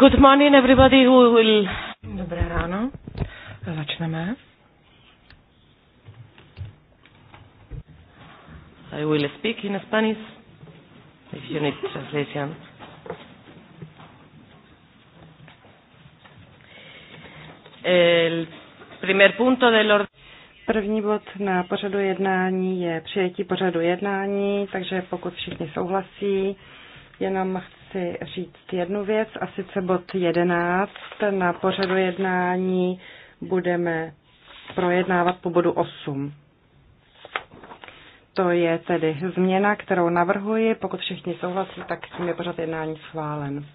Good morning everybody who will... Dobré ráno. Začneme. I will speak in Spanish if you need translation. El primer punto del orden První bod na pořadu jednání je přijetí pořadu jednání, takže pokud všichni souhlasí, jenom chci si říct jednu věc, a sice bod 11. Na pořadu jednání budeme projednávat po bodu 8. To je tedy změna, kterou navrhuji. Pokud všichni souhlasí, tak tím je pořad jednání schválen.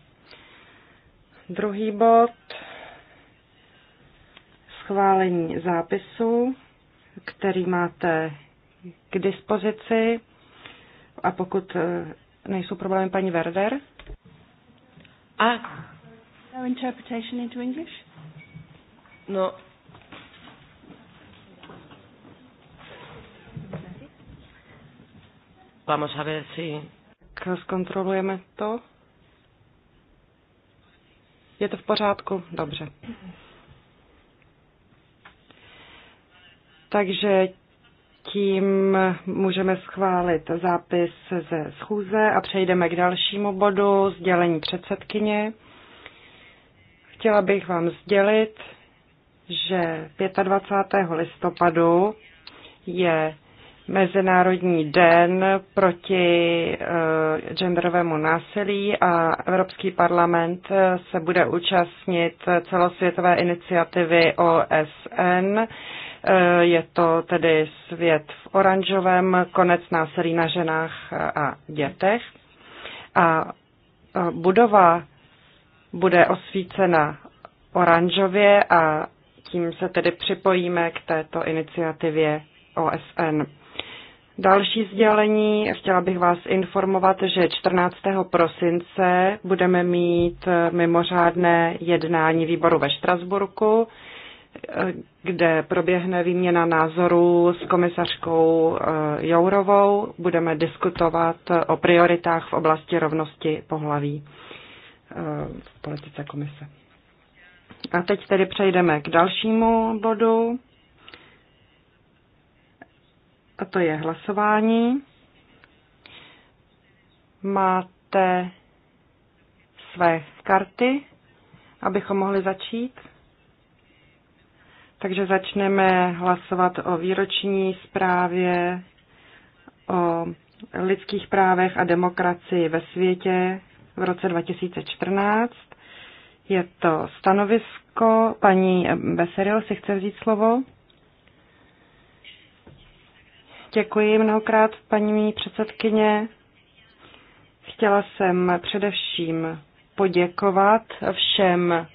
Druhý bod. Schválení zápisu, který máte k dispozici. A pokud eh, nejsou problémy paní Werder? A... No interpretation into English? No. Vamos a ver si... Zkontrolujeme to. Je to v pořádku? Dobře. Takže tím můžeme schválit zápis ze schůze a přejdeme k dalšímu bodu, sdělení předsedkyně. Chtěla bych vám sdělit, že 25. listopadu je Mezinárodní den proti uh, genderovému násilí a Evropský parlament se bude účastnit celosvětové iniciativy OSN Eh, je to tedy svět v oranžovém, konec násilí na ženách a dětech. A eh, budova bude osvícena oranžově a tím se tedy připojíme k této iniciativě OSN. Další sdělení. Chtěla bych vás informovat, že 14. prosince budeme mít eh, mimořádné jednání výboru ve Štrasburku kde proběhne výměna názorů s komisařkou eh, Jourovou. Budeme diskutovat o prioritách v oblasti rovnosti pohlaví eh, v politice komise. A teď tedy přejdeme k dalšímu bodu. A to je hlasování. Máte své karty, abychom mohli začít? Takže začneme hlasovat o výroční zprávě o lidských právech a demokracii ve světě v roce 2014. Je to stanovisko. Paní Beseril si chce vzít slovo. Děkuji mnohokrát, paní předsedkyně. Chtěla jsem především poděkovat všem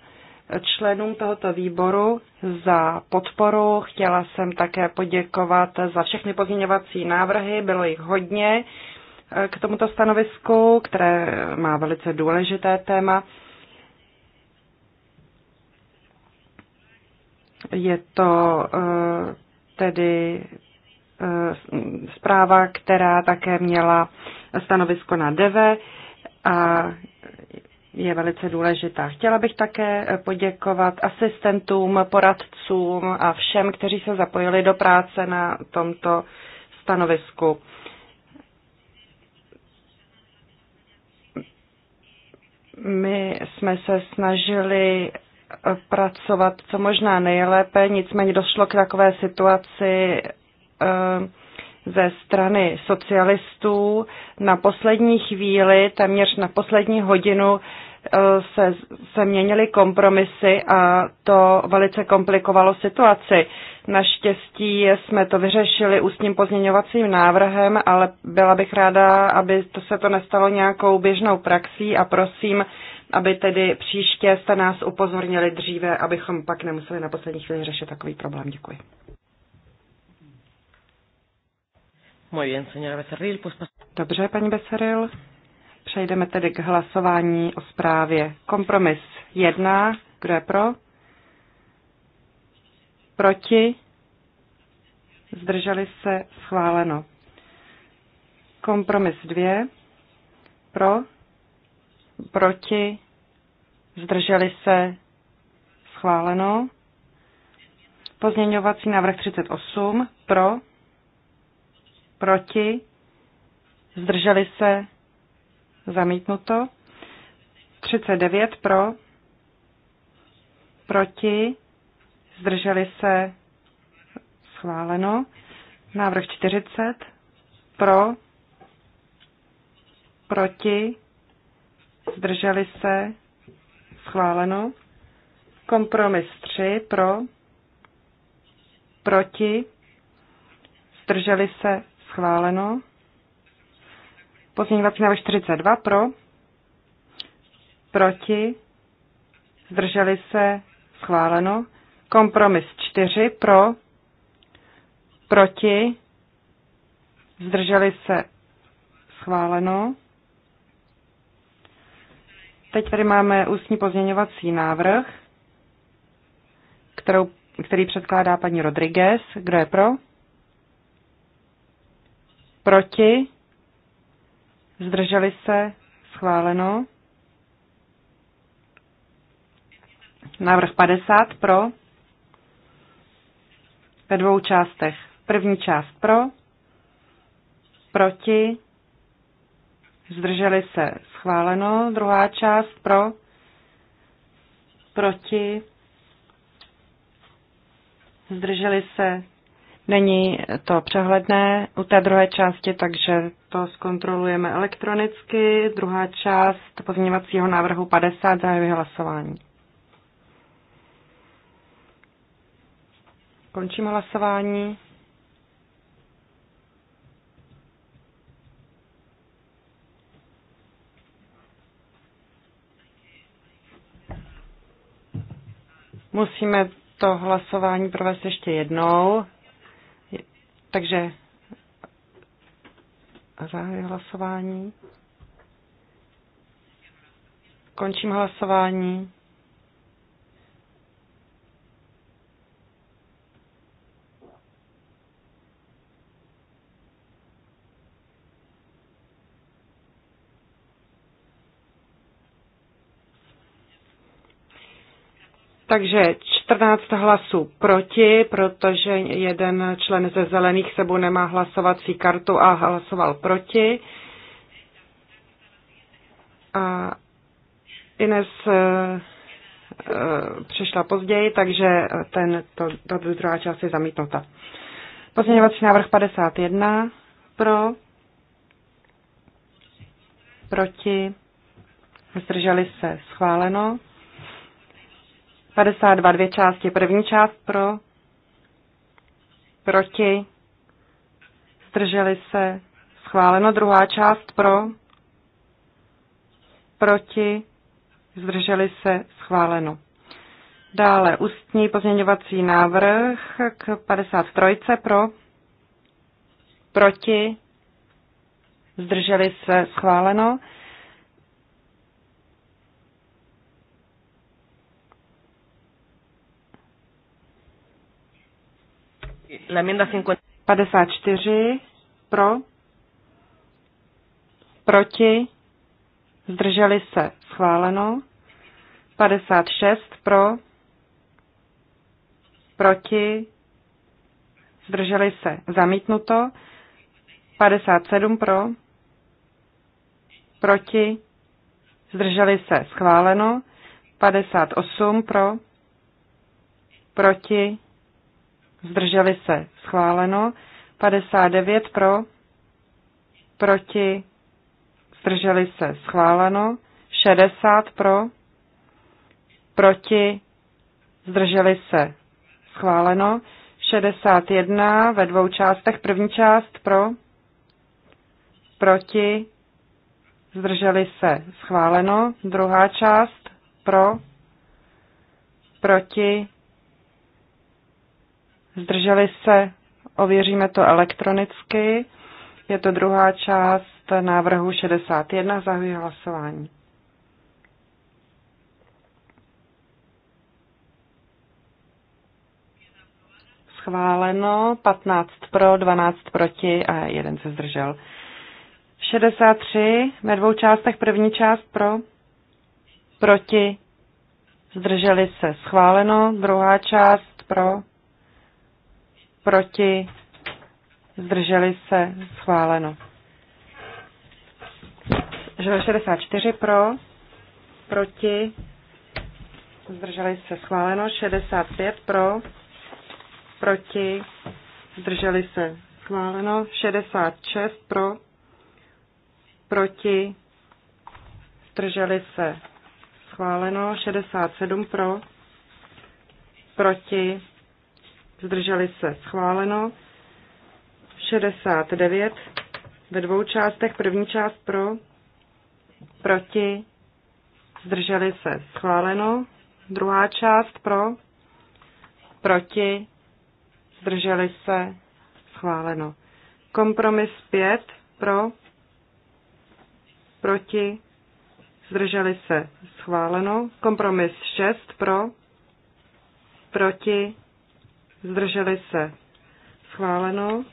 členům tohoto výboru za podporu. Chtěla jsem také poděkovat za všechny pozměňovací návrhy, bylo jich hodně eh, k tomuto stanovisku, které má velice důležité téma. Je to eh, tedy eh, zpráva, která také měla stanovisko na DEVE a je velice důležitá. Chtěla bych také poděkovat asistentům, poradcům a všem, kteří se zapojili do práce na tomto stanovisku. My jsme se snažili pracovat co možná nejlépe, nicméně došlo k takové situaci eh, ze strany socialistů. Na poslední chvíli, téměř na poslední hodinu, Eh, se, se měnily kompromisy a to velice komplikovalo situaci. Naštěstí jsme to vyřešili ústním pozměňovacím návrhem, ale byla bych ráda, aby to se to nestalo nějakou běžnou praxí a prosím, aby tedy příště jste nás upozornili dříve, abychom pak nemuseli na poslední chvíli řešit takový problém. Děkuji. Dobře, paní Beseril. Přejdeme tedy k hlasování o zprávě. Kompromis 1. Kdo je pro? Proti? Zdrželi se? Schváleno. Kompromis 2. Pro? Proti? Zdrželi se? Schváleno. Pozměňovací návrh 38. Pro? Proti? Zdrželi se? Zamítnuto. 39 pro. Proti. Zdrželi se. Schváleno. Návrh 40. Pro. Proti. Zdrželi se. Schváleno. Kompromis 3. Pro. Proti. Zdrželi se. Schváleno. Pozměňovací návrh 42 pro, proti, zdrželi se, schváleno. Kompromis 4 pro, proti, zdrželi se, schváleno. Teď tady máme ústní pozměňovací návrh, kterou, který předkládá paní Rodriguez. Kdo je pro? Proti? zdrželi se, schváleno. Návrh 50 pro, ve dvou částech. První část pro, proti, zdrželi se, schváleno. Druhá část pro, proti, zdrželi se, Není to přehledné u té druhé části, takže to zkontrolujeme elektronicky. Druhá část pozměňovacího návrhu 50 zahajuje hlasování. Končím hlasování. Musíme to hlasování provést ještě jednou. Takže zahajuji hlasování. Končím hlasování. Takže 14 hlasů proti, protože jeden člen ze zelených sebou nemá hlasovací kartu a hlasoval proti. A Ines eh, eh, přišla později, takže ten, to, to druhá část je zamítnuta. Pozměňovací návrh 51 pro, proti, zdrželi se schváleno. 52 dvě části. První část pro, proti, zdrželi se, schváleno. Druhá část pro, proti, zdrželi se, schváleno. Dále ústní pozměňovací návrh k 53 pro, proti, zdrželi se, schváleno. 54 pro, proti, zdrželi se, schváleno. 56 pro, proti, zdrželi se, zamítnuto. 57 pro, proti, zdrželi se, schváleno. 58 pro, proti, zdrželi se, schváleno. 59 pro, proti, zdrželi se, schváleno. 60 pro, proti, zdrželi se, schváleno. 61 ve dvou částech, první část pro, proti, zdrželi se, schváleno. Druhá část pro, proti, zdrželi se, ověříme to elektronicky. Je to druhá část návrhu 61, zahajuji hlasování. Schváleno 15 pro, 12 proti a jeden se zdržel. 63 ve dvou částech, první část pro, proti, zdrželi se schváleno, druhá část pro, proti, zdrželi se, schváleno. 64 pro, proti, zdrželi se, schváleno. 65 pro, proti, zdrželi se, schváleno. 66 pro, proti, zdrželi se, schváleno. 67 pro, proti, zdrželi se schváleno. 69 ve dvou částech. První část pro, proti, zdrželi se schváleno. Druhá část pro, proti, zdrželi se schváleno. Kompromis 5 pro, proti, zdrželi se schváleno. Kompromis 6 pro, proti, zdrželi se schváleno,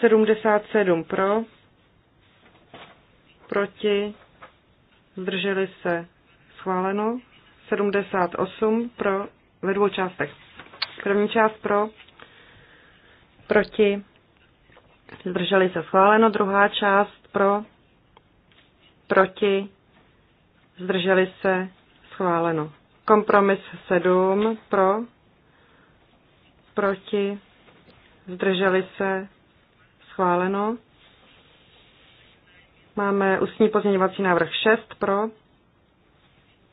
77 pro, proti, zdrželi se schváleno, 78 pro ve dvou částech. První část pro, proti, zdrželi se schváleno, druhá část pro, proti, zdrželi se schváleno. Kompromis 7 pro, proti, zdrželi se, schváleno. Máme ústní pozměňovací návrh 6 pro,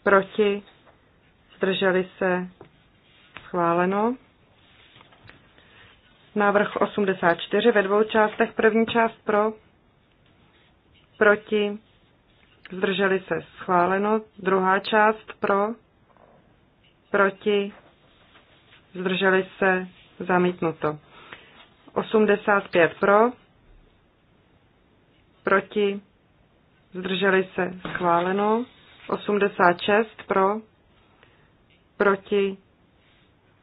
proti, zdrželi se, schváleno. Návrh 84 ve dvou částech. První část pro, proti, zdrželi se, schváleno. Druhá část pro, proti, zdrželi se, zamítnuto. 85 pro, proti, zdrželi se, schváleno. 86 pro, proti,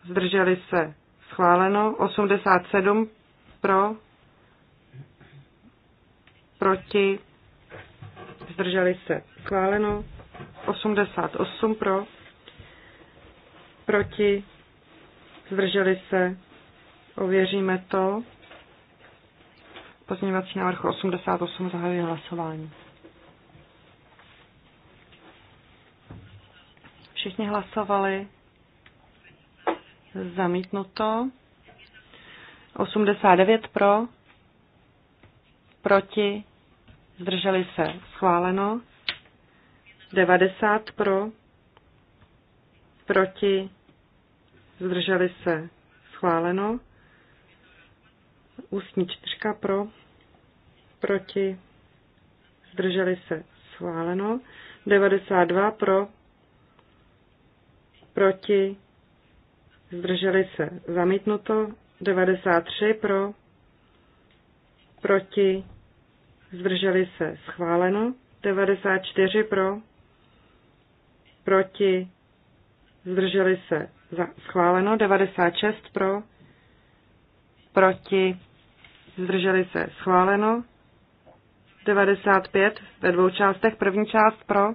zdrželi se, schváleno. 87 pro, proti, zdrželi se, schváleno. 88 pro, proti, zdrželi se, ověříme to. Pozměňovací návrh 88 zahajuje hlasování. Všichni hlasovali. Zamítnuto. 89 pro. Proti. Zdrželi se. Schváleno. 90 pro. Proti zdrželi se, schváleno. Ústní čtyřka pro, proti, zdrželi se, schváleno. 92 pro, proti, zdrželi se, zamítnuto. 93 pro, proti, zdrželi se, schváleno. 94 pro, proti, zdrželi se, schváleno, 96 pro, proti, zdrželi se, schváleno, 95 ve dvou částech, první část pro,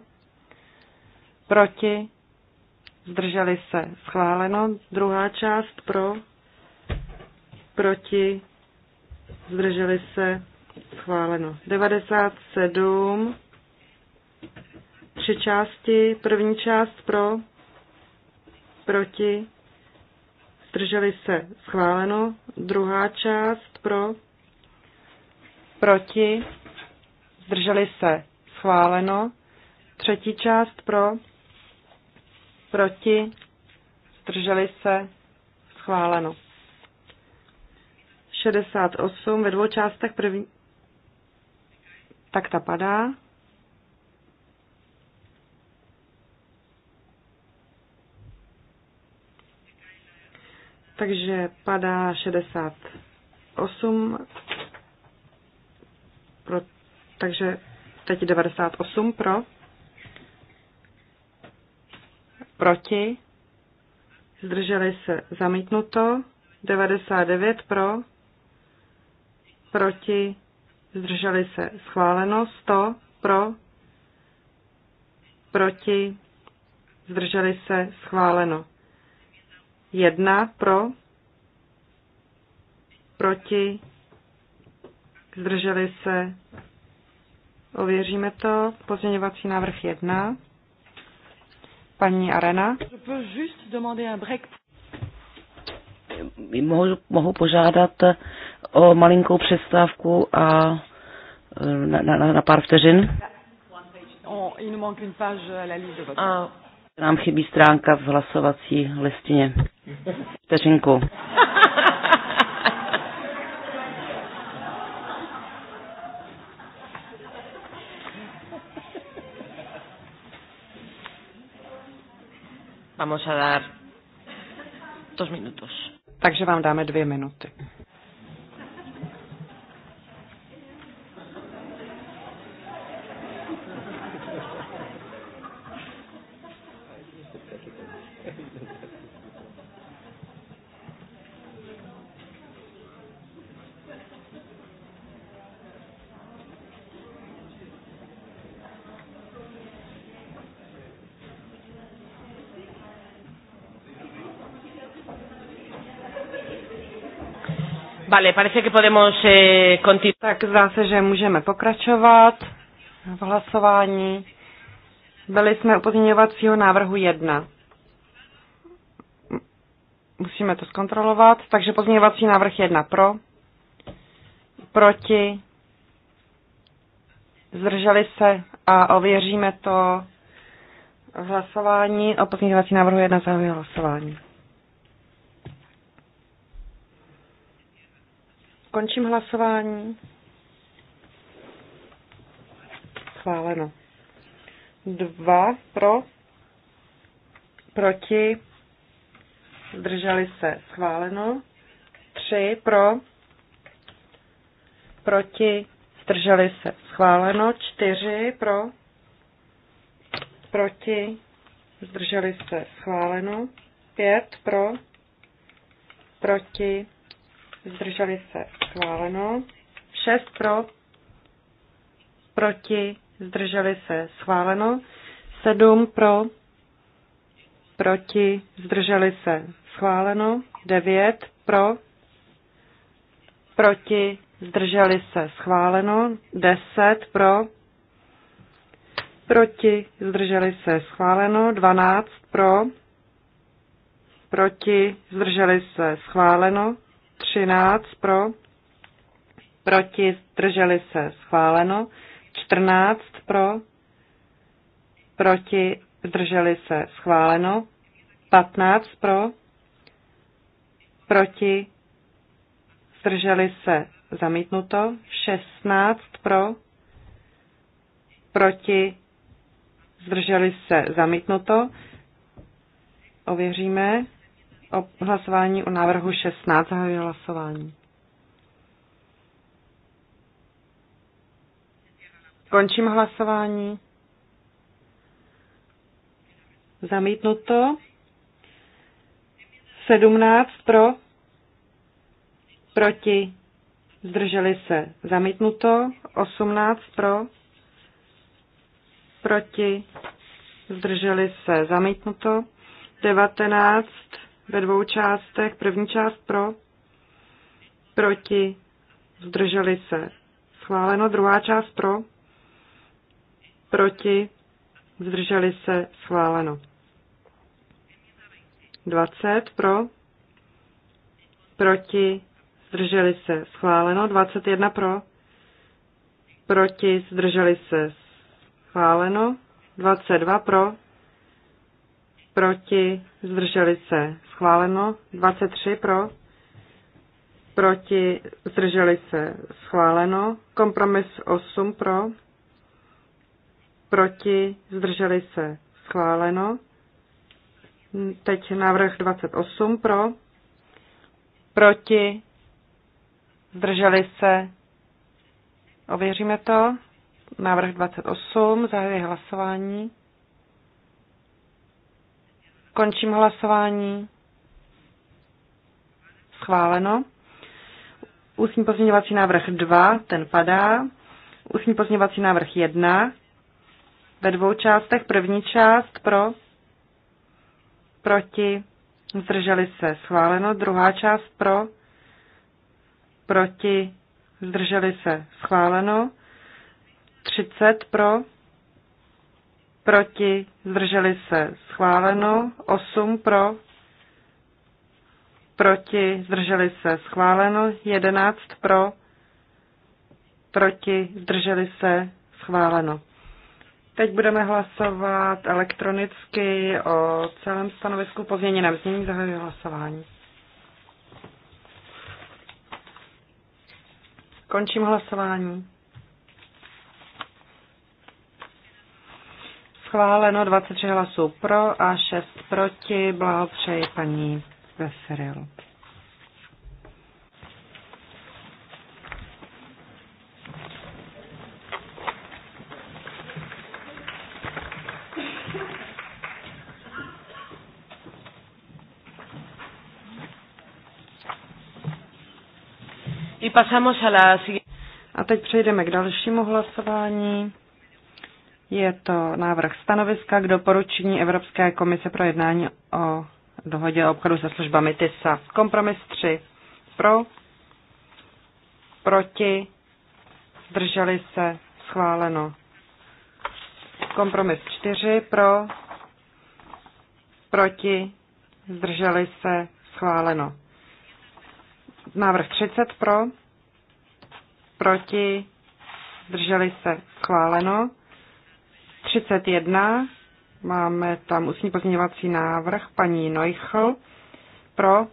proti, zdrželi se, schváleno, druhá část pro, proti, zdrželi se, schváleno, 97, tři části, první část pro, proti, zdrželi se schváleno, druhá část pro, proti, zdrželi se schváleno, třetí část pro, proti, zdrželi se schváleno. 68 ve dvou částech první, tak ta padá. Takže padá 68, pro, takže teď 98 pro, proti, zdrželi se zamítnuto, 99 pro, proti, zdrželi se schváleno, 100 pro, proti, zdrželi se schváleno. Jedna pro, proti, zdrželi se, ověříme to, pozměňovací návrh jedna. paní Arena. Hm, mohu, mohu požádat eh, o malinkou přestávku a eh, na, na, na pár vteřin. On, il nous manque une page à la liste de Ah. Nám chybí stránka v hlasovací listině. Vteřinku. Vamos a dar dos minutos. Takže vám dáme dvě minuty. Vale, parece que podemos eh, continuar. Tak zdá se, že můžeme pokračovat v hlasování. Byli jsme u pozměňovacího návrhu 1. Musíme to zkontrolovat. Takže pozměňovací návrh 1 pro, proti, zdrželi se a ověříme to v hlasování o pozměňovací návrhu 1 zahajuje hlasování. Končím hlasování. Schváleno. Dva pro, proti, zdrželi se. Schváleno. Tři pro, proti, zdrželi se. Schváleno. Čtyři pro, proti, zdrželi se. Schváleno. Pět pro, proti, zdrželi se schváleno. 6 pro, proti, zdrželi se, schváleno. 7 pro, proti, zdrželi se, schváleno. 9 pro, proti, zdrželi se, schváleno. 10 pro, proti, zdrželi se, schváleno. 12 pro, proti, zdrželi se, schváleno. 13 pro, proti, zdrželi se, schváleno. 14 pro, proti, zdrželi se, schváleno. 15 pro, proti, zdrželi se, zamítnuto. 16 pro, proti, zdrželi se, zamítnuto. Ověříme o hlasování o návrhu 16 zahajuje hlasování. Končím hlasování. Zamítnuto. 17 pro, proti, zdrželi se. Zamítnuto. 18 pro, proti, zdrželi se. Zamítnuto. 19 ve dvou částech. První část pro, proti, zdrželi se. Schváleno. Druhá část pro proti, zdrželi se, schváleno. 20 pro, proti, zdrželi se, schváleno. 21 pro, proti, zdrželi se, schváleno. 22 pro, proti, zdrželi se, schváleno. 23 pro, proti, zdrželi se, schváleno. Kompromis 8 pro, proti, zdrželi se, schváleno. Teď návrh 28 pro, proti, zdrželi se, ověříme to. Návrh 28, zahajuji hlasování. Končím hlasování. Schváleno. Ústní pozměňovací návrh 2, ten padá. Ústní pozměňovací návrh 1, ve dvou částech. První část pro, proti, zdrželi se, schváleno. Druhá část pro, proti, zdrželi se, schváleno. 30 pro, proti, zdrželi se, schváleno. 8 pro, proti, zdrželi se, schváleno. 11 pro, proti, zdrželi se, schváleno. Teď budeme hlasovat elektronicky o celém stanovisku na vznění zahajuje hlasování. Končím hlasování. Schváleno 23 hlasů pro a 6 proti. Blahopřeji paní Veseril. A teď přejdeme k dalšímu hlasování. Je to návrh stanoviska k doporučení Evropské komise pro jednání o dohodě o obchodu se službami TISA. Kompromis 3. Pro, proti, zdrželi se, schváleno. Kompromis 4. Pro, proti, zdrželi se, schváleno. Návrh 30 pro, proti, zdrželi se, schváleno. 31, máme tam ústní pozměňovací návrh, paní Neuchl, pro,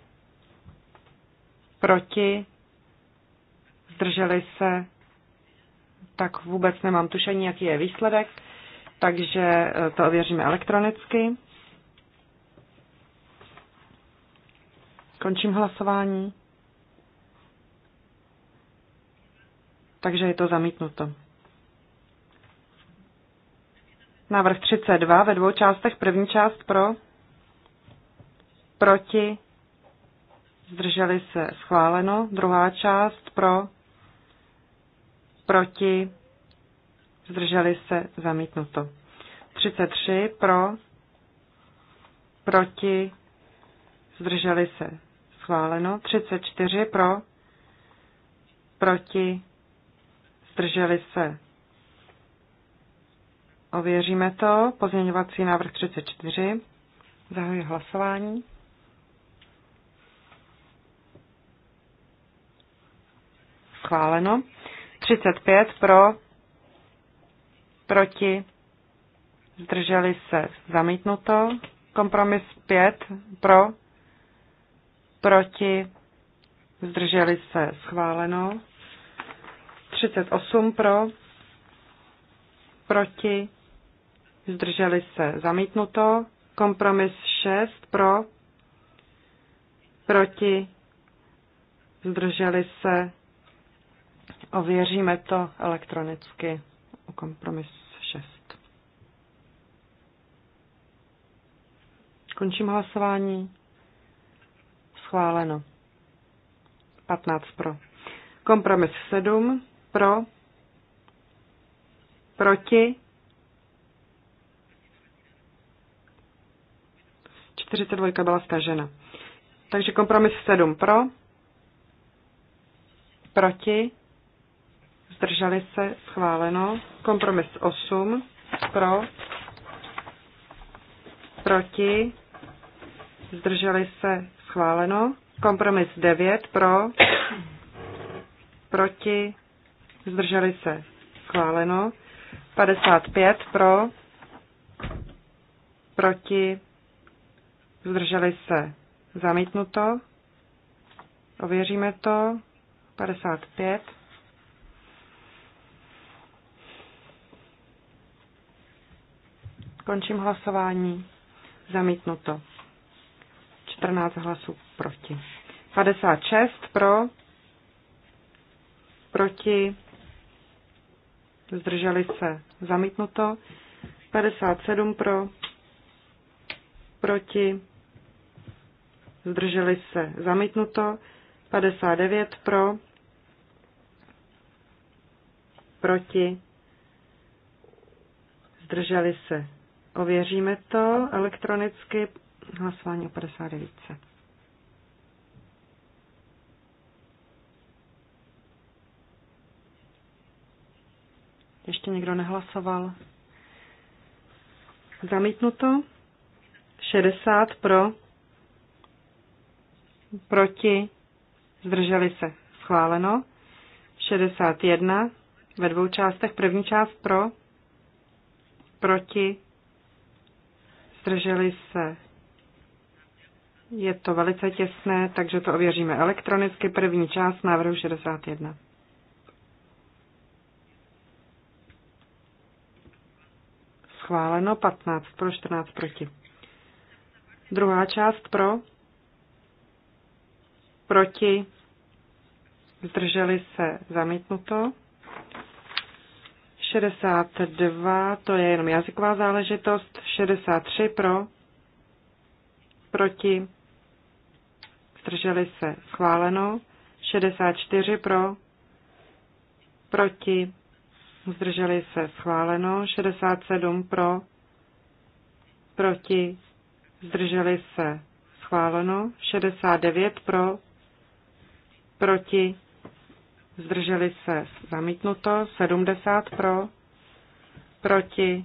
proti, zdrželi se, tak vůbec nemám tušení, jaký je výsledek, takže eh, to ověříme elektronicky. Končím hlasování. takže je to zamítnuto. Návrh 32 ve dvou částech. První část pro, proti, zdrželi se schváleno. Druhá část pro, proti, zdrželi se zamítnuto. 33 pro, proti, zdrželi se schváleno. 34 pro, proti, zdrželi se. Ověříme to. Pozměňovací návrh 34. Zahajuji hlasování. Schváleno. 35 pro, proti, zdrželi se, zamítnuto. Kompromis 5 pro, proti, zdrželi se, schváleno. 38 pro, proti, zdrželi se zamítnuto, kompromis 6 pro, proti, zdrželi se, ověříme to elektronicky u kompromis 6. Končím hlasování. Schváleno. 15 pro. Kompromis 7 pro, proti, 42 byla stažena. Takže kompromis 7 pro, proti, zdrželi se, schváleno. Kompromis 8 pro, proti, zdrželi se, schváleno. Kompromis 9 pro, proti, zdrželi se schváleno. 55 pro, proti, zdrželi se zamítnuto. Ověříme to. 55. Končím hlasování. Zamítnuto. 14 hlasů proti. 56 pro, proti, zdrželi se zamítnuto, 57 pro, proti, zdrželi se zamítnuto, 59 pro, proti, zdrželi se. Ověříme to elektronicky hlasování o 59. Ještě někdo nehlasoval? Zamítnuto. 60 pro. Proti. Zdrželi se. Schváleno. 61 ve dvou částech. První část pro. Proti. Zdrželi se. Je to velice těsné, takže to ověříme elektronicky. První část návrhu 61. schváleno, 15 pro, 14 proti. Druhá část pro, proti, zdrželi se zamítnuto. 62, to je jenom jazyková záležitost, 63 pro, proti, zdrželi se schváleno, 64 pro, proti, zdrželi se schváleno, 67 pro, proti, zdrželi se schváleno, 69 pro, proti, zdrželi se zamítnuto, 70 pro, proti,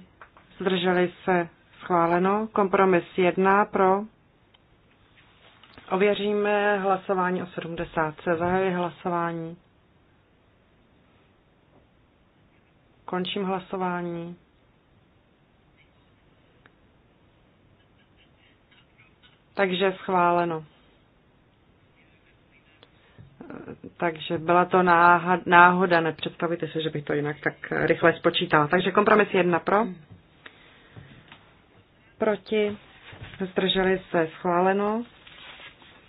zdrželi se schváleno, kompromis 1 pro, ověříme hlasování o 70, zahajuji hlasování. Končím hlasování. Takže schváleno. Takže byla to náhoda, nepředstavíte si, že bych to jinak tak rychle spočítala. Takže kompromis jedna pro. Proti. Zdrželi se schváleno.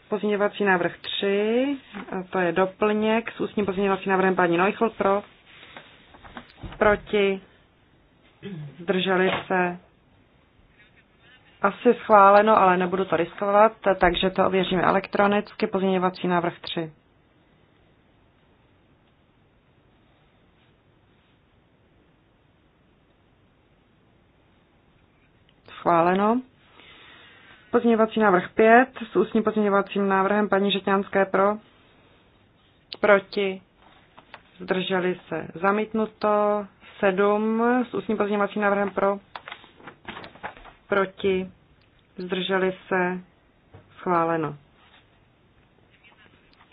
Pozměňovací návrh 3, to je doplněk s ústním pozměňovacím návrhem paní Neuchl pro, proti, zdrželi se. Asi schváleno, ale nebudu to riskovat, takže to ověříme elektronicky. Pozměňovací návrh 3. Schváleno. Pozměňovací návrh 5 s ústním pozměňovacím návrhem paní Žetňanské pro. Proti zdrželi se. Zamítnuto 7 s ústním pozměňovacím návrhem pro, proti, zdrželi se, schváleno.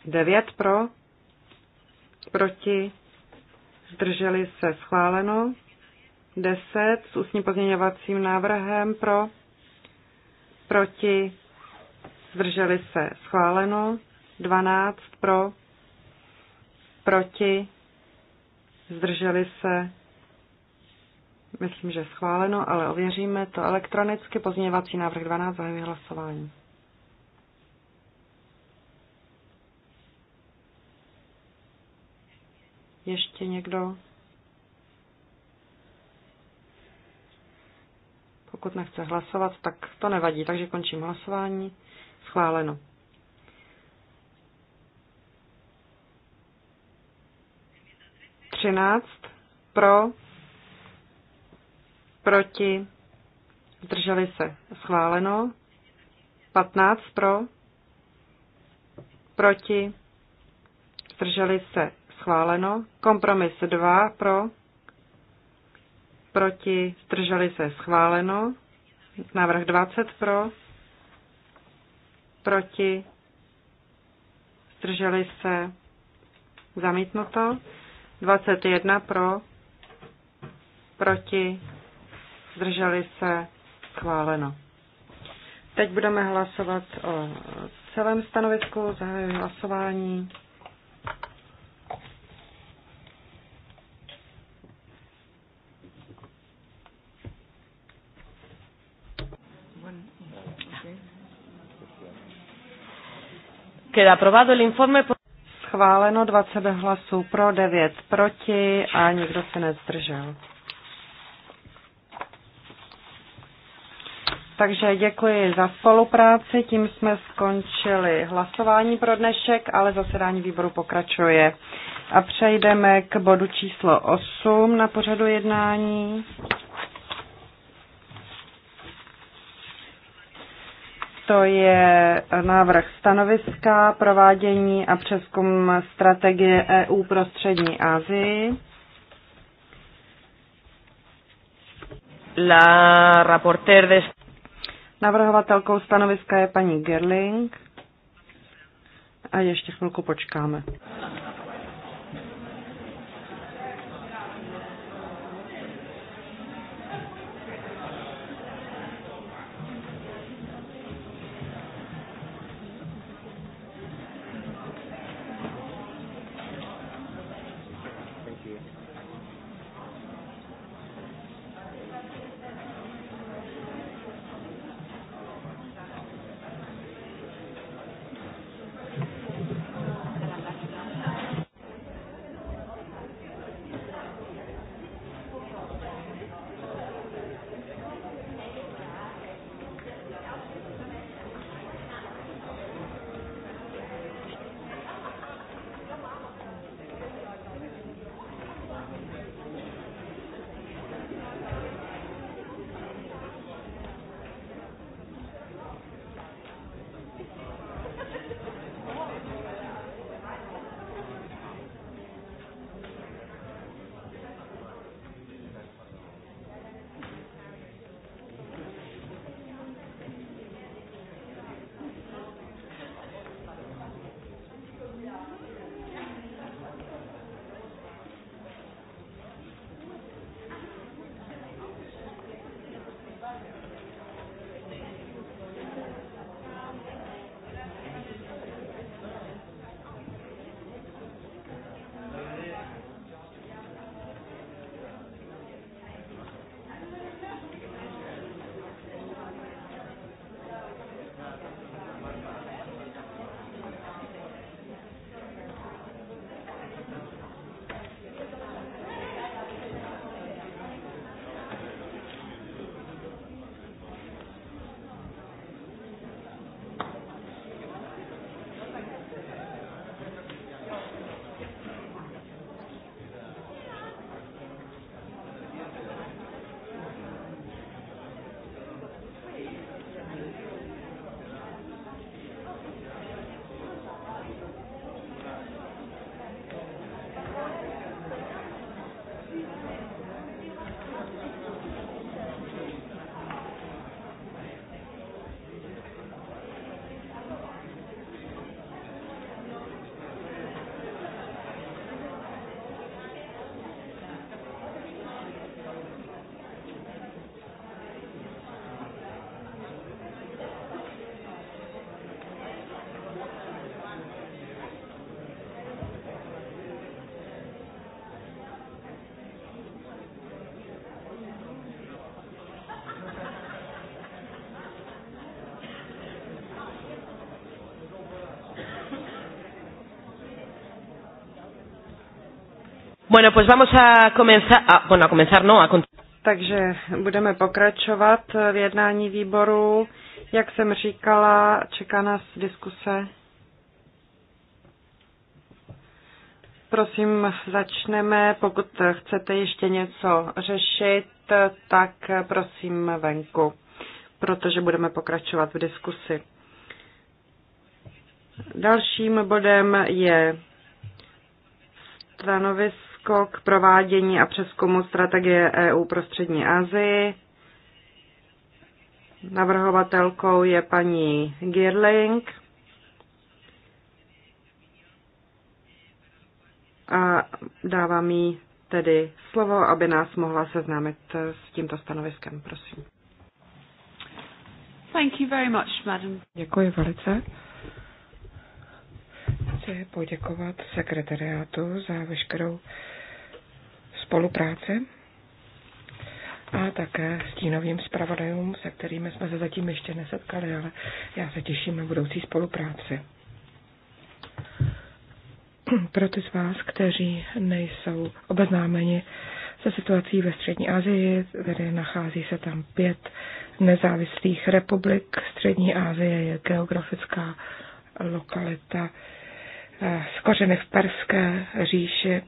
9 pro, proti, zdrželi se, schváleno. 10 s ústním pozměňovacím návrhem pro, proti, zdrželi se, schváleno. 12 pro, proti, zdrželi se, myslím, že schváleno, ale ověříme to elektronicky. Pozměňovací návrh 12 zahajuji hlasování. Ještě někdo? Pokud nechce hlasovat, tak to nevadí, takže končím hlasování. Schváleno. 13 pro, proti, zdrželi se, schváleno. 15 pro, proti, zdrželi se, schváleno. Kompromis 2 pro, proti, zdrželi se, schváleno. Návrh 20 pro, proti, zdrželi se, zamítnuto. 21 pro, proti, zdrželi se, schváleno. Teď budeme hlasovat o celém stanovisku, zahajuji hlasování. Queda aprobado el informe. Por schváleno 20 hlasů pro, 9 proti a nikdo se nezdržel. Takže děkuji za spolupráci, tím jsme skončili hlasování pro dnešek, ale zasedání výboru pokračuje. A přejdeme k bodu číslo 8 na pořadu jednání. to je návrh stanoviska, provádění a přeskum strategie EU pro střední Asii. La rapporteur de... Navrhovatelkou stanoviska je paní Gerling. A ještě chvilku počkáme. Bueno, pues vamos a comenzar, a, bueno, a comenzar, no, a Takže budeme pokračovat v jednání výboru. Jak jsem říkala, čeká nás diskuse. Prosím, začneme. Pokud chcete ještě něco řešit, tak prosím venku, protože budeme pokračovat v diskusi. Dalším bodem je stanovisko stanovisko k provádění a přeskumu strategie EU pro střední Asii. Navrhovatelkou je paní Girling. A dávám jí tedy slovo, aby nás mohla seznámit s tímto stanoviskem, prosím. Thank you very much, madam. Děkuji velice chci poděkovat sekretariátu za veškerou spolupráci a také stínovým zpravodajům, se kterými jsme se zatím ještě nesetkali, ale já se těším na budoucí spolupráci. Pro ty z vás, kteří nejsou obeznámeni se situací ve Střední Asii, tedy nachází se tam pět nezávislých republik. Střední Asie je geografická lokalita s eh, kořeny v Perské říši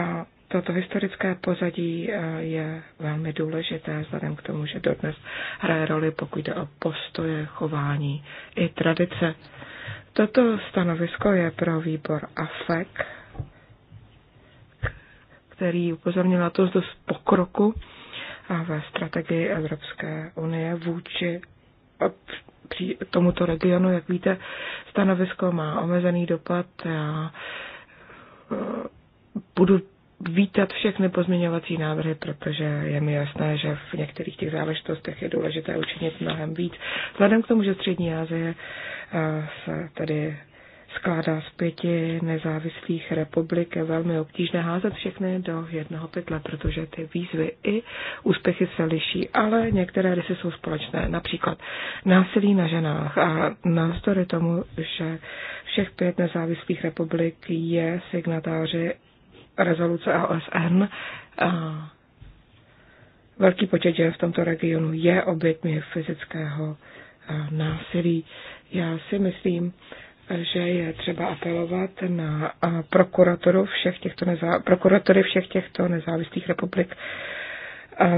a toto historické pozadí eh, je velmi důležité vzhledem k tomu, že dodnes hraje roli, pokud jde o postoje, chování i tradice. Toto stanovisko je pro výbor AFEK, který upozornil na to dost pokroku ve strategii Evropské unie vůči tomuto regionu. Jak víte, stanovisko má omezený dopad. Já e, budu vítat všechny pozměňovací návrhy, protože je mi jasné, že v některých těch záležitostech je důležité učinit mnohem víc. Vzhledem k tomu, že Střední Asie e, se tady skládá z pěti nezávislých republik, je velmi obtížné házet všechny do jednoho pytle, protože ty výzvy i úspěchy se liší, ale některé rysy jsou společné, například násilí na ženách a názory tomu, že všech pět nezávislých republik je signatáři rezoluce OSN, a velký počet žen v tomto regionu je obětmi fyzického násilí. Já si myslím, že je třeba apelovat na prokuratoru všech těchto nezá, prokuratory všech těchto nezávislých republik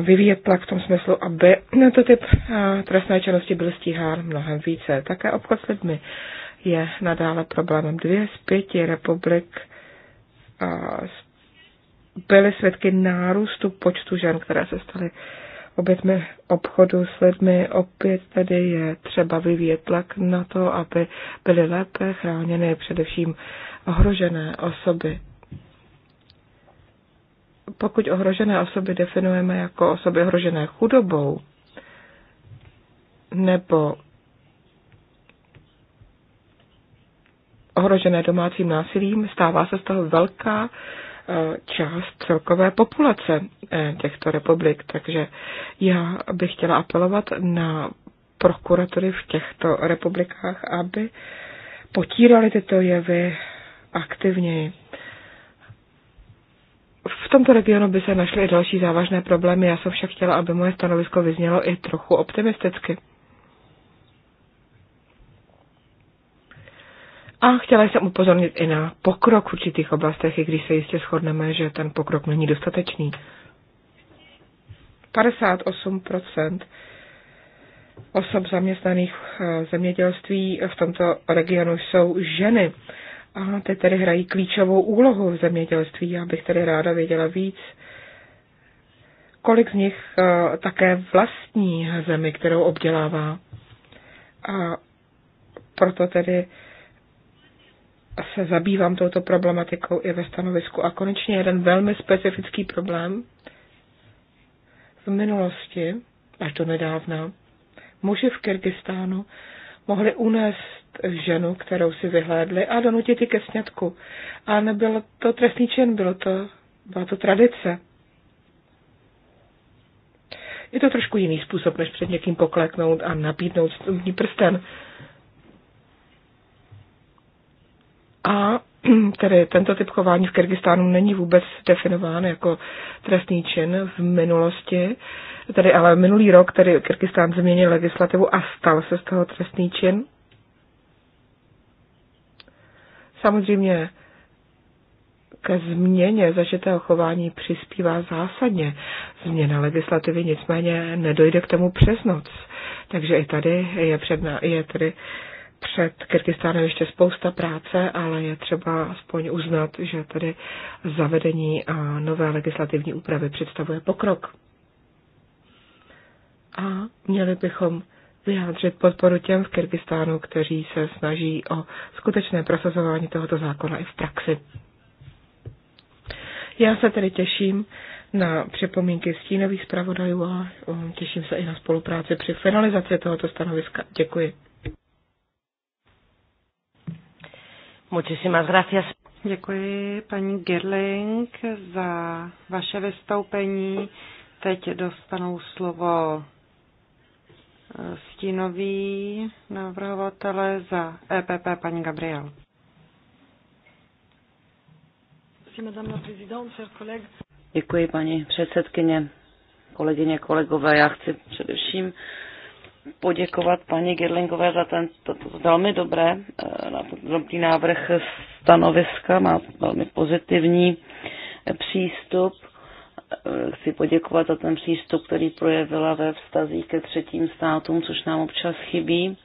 vyvíjet tlak v tom smyslu, aby tento typ trestné činnosti byl stíhán mnohem více. Také obchod s lidmi je nadále problémem. Dvě z pěti republik byly svědky nárůstu počtu žen, které se staly obětmi obchodu s lidmi. Opět tady je třeba vyvíjet tlak na to, aby byly lépe chráněny především ohrožené osoby. Pokud ohrožené osoby definujeme jako osoby ohrožené chudobou nebo ohrožené domácím násilím, stává se z toho velká část celkové populace eh, těchto republik. Takže já bych chtěla apelovat na prokuratury v těchto republikách, aby potírali tyto jevy aktivněji. V tomto regionu by se našly i další závažné problémy, já jsem však chtěla, aby moje stanovisko vyznělo i trochu optimisticky. A chtěla jsem upozornit i na pokrok v určitých oblastech, i když se jistě shodneme, že ten pokrok není dostatečný. 58% osob zaměstnaných v eh, zemědělství v tomto regionu jsou ženy. A ty tedy hrají klíčovou úlohu v zemědělství. Já bych tedy ráda věděla víc, kolik z nich eh, také vlastní zemi, kterou obdělává. A proto tedy se zabývám touto problematikou i ve stanovisku. A konečně jeden velmi specifický problém. V minulosti, až do nedávna, muži v Kyrgyzstánu mohli unést ženu, kterou si vyhlédli a donutit ji ke snědku. A nebyl to trestný čin, bylo to, byla to tradice. Je to trošku jiný způsob, než před někým pokleknout a napítnout stupní prsten. A tedy tento typ chování v Kyrgyzstánu není vůbec definován jako trestný čin v minulosti. Tedy ale minulý rok tedy Kyrgyzstán změnil legislativu a stal se z toho trestný čin. Samozřejmě ke změně zažitého chování přispívá zásadně změna legislativy, nicméně nedojde k tomu přes noc. Takže i tady je, předna, je tedy před Kyrgyzstánem ještě spousta práce, ale je třeba aspoň uznat, že tedy zavedení a nové legislativní úpravy představuje pokrok. A měli bychom vyjádřit podporu těm v Kyrgyzstánu, kteří se snaží o skutečné prosazování tohoto zákona i v praxi. Já se tedy těším na připomínky stínových zpravodajů a těším se i na spolupráci při finalizaci tohoto stanoviska. Děkuji. Muchísimas gracias. Děkuji paní Girling za vaše vystoupení. Teď dostanou slovo eh, stínový navrhovatele za EPP paní Gabriel. Děkuji paní předsedkyně, kolegyně, kolegové. Já chci především poděkovat paní Gerlingové za ten to, to velmi dobré, eh, na to dobrý návrh stanoviska, má velmi pozitivní eh, přístup. Eh, chci poděkovat za ten přístup, který projevila ve vztazích ke třetím státům, což nám občas chybí.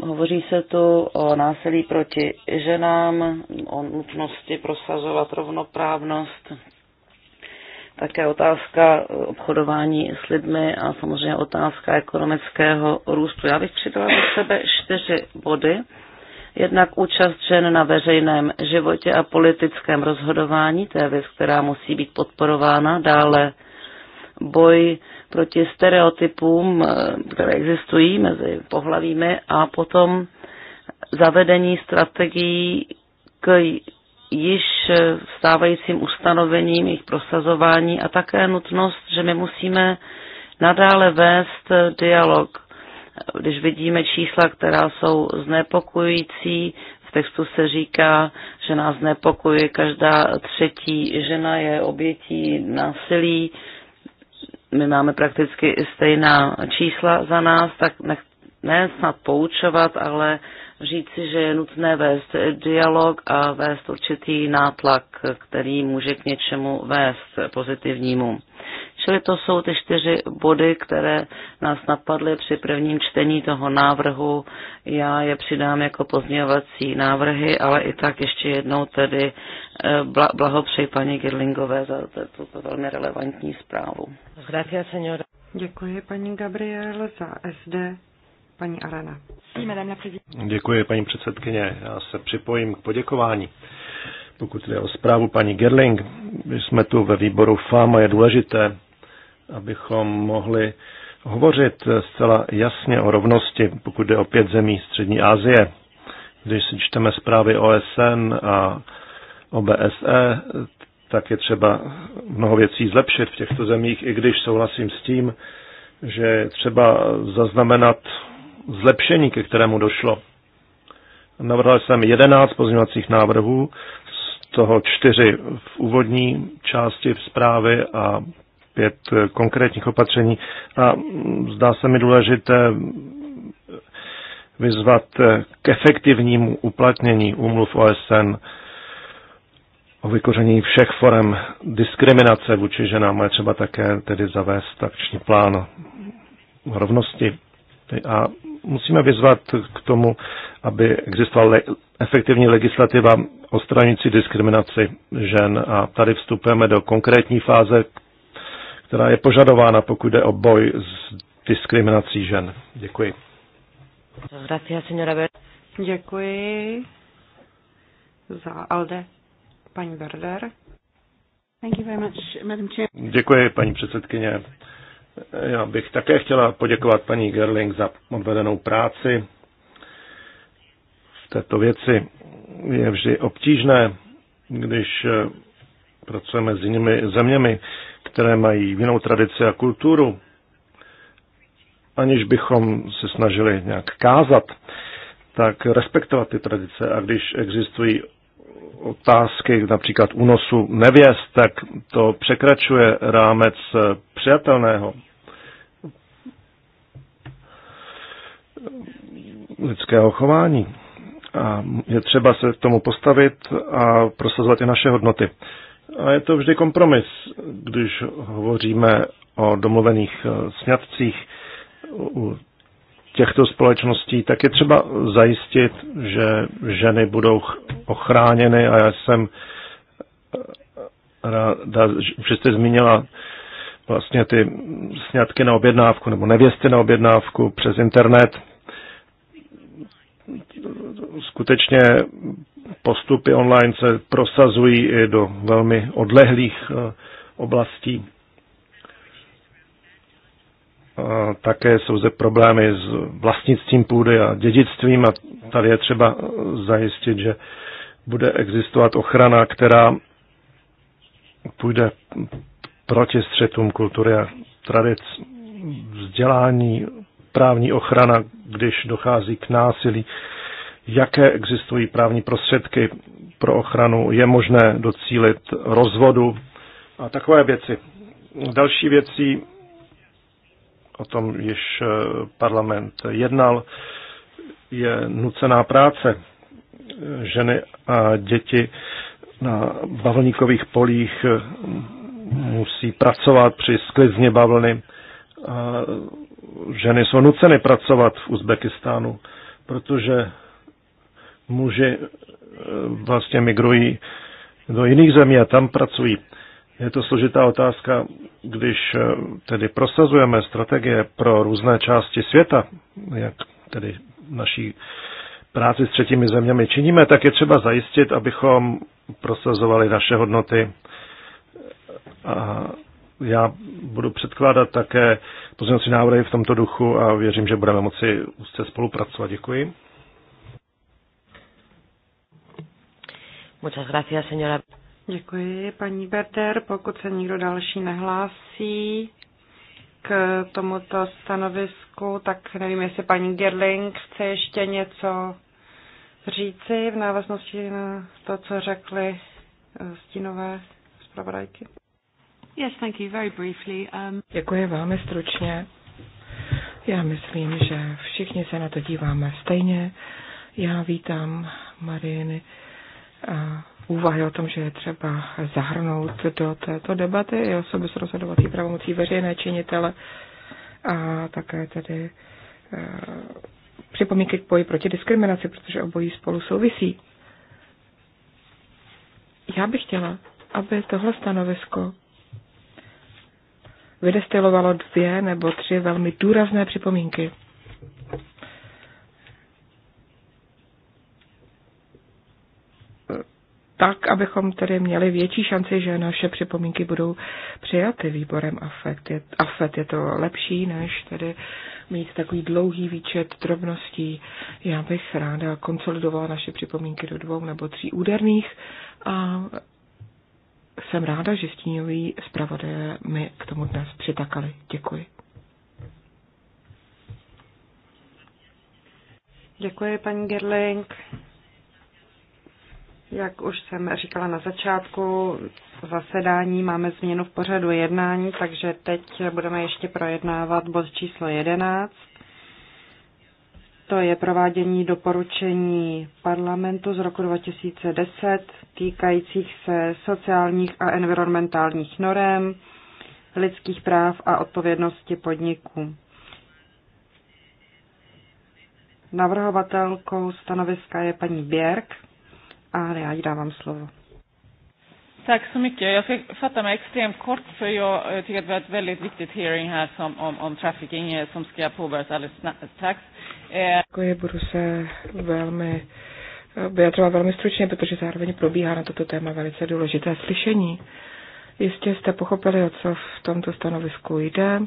Hovoří se tu o násilí proti ženám, o nutnosti prosazovat rovnoprávnost, také otázka obchodování s lidmi a samozřejmě otázka ekonomického růstu. Já bych přidala do sebe čtyři body. Jednak účast žen na veřejném životě a politickém rozhodování, to je věc, která musí být podporována. Dále boj proti stereotypům, které existují mezi pohlavími a potom zavedení strategií k již eh, stávajícím ustanovením, jejich prosazování a také nutnost, že my musíme nadále vést eh, dialog. Když vidíme čísla, která jsou znepokojující, v textu se říká, že nás znepokojuje každá třetí žena je obětí násilí. My máme prakticky stejná čísla za nás, tak ne snad poučovat, ale říci, že je nutné vést dialog a vést určitý nátlak, který může k něčemu vést pozitivnímu. Čili to jsou ty čtyři body, které nás napadly při prvním čtení toho návrhu. Já je přidám jako pozměňovací návrhy, ale i tak ještě jednou tedy eh, blahopřeji paní Girlingové za tuto velmi relevantní zprávu. Děkuji paní Gabriel za SD Paní Arena. Děkuji, paní předsedkyně. Já se připojím k poděkování. Pokud jde o zprávu paní Gerling, my jsme tu ve výboru FAM a je důležité, abychom mohli hovořit zcela jasně o rovnosti, pokud jde o pět zemí Střední Asie. Když si čteme zprávy OSN a OBSE, tak je třeba mnoho věcí zlepšit v těchto zemích, i když souhlasím s tím, že třeba zaznamenat zlepšení, ke kterému došlo. Navrhl jsem 11 pozměňovacích návrhů, z toho čtyři v úvodní části v zprávy a pět konkrétních opatření. A zdá se mi důležité vyzvat k efektivnímu uplatnění úmluv OSN o vykoření všech forem diskriminace vůči ženám, ale třeba také tedy zavést akční plán rovnosti a musíme vyzvat k tomu, aby existovala le- efektivní legislativa ostraňující diskriminaci žen. A tady vstupujeme do konkrétní fáze, která je požadována, pokud jde o boj s diskriminací žen. Děkuji. Děkuji za Alde. Paní Berder. Děkuji, paní předsedkyně. Já bych také chtěla poděkovat paní Gerling za odvedenou práci v této věci. Je vždy obtížné, když eh, pracujeme s jinými zeměmi, které mají jinou tradici a kulturu, aniž bychom se snažili nějak kázat, tak respektovat ty tradice. A když existují otázky například únosu nevěst, tak to překračuje rámec eh, přijatelného lidského chování. A je třeba se k tomu postavit a prosazovat i naše hodnoty. A je to vždy kompromis, když hovoříme o domluvených eh, sňatcích u těchto společností, tak je třeba zajistit, že ženy budou ochráněny a já jsem eh, ráda, že jste zmínila vlastně ty sňatky na objednávku nebo nevěsty na objednávku přes internet. Skutečně postupy online se prosazují i do velmi odlehlých eh, oblastí také jsou zde problémy s vlastnictvím půdy a dědictvím a tady je třeba zajistit, že bude existovat ochrana, která půjde proti střetům kultury a tradic, vzdělání, právní ochrana, když dochází k násilí, jaké existují právní prostředky pro ochranu, je možné docílit rozvodu a takové věci. Další věcí o tom již eh, parlament jednal, je nucená práce. Ženy a děti na bavlníkových polích eh, musí pracovat při sklizně bavlny. A ženy jsou nuceny pracovat v Uzbekistánu, protože muži eh, vlastně migrují do jiných zemí a tam pracují. Je to složitá otázka, když eh, tedy prosazujeme strategie pro různé části světa, jak tedy naší práci s třetími zeměmi činíme, tak je třeba zajistit, abychom prosazovali naše hodnoty. A já budu předkládat také pozměňovací návrhy v tomto duchu a věřím, že budeme moci úzce spolupracovat. Děkuji. Muchas gracias, señora. Děkuji, paní Berter. Pokud se nikdo další nehlásí k tomuto stanovisku, tak nevím, jestli paní Gerling chce ještě něco říci v návaznosti na to, co řekly eh, stínové zpravodajky. Yes, thank you. Very briefly. Um... Děkuji velmi stručně. Já myslím, že všichni se na to díváme stejně. Já vítám Mariny eh, úvahy o tom, že je třeba zahrnout do této debaty i osoby s rozhodovací pravomocí veřejné činitele a také tedy eh, připomínky k boji proti diskriminaci, protože obojí spolu souvisí. Já bych chtěla, aby tohle stanovisko vydestilovalo dvě nebo tři velmi důrazné připomínky. tak, abychom tedy měli větší šanci, že naše připomínky budou přijaty výborem AFET. Je, AFET je to lepší, než tedy mít takový dlouhý výčet drobností. Já bych ráda konsolidovala naše připomínky do dvou nebo tří úderných a jsem ráda, že stíňový zpravodaje mi k tomu dnes přitakali. Děkuji. Děkuji, paní Gerling. Jak už jsem říkala na začátku zasedání, máme změnu v pořadu jednání, takže teď budeme ještě projednávat bod číslo 11. To je provádění doporučení parlamentu z roku 2010 týkajících se sociálních a environmentálních norem, lidských práv a odpovědnosti podniků. Navrhovatelkou stanoviska je paní Bjerg a já jí dávám slovo. Tack så mycket. Jag ska fatta mig extremt kort för jag eh, tycker att vi har ett väldigt viktigt hearing här som, om, om trafficking eh, som ska påbörjas alldeles strax. Eh, Děkuji, budu se velmi vyjadřovat velmi stručně, protože zároveň probíhá na toto téma velice důležité slyšení. Jistě jste pochopili, o co v tomto stanovisku jde.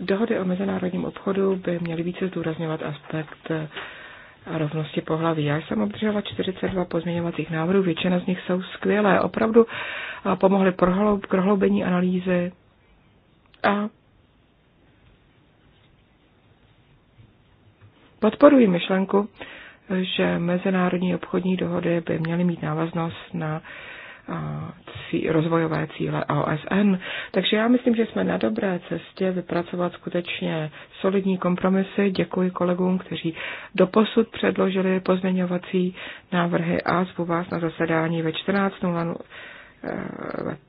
Dohody o mezinárodním obchodu by měly více zdůrazňovat aspekt eh, rovnosti pohlaví. Já jsem obdržela 42 pozměňovacích návrhů, většina z nich jsou skvělé, opravdu pomohly k prohloubení analýzy a podporuji myšlenku, že mezinárodní obchodní dohody by měly mít návaznost na uh, cí, rozvojové cíle OSN. Takže já myslím, že jsme na dobré cestě vypracovat skutečně solidní kompromisy. Děkuji kolegům, kteří doposud předložili pozměňovací návrhy a zvu vás na zasedání ve 14.00 eh,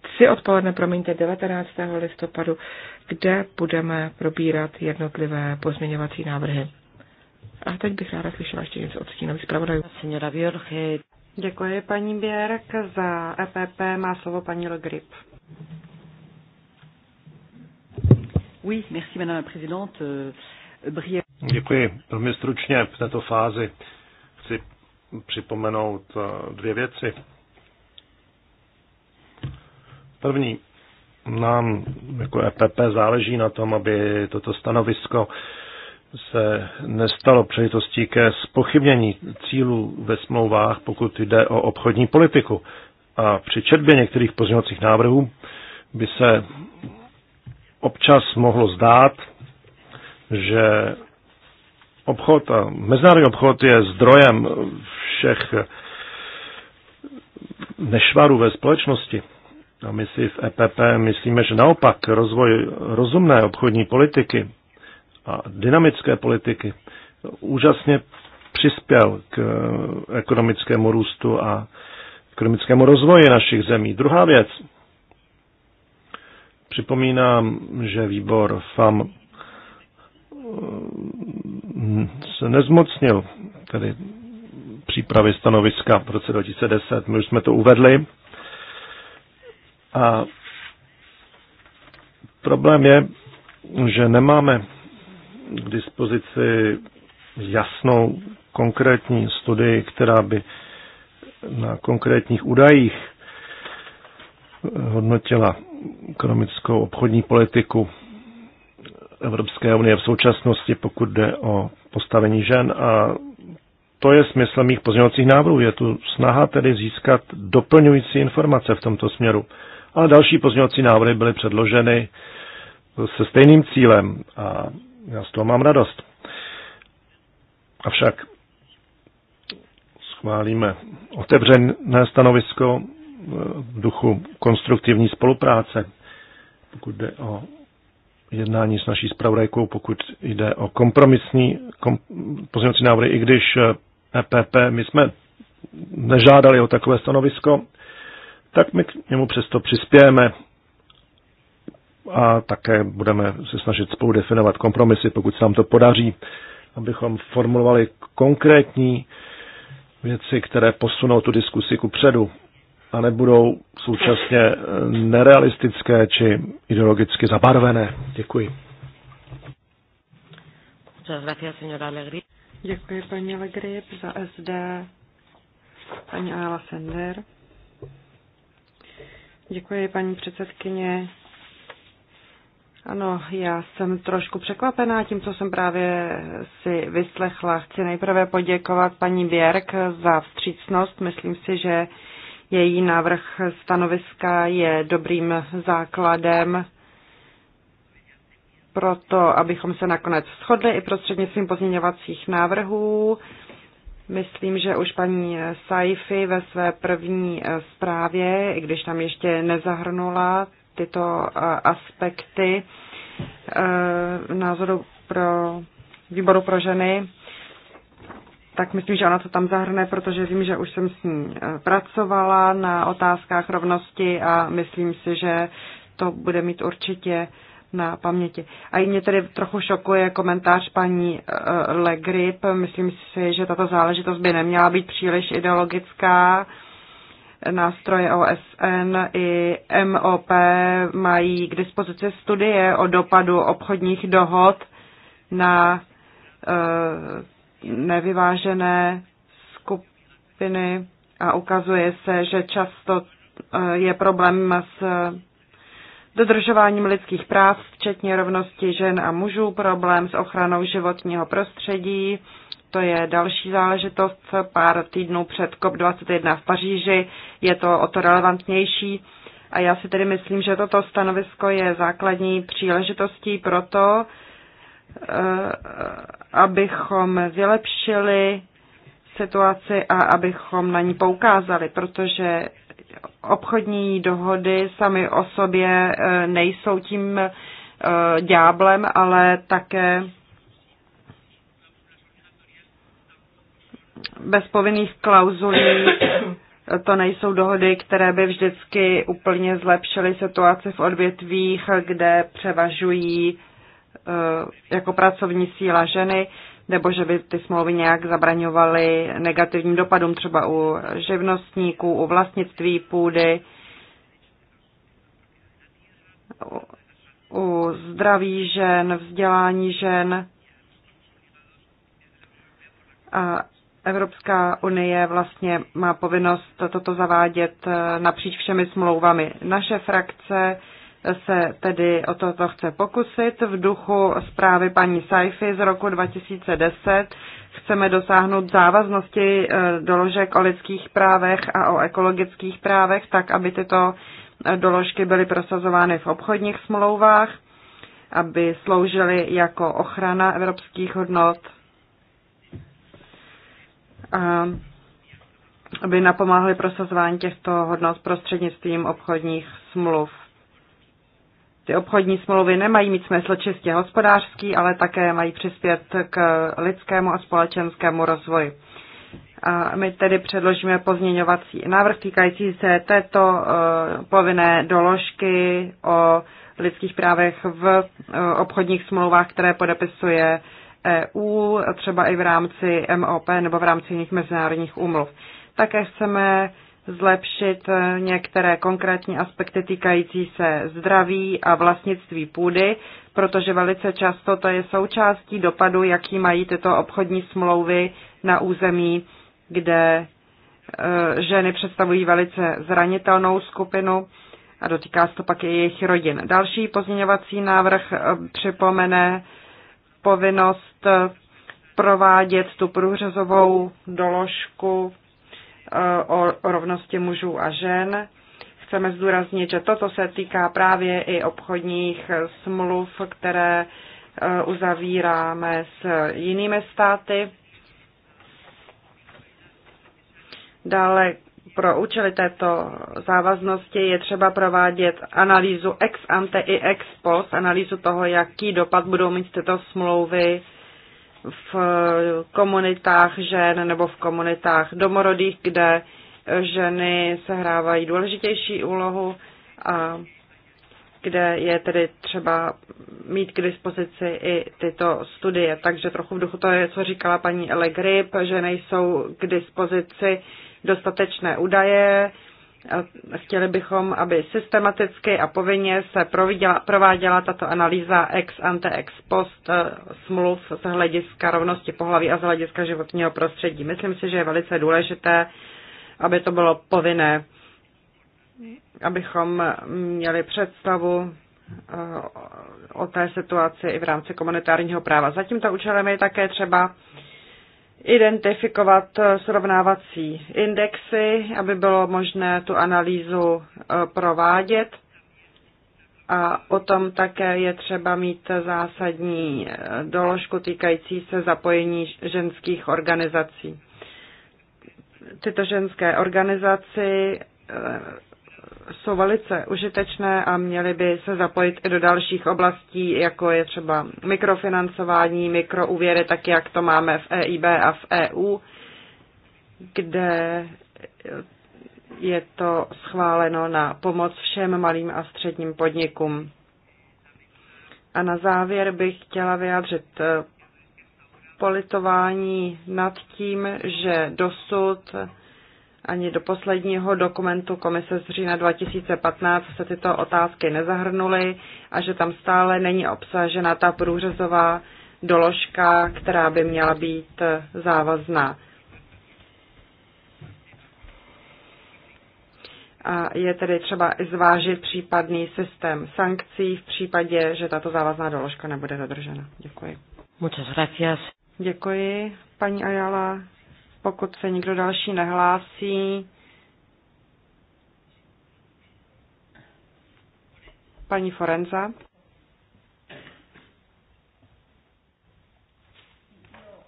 tři odpoledne, promiňte, 19. listopadu, kde budeme probírat jednotlivé pozměňovací návrhy. A teď bych ráda slyšela ještě něco od stínových zpravodajů. Děkuji paní Běrk. Za EPP má slovo paní Le Grip. Oui, merci, madame la présidente. Euh, Děkuji. Velmi stručně v této fázi chci připomenout eh, dvě věci. První, nám jako EPP záleží na tom, aby toto stanovisko se nestalo přejitostí ke spochybnění cílů ve smlouvách, pokud jde o obchodní politiku. A při četbě některých pozměňovacích návrhů by se občas mohlo zdát, že obchod a mezinárodní obchod je zdrojem všech nešvarů ve společnosti. A my si v EPP myslíme, že naopak rozvoj rozumné obchodní politiky a dynamické politiky úžasně přispěl k eh, ekonomickému růstu a ekonomickému rozvoji našich zemí. Druhá věc. Připomínám, že výbor FAM eh, se nezmocnil tedy přípravy stanoviska v roce 2010. My už jsme to uvedli. A problém je, že nemáme k dispozici jasnou konkrétní studii, která by na konkrétních údajích hodnotila ekonomickou obchodní politiku Evropské unie v současnosti, pokud jde o postavení žen. A to je smysl mých pozměňovacích návrhů. Je tu snaha tedy získat doplňující informace v tomto směru. Ale další pozměňovací návrhy byly předloženy se stejným cílem a já z toho mám radost. Avšak schválíme otevřené stanovisko e, v duchu konstruktivní spolupráce, pokud jde o jednání s naší spravodajkou, pokud jde o kompromisní kom, pozměňovací návrhy, i když EPP, e my jsme nežádali o takové stanovisko, tak my k němu přesto přispějeme a také budeme se snažit spolu definovat kompromisy, pokud se nám to podaří, abychom formulovali konkrétní věci, které posunou tu diskusi ku předu a nebudou současně eh, nerealistické či ideologicky zabarvené. Děkuji. Děkuji paní Legrip za SD, paní Ayala Sender. Děkuji paní předsedkyně. Ano, já jsem trošku překvapená tím, co jsem právě si vyslechla. Chci nejprve poděkovat paní Běrk za vstřícnost. Myslím si, že její návrh stanoviska je dobrým základem pro to, abychom se nakonec shodli i prostřednictvím pozměňovacích návrhů. Myslím, že už paní Saifi ve své první eh, zprávě, i když tam ještě nezahrnula tyto eh, aspekty eh, názoru pro výboru pro ženy, tak myslím, že ona to tam zahrne, protože vím, že už jsem s ní eh, pracovala na otázkách rovnosti a myslím si, že to bude mít určitě na paměti. A i mě tedy trochu šokuje komentář paní Legrip. Myslím si, že tato záležitost by neměla být příliš ideologická nástroje OSN i MOP mají k dispozici studie o dopadu obchodních dohod na eh, nevyvážené skupiny a ukazuje se, že často eh, je problém s dodržováním lidských práv, včetně rovnosti žen a mužů, problém s ochranou životního prostředí, to je další záležitost pár týdnů před COP21 v Paříži, je to o to relevantnější. A já si tedy myslím, že toto stanovisko je základní příležitostí pro to, eh, abychom vylepšili situaci a abychom na ní poukázali, protože obchodní dohody sami o sobě eh, nejsou tím dňáblem, eh, ale také bez povinných klauzulí eh, to nejsou dohody, které by vždycky úplně zlepšily situaci v odvětvích, kde převažují jako pracovní síla ženy nebo že by ty smlouvy nějak zabraňovaly negativním dopadům třeba u živnostníků, u vlastnictví půdy, u zdraví žen, vzdělání žen. A Evropská unie vlastně má povinnost toto zavádět napříč všemi smlouvami. Naše frakce se tedy o toto chce pokusit. V duchu zprávy paní Saifi z roku 2010 chceme dosáhnout závaznosti eh, doložek o lidských právech a o ekologických právech, tak aby tyto eh, doložky byly prosazovány v obchodních smlouvách, aby sloužily jako ochrana evropských hodnot, a aby napomáhly prosazování těchto hodnot prostřednictvím obchodních smluv. Ty obchodní smlouvy nemají mít smysl čistě hospodářský, ale také mají přispět k lidskému a společenskému rozvoji. A my tedy předložíme pozměňovací návrh týkající se této uh, povinné doložky o lidských právech v uh, obchodních smlouvách, které podepisuje EU, třeba i v rámci MOP nebo v rámci jiných mezinárodních úmluv. Také chceme zlepšit eh, některé konkrétní aspekty týkající se zdraví a vlastnictví půdy, protože velice často to je součástí dopadu, jaký mají tyto obchodní smlouvy na území, kde eh, ženy představují velice zranitelnou skupinu a dotýká se to pak i jejich rodin. Další pozměňovací návrh eh, připomene povinnost provádět tu průřezovou doložku Eh, o rovnosti mužů a žen. Chceme zdůraznit, že toto se týká právě i obchodních smluv, které eh, uzavíráme s jinými státy. Dále pro účely této závaznosti je třeba provádět analýzu ex ante i ex post, analýzu toho, jaký dopad budou mít tyto smlouvy v komunitách žen nebo v komunitách domorodých, kde ženy sehrávají důležitější úlohu a kde je tedy třeba mít k dispozici i tyto studie. Takže trochu v duchu to je, co říkala paní Legrip, že nejsou k dispozici dostatečné údaje, Eh, chtěli bychom, aby systematicky a povinně se providěla, prováděla tato analýza ex ante ex post eh, smluv z hlediska rovnosti pohlaví a z hlediska životního prostředí. Myslím si, že je velice důležité, aby to bylo povinné, abychom měli představu eh, o té situaci i v rámci komunitárního práva. Za tímto účelem je také třeba identifikovat eh, srovnávací indexy, aby bylo možné tu analýzu eh, provádět. A o tom také je třeba mít zásadní eh, doložku týkající se zapojení ženských organizací. Tyto ženské organizaci jsou velice užitečné a měly by se zapojit i do dalších oblastí, jako je třeba mikrofinancování, mikrouvěry, tak jak to máme v EIB a v EU, kde je to schváleno na pomoc všem malým a středním podnikům. A na závěr bych chtěla vyjádřit eh, politování nad tím, že dosud ani do posledního dokumentu komise z října 2015 se tyto otázky nezahrnuly a že tam stále není obsažena ta průřezová doložka, která by měla být závazná. a je tedy třeba zvážit případný systém sankcí v případě, že tato závazná doložka nebude dodržena. Děkuji. Muchas gracias. Děkuji, paní Ayala. Pokud se nikdo další nehlásí, paní Forenza.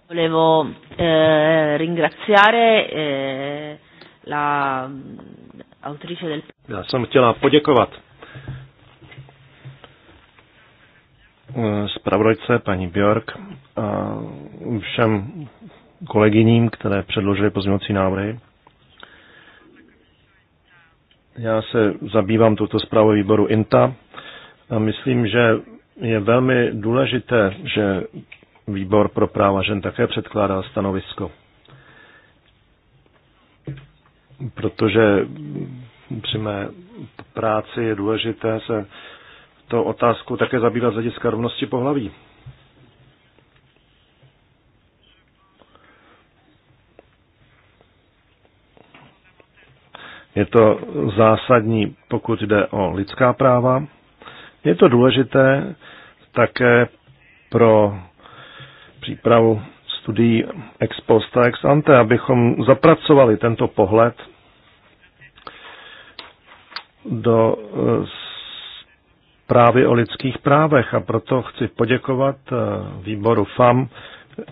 Volevo eh, ringraziare eh, la autrice del... Já jsem chtěla poděkovat eh, zpravodajce paní Björk a všem kolegyním, které předložily pozměňovací návrhy. Já se zabývám touto zprávou výboru INTA a myslím, že je velmi důležité, že výbor pro práva žen také předkládá stanovisko. Protože při mé práci je důležité se to otázku také zabývat z hlediska rovnosti pohlaví. Je to zásadní, pokud jde o lidská práva. Je to důležité také pro přípravu studií ex post a ex ante, abychom zapracovali tento pohled do eh, právy o lidských právech a proto chci poděkovat eh, výboru FAM.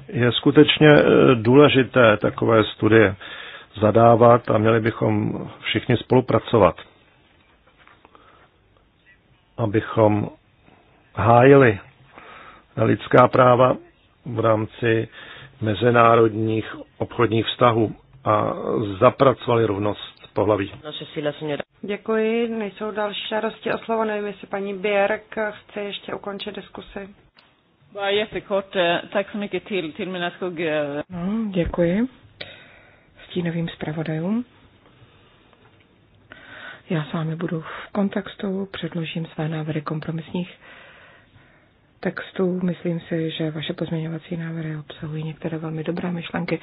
Je skutečně eh, důležité takové studie zadávat a měli bychom všichni spolupracovat, abychom hájili lidská práva v rámci mezinárodních obchodních vztahů a zapracovali rovnost pohlaví. Děkuji, nejsou další žádosti o slovo, nevím, jestli paní Běrk chce ještě ukončit diskusi. Eh, eh. mm, děkuji stínovým zpravodajům. Já s vámi budu v kontaktu, předložím své návrhy kompromisních textů. Myslím si, že vaše pozměňovací návrhy obsahují některé velmi dobré myšlenky,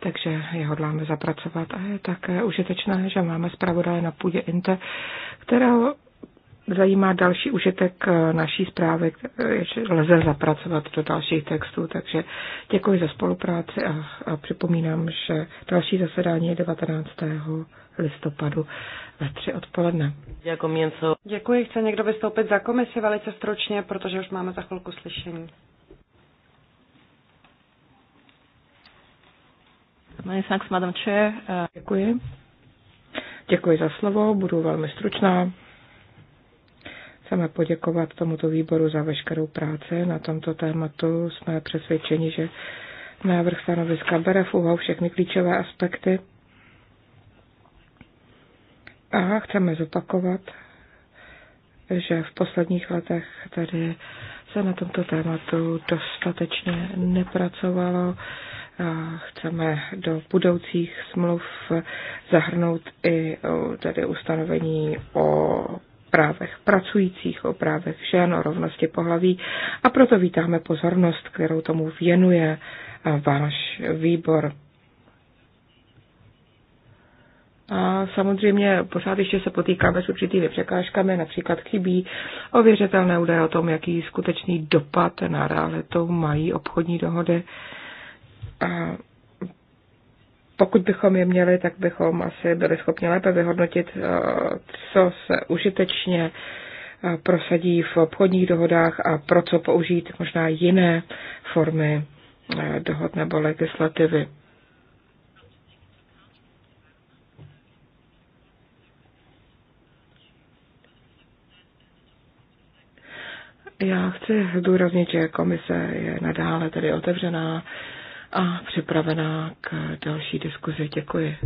takže je hodláme zapracovat. A je také užitečné, že máme zpravodaje na půdě INTE, která zajímá další užitek eh, naší zprávy, eh, lze zapracovat do dalších textů, takže děkuji za spolupráci a, a připomínám, že další zasedání je 19. listopadu ve 3 odpoledne. Jako děkuji, chce někdo vystoupit za komisi velice stručně, protože už máme za chvilku slyšení. Eh. Děkuji. Děkuji za slovo, budu velmi stručná. Chceme poděkovat tomuto výboru za veškerou práci na tomto tématu. Jsme přesvědčeni, že návrh stanoviska bere v úvahu všechny klíčové aspekty. A chceme zopakovat, že v posledních letech tady se na tomto tématu dostatečně nepracovalo. Chceme do budoucích smluv zahrnout i tedy ustanovení o právech pracujících, o právech žen, o rovnosti pohlaví a proto vítáme pozornost, kterou tomu věnuje eh, váš výbor. A samozřejmě pořád ještě se potýkáme s určitými překážkami, například chybí ověřitelné údaje o tom, jaký skutečný dopad na realitu mají obchodní dohody. A pokud bychom je měli, tak bychom asi byli schopni lépe vyhodnotit, eh, co se užitečně eh, prosadí v obchodních dohodách a pro co použít možná jiné formy eh, dohod nebo legislativy. Já chci zdůraznit, že komise je nadále tedy otevřená a připravená k další diskuzi. Děkuji.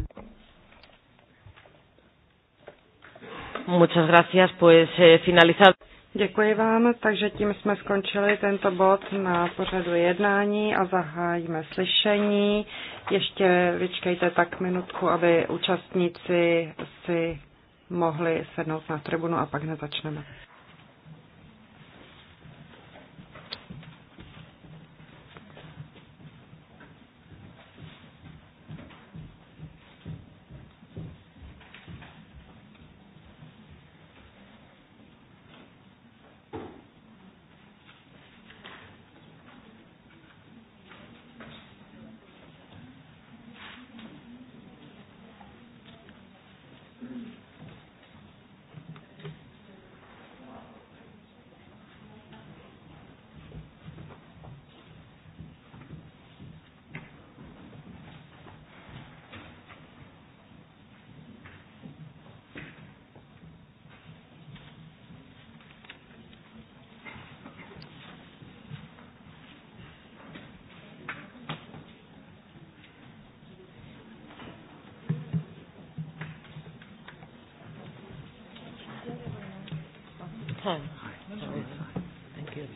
Muchas gracias, pues eh, finalizado. Děkuji vám, takže tím jsme skončili tento bod na pořadu jednání a zahájíme slyšení. Ještě vyčkejte tak minutku, aby účastníci si mohli sednout na tribunu a pak nezačneme.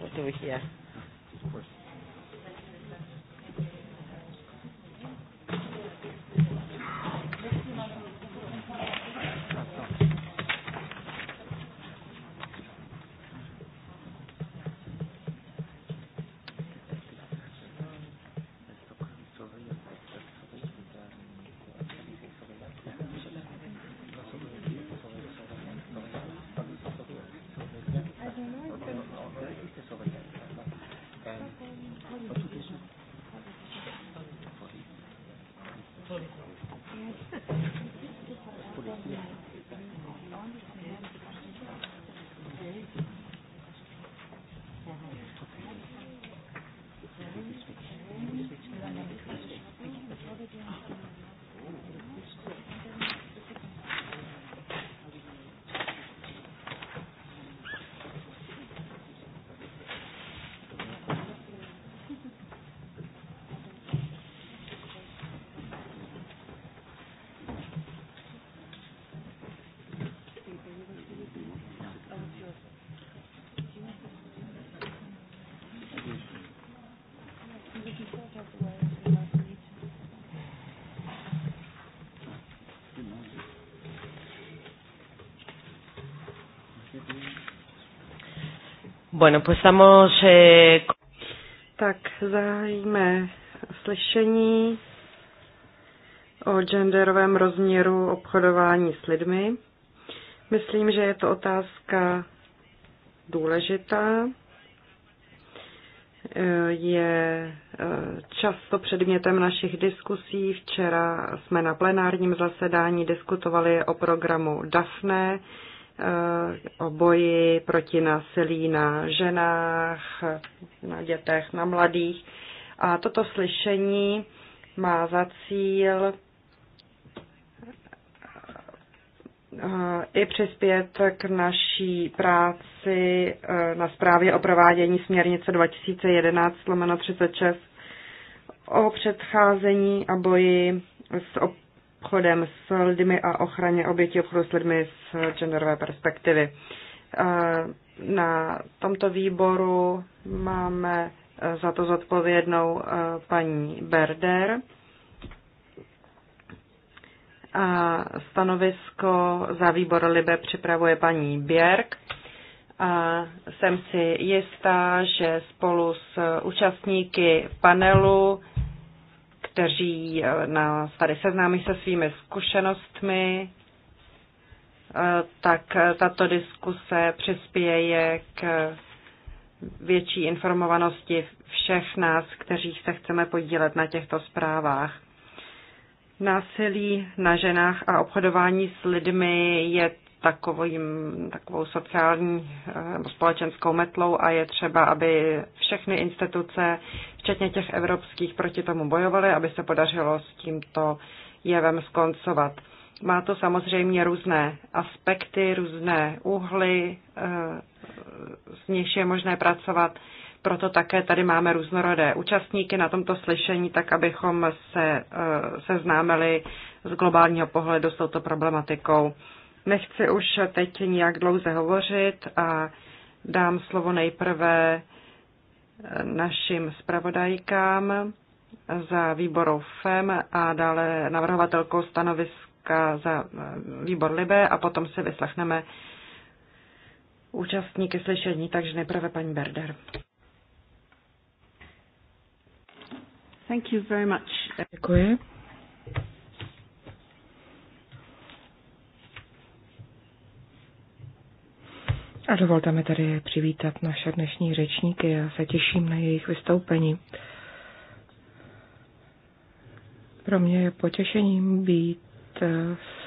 What do we hear? Bueno, pues estamos... Eh... Tak zahájíme slyšení o genderovém rozměru obchodování s lidmi. Myslím, že je to otázka důležitá. Eh, je eh, často předmětem našich diskusí. Včera jsme na plenárním zasedání diskutovali o programu DAFNE, Eh, o boji proti násilí na ženách, na dětech, na mladých. A toto slyšení má za cíl eh, i přispět k naší práci eh, na zprávě o provádění směrnice 2011 36 o předcházení a boji s obchodem s lidmi a ochraně obětí obchodu s lidmi z genderové perspektivy. Eh, na tomto výboru máme eh, za to zodpovědnou eh, paní Berder. A stanovisko za výbor Libe připravuje paní Bjerg. A jsem si jistá, že spolu s účastníky panelu kteří eh, nás tady seznámí se svými zkušenostmi, eh, tak eh, tato diskuse přispěje k větší informovanosti všech nás, kteří se chceme podílet na těchto zprávách. Násilí na ženách a obchodování s lidmi je takovým, takovou sociální eh, nebo společenskou metlou a je třeba, aby všechny instituce, včetně těch evropských, proti tomu bojovaly, aby se podařilo s tímto jevem skoncovat. Má to samozřejmě různé aspekty, různé úhly, s eh, nichž je možné pracovat. Proto také tady máme různorodé účastníky na tomto slyšení, tak abychom se eh, seznámili z globálního pohledu s touto problematikou. Nechci už teď nějak dlouze hovořit a dám slovo nejprve našim zpravodajkám za výborou FEM a dále navrhovatelkou stanoviska za výbor Libe a potom si vyslechneme účastníky slyšení, takže nejprve paní Berder. Thank you very much. Děkuji. A dovolte mi tady přivítat naše dnešní řečníky. a se těším na jejich vystoupení. Pro mě je potěšením být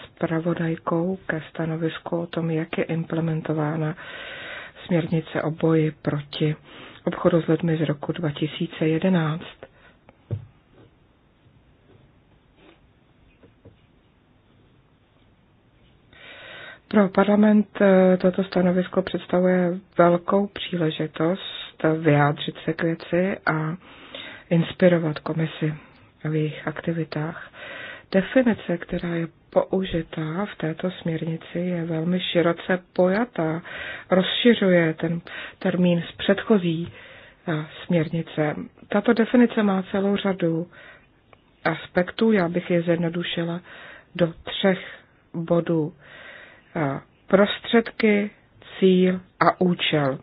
spravodajkou ke stanovisku o tom, jak je implementována směrnice o boji proti obchodu s lidmi z roku 2011. Pro parlament eh, toto stanovisko představuje velkou příležitost vyjádřit se k věci a inspirovat komisi v jejich aktivitách. Definice, která je použitá v této směrnici, je velmi široce pojatá, rozšiřuje ten termín z předchozí eh, směrnice. Tato definice má celou řadu aspektů, já bych je zjednodušila do třech bodů prostředky, cíl a účel.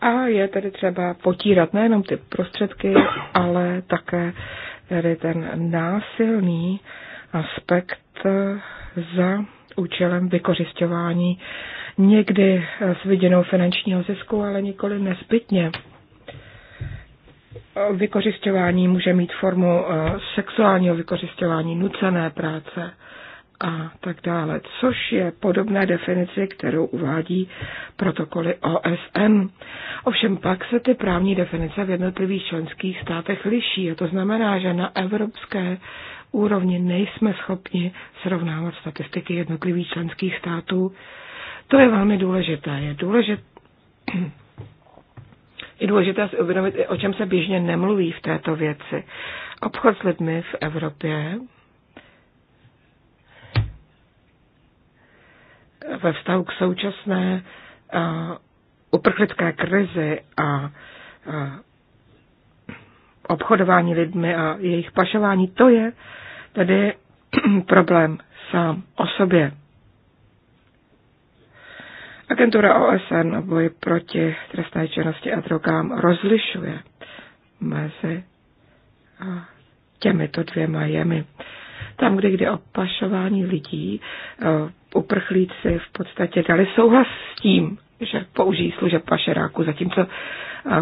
A je tedy třeba potírat nejenom ty prostředky, ale také tedy ten násilný aspekt za účelem vykořišťování někdy s viděnou finančního zisku, ale nikoli nezbytně vykořišťování může mít formu eh, sexuálního vykořišťování, nucené práce a tak dále, což je podobná definici, kterou uvádí protokoly OSN. Ovšem pak se ty právní definice v jednotlivých členských státech liší a to znamená, že na evropské úrovni nejsme schopni srovnávat statistiky jednotlivých členských států. To je velmi důležité. Je důležité, je důležité si uvědomit, o čem se běžně nemluví v této věci. Obchod s lidmi v Evropě ve vztahu k současné uh, uprchlické krizi a uh, obchodování lidmi a jejich pašování, to je tedy problém sám o sobě. Agentura OSN o boji proti trestné činnosti a drogám rozlišuje mezi těmito dvěma jemy. Tam, kde jde o pašování lidí, e, uprchlíci v podstatě dali souhlas s tím, že použijí služeb pašeráku, zatímco e,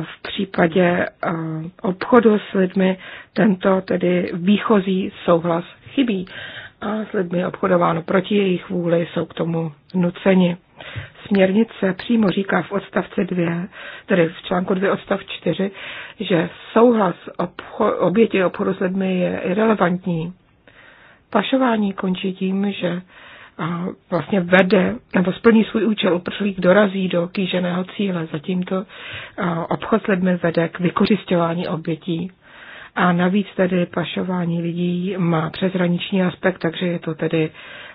v případě e, obchodu s lidmi tento tedy výchozí souhlas chybí a s lidmi obchodováno proti jejich vůli jsou k tomu nuceni směrnice přímo říká v odstavci 2, tedy v článku 2 odstav 4, že souhlas obcho- oběti obchodu s lidmi je irrelevantní. Pašování končí tím, že a vlastně vede nebo splní svůj účel, uprchlík dorazí do kýženého cíle, zatímto obchod s lidmi vede k vykořišťování obětí. A navíc tedy pašování lidí má přeshraniční aspekt, takže je to tedy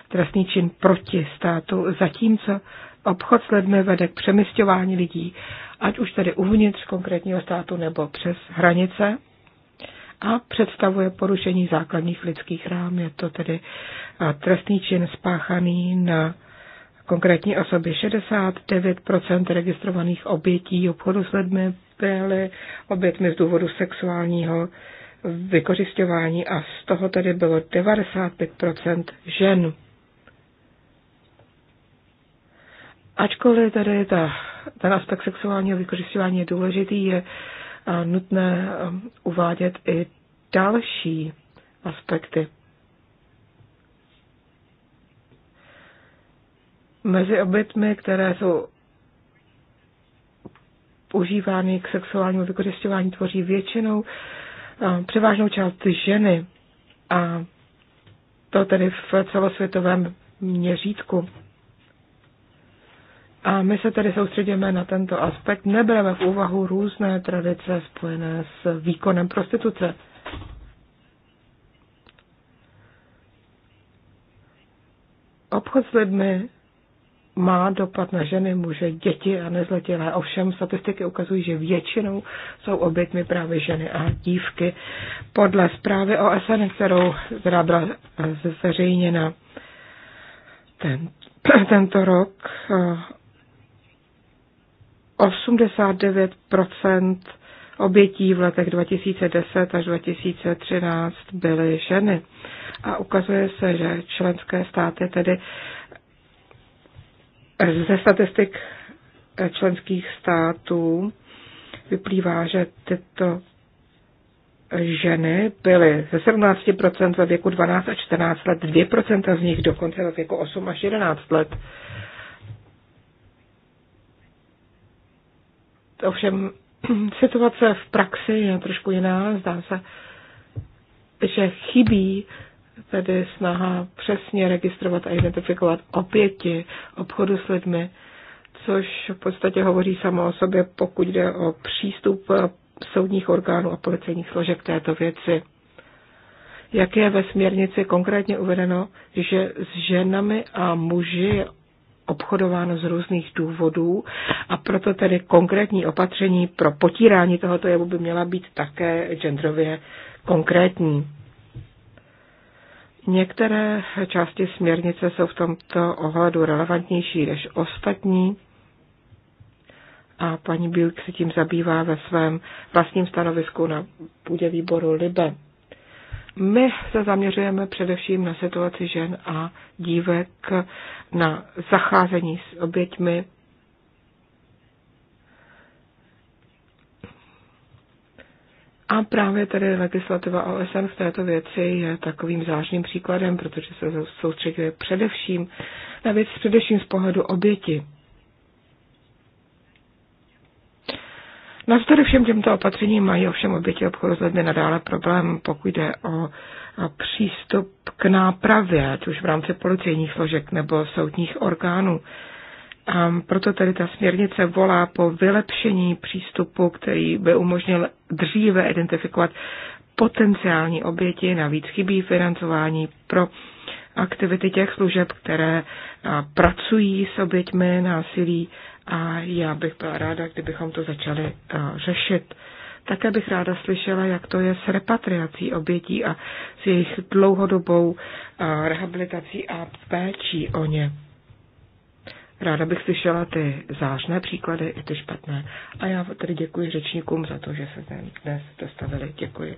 trestný čin proti státu, zatímco obchod s lidmi vede k přemysťování lidí, ať už tedy uvnitř konkrétního státu nebo přes hranice a představuje porušení základních lidských rám. Je to tedy eh, trestný čin spáchaný na konkrétní osoby. 69% registrovaných obětí obchodu s lidmi byly obětmi z důvodu sexuálního vykořišťování a z toho tedy bylo 95% žen. Ačkoliv tady ta, ten aspekt sexuálního vykořišťování je důležitý, je nutné uvádět i další aspekty. Mezi obětmi, které jsou užívány k sexuálnímu vykořišťování, tvoří většinou převážnou část ženy. A to tedy v celosvětovém měřítku. A my se tedy soustředíme na tento aspekt, nebereme v úvahu různé tradice spojené s výkonem prostituce. Obchod s lidmi má dopad na ženy, muže, děti a nezletilé. Ovšem statistiky ukazují, že většinou jsou obětmi právě ženy a dívky. Podle zprávy OSN, kterou, která byla zveřejněna ten, tento rok eh, 89 obětí v letech 2010 až 2013 byly ženy. A ukazuje se, že členské státy tedy ze statistik členských států vyplývá, že tyto ženy byly ze 17% ve věku 12 a 14 let, 2% z nich dokonce ve věku 8 až 11 let. Ovšem situace v praxi je trošku jiná. Zdá se, že chybí tedy snaha přesně registrovat a identifikovat oběti obchodu s lidmi, což v podstatě hovoří samo o sobě, pokud jde o přístup soudních orgánů a policejních složek této věci. Jak je ve směrnici konkrétně uvedeno, že s ženami a muži je obchodováno z různých důvodů a proto tedy konkrétní opatření pro potírání tohoto jevu by měla být také genderově konkrétní. Některé části směrnice jsou v tomto ohledu relevantnější než ostatní a paní Bílk se tím zabývá ve svém vlastním stanovisku na půdě výboru LIBE. My se zaměřujeme především na situaci žen a dívek, na zacházení s oběťmi. A právě tady legislativa OSN v této věci je takovým zářným příkladem, protože se soustředuje především na věc především z pohledu oběti. Navzdory všem těmto opatřením mají ovšem oběti obchodu s lidmi nadále problém, pokud jde o přístup k nápravě, ať už v rámci policejních složek nebo soudních orgánů. A proto tedy ta směrnice volá po vylepšení přístupu, který by umožnil dříve identifikovat potenciální oběti, navíc chybí financování pro aktivity těch služeb, které pracují s oběťmi násilí a já bych byla ráda, kdybychom to začali uh, řešit. Také bych ráda slyšela, jak to je s repatriací obětí a s jejich dlouhodobou uh, rehabilitací a péčí o ně. Ráda bych slyšela ty zářné příklady i ty špatné. A já tedy děkuji řečníkům za to, že se dnes dostavili. Děkuji.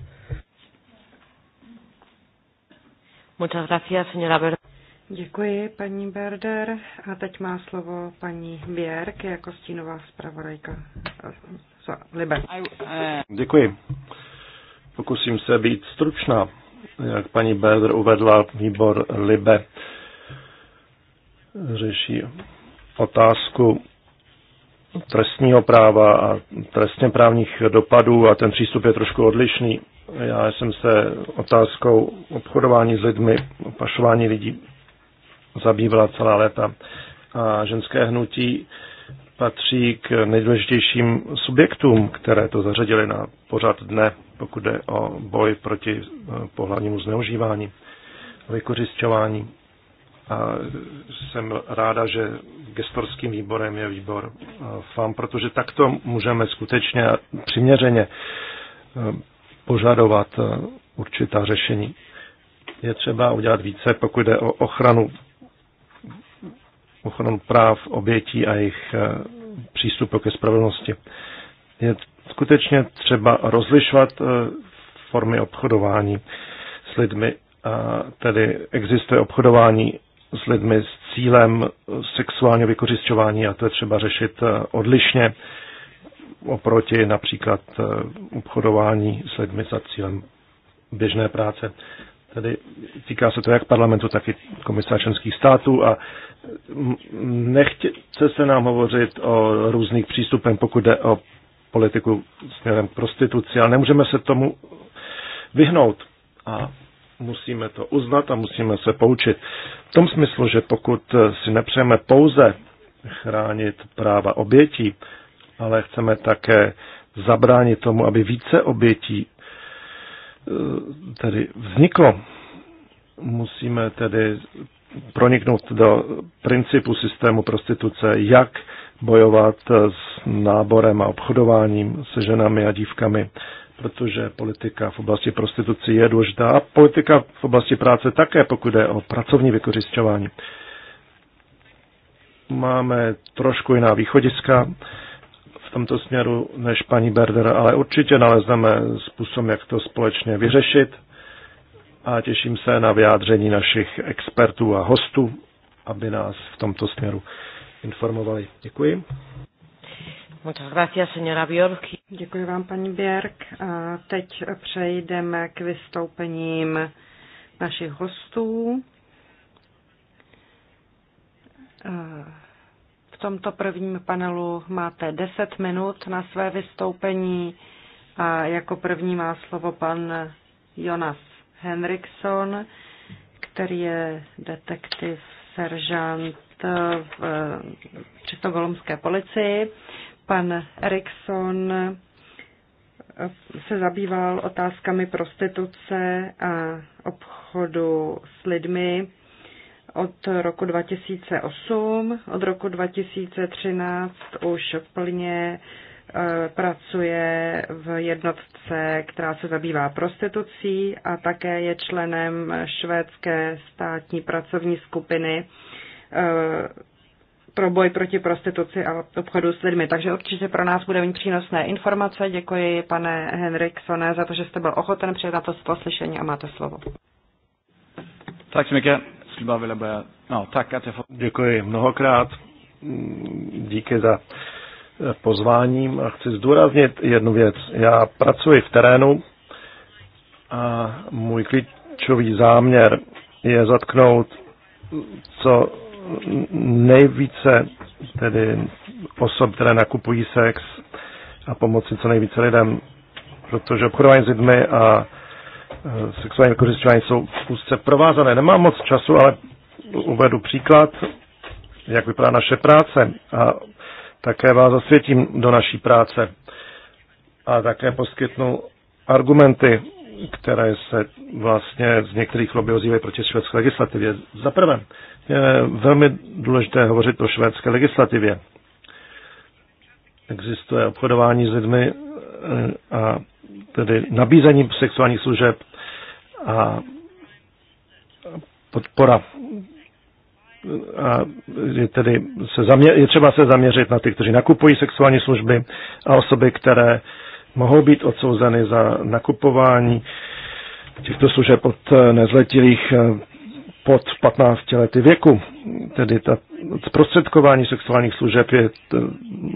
Muchas gracias, señora Děkuji, paní Berder. A teď má slovo paní Běrk jako stínová zpravodajka. Libe. Uh, Děkuji. Pokusím se být stručná. Jak paní Berder uvedla, výbor Libe řeší otázku trestního práva a trestně právních dopadů a ten přístup je trošku odlišný. Já jsem se otázkou obchodování s lidmi, pašování lidí zabývala celá léta. A ženské hnutí patří k nejdůležitějším subjektům, které to zařadili na pořad dne, pokud jde o boj proti eh, pohlavnímu zneužívání, vykořišťování. A jsem ráda, že gestorským výborem je výbor eh, FAM, protože takto můžeme skutečně přiměřeně eh, požadovat určitá řešení. Je třeba udělat více, pokud jde o ochranu ochranu práv obětí a jejich eh, přístupu ke spravedlnosti. Je skutečně třeba rozlišovat eh, formy obchodování s lidmi, a tedy existuje obchodování s lidmi s cílem sexuálního vykořišťování a to je třeba řešit eh, odlišně oproti například obchodování s lidmi za cílem běžné práce. Tedy týká se to jak parlamentu, tak i komisářenských států a nechce se nám hovořit o různých přístupech, pokud jde o politiku směrem k prostituci, ale nemůžeme se tomu vyhnout. A musíme to uznat a musíme se poučit. V tom smyslu, že pokud si nepřejeme pouze chránit práva obětí, ale chceme také zabránit tomu, aby více obětí e, tedy vzniklo, musíme tedy proniknout do principu systému prostituce, jak bojovat s náborem a obchodováním se ženami a dívkami, protože politika v oblasti prostituce je důležitá a politika v oblasti práce také, pokud je o pracovní vykořišťování. Máme trošku jiná východiska v tomto směru než paní Berder, ale určitě nalezneme způsob, jak to společně vyřešit a těším se na vyjádření našich expertů a hostů, aby nás v tomto směru informovali. Děkuji. Muchas gracias, señora Björk. Děkuji vám, paní Björk. A teď přejdeme k vystoupením našich hostů. V tomto prvním panelu máte 10 minut na své vystoupení a jako první má slovo pan Jonas Henrikson, který je detektiv seržant v Čistogolomské eh, policii. Pan Erikson eh, se zabýval otázkami prostituce a obchodu s lidmi od roku 2008. Od roku 2013 už plně E, pracuje v jednotce, která se zabývá prostitucí a také je členem švédské státní pracovní skupiny e, pro boj proti prostituci a obchodu s lidmi. Takže určitě pro nás bude mít přínosné informace. Děkuji, pane Henriksone, za to, že jste byl ochoten přijet na to poslyšení a máte slovo. Tak så mycket. No, Děkuji mnohokrát. Díky za pozváním a chci zdůraznit jednu věc. Já pracuji v terénu a můj klíčový záměr je zatknout co nejvíce tedy osob, které nakupují sex a pomoci co nejvíce lidem, protože obchodování s lidmi a e, sexuální vykořišťování jsou úzce provázané. Nemám moc času, ale uvedu příklad, jak vypadá naše práce. A také vás zasvětím do naší práce a také poskytnu argumenty, které se vlastně z některých lobby ozývají proti švédské legislativě. Za prvé, je velmi důležité hovořit o švédské legislativě. Existuje obchodování s lidmi eh, a tedy nabízení sexuálních služeb a podpora a je tedy se zaměř, je třeba se zaměřit na ty, kteří nakupují sexuální služby a osoby, které mohou být odsouzeny za nakupování těchto služeb od eh, nezletilých eh, pod 15 lety věku. Tedy ta zprostředkování sexuálních služeb je, eh,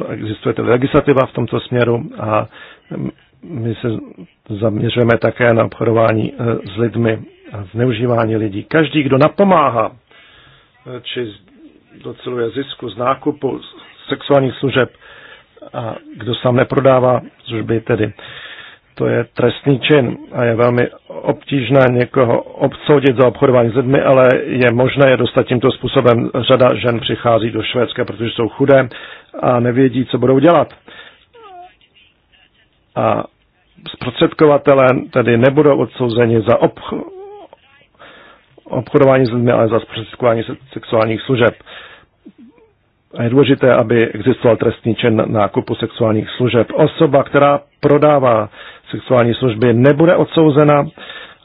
existuje tedy legislativa v tomto směru a my se zaměřujeme také na obchodování s lidmi a zneužívání lidí. Každý, kdo napomáhá Eh, či doceluje zisku z nákupu sexuálních služeb, a kdo sám neprodává služby tedy. To je trestný čin a je velmi obtížné někoho obsoudit za obchodování s lidmi, ale je možné je dostat tímto způsobem. Řada žen přichází do Švédska, protože jsou chudé a nevědí, co budou dělat. A zprostředkovatelé tedy nebudou odsouzeni za obchod obchodování s lidmi, ale za zprostředkování sexuálních služeb. A je důležité, aby existoval trestný čin nákupu sexuálních služeb. Osoba, která prodává sexuální služby, nebude odsouzena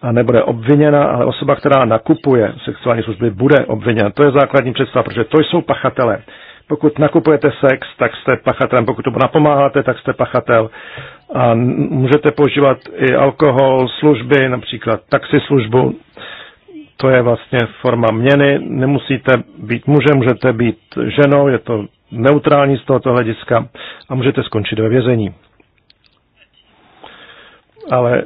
a nebude obviněna, ale osoba, která nakupuje sexuální služby, bude obviněna. To je základní představa, protože to jsou pachatele. Pokud nakupujete sex, tak jste pachatelem. Pokud tomu napomáháte, tak jste pachatel. A můžete používat i alkohol, služby, například taxislužbu. službu to je vlastně forma měny. Nemusíte být mužem, můžete být ženou, je to neutrální z tohoto hlediska a můžete skončit ve vězení. Ale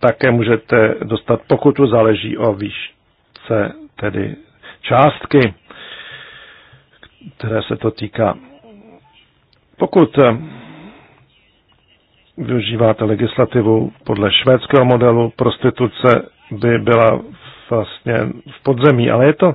také můžete dostat pokutu, záleží o výšce tedy částky, které se to týká. Pokud eh, využíváte legislativu podle švédského modelu, prostituce by byla vlastně v podzemí, ale je to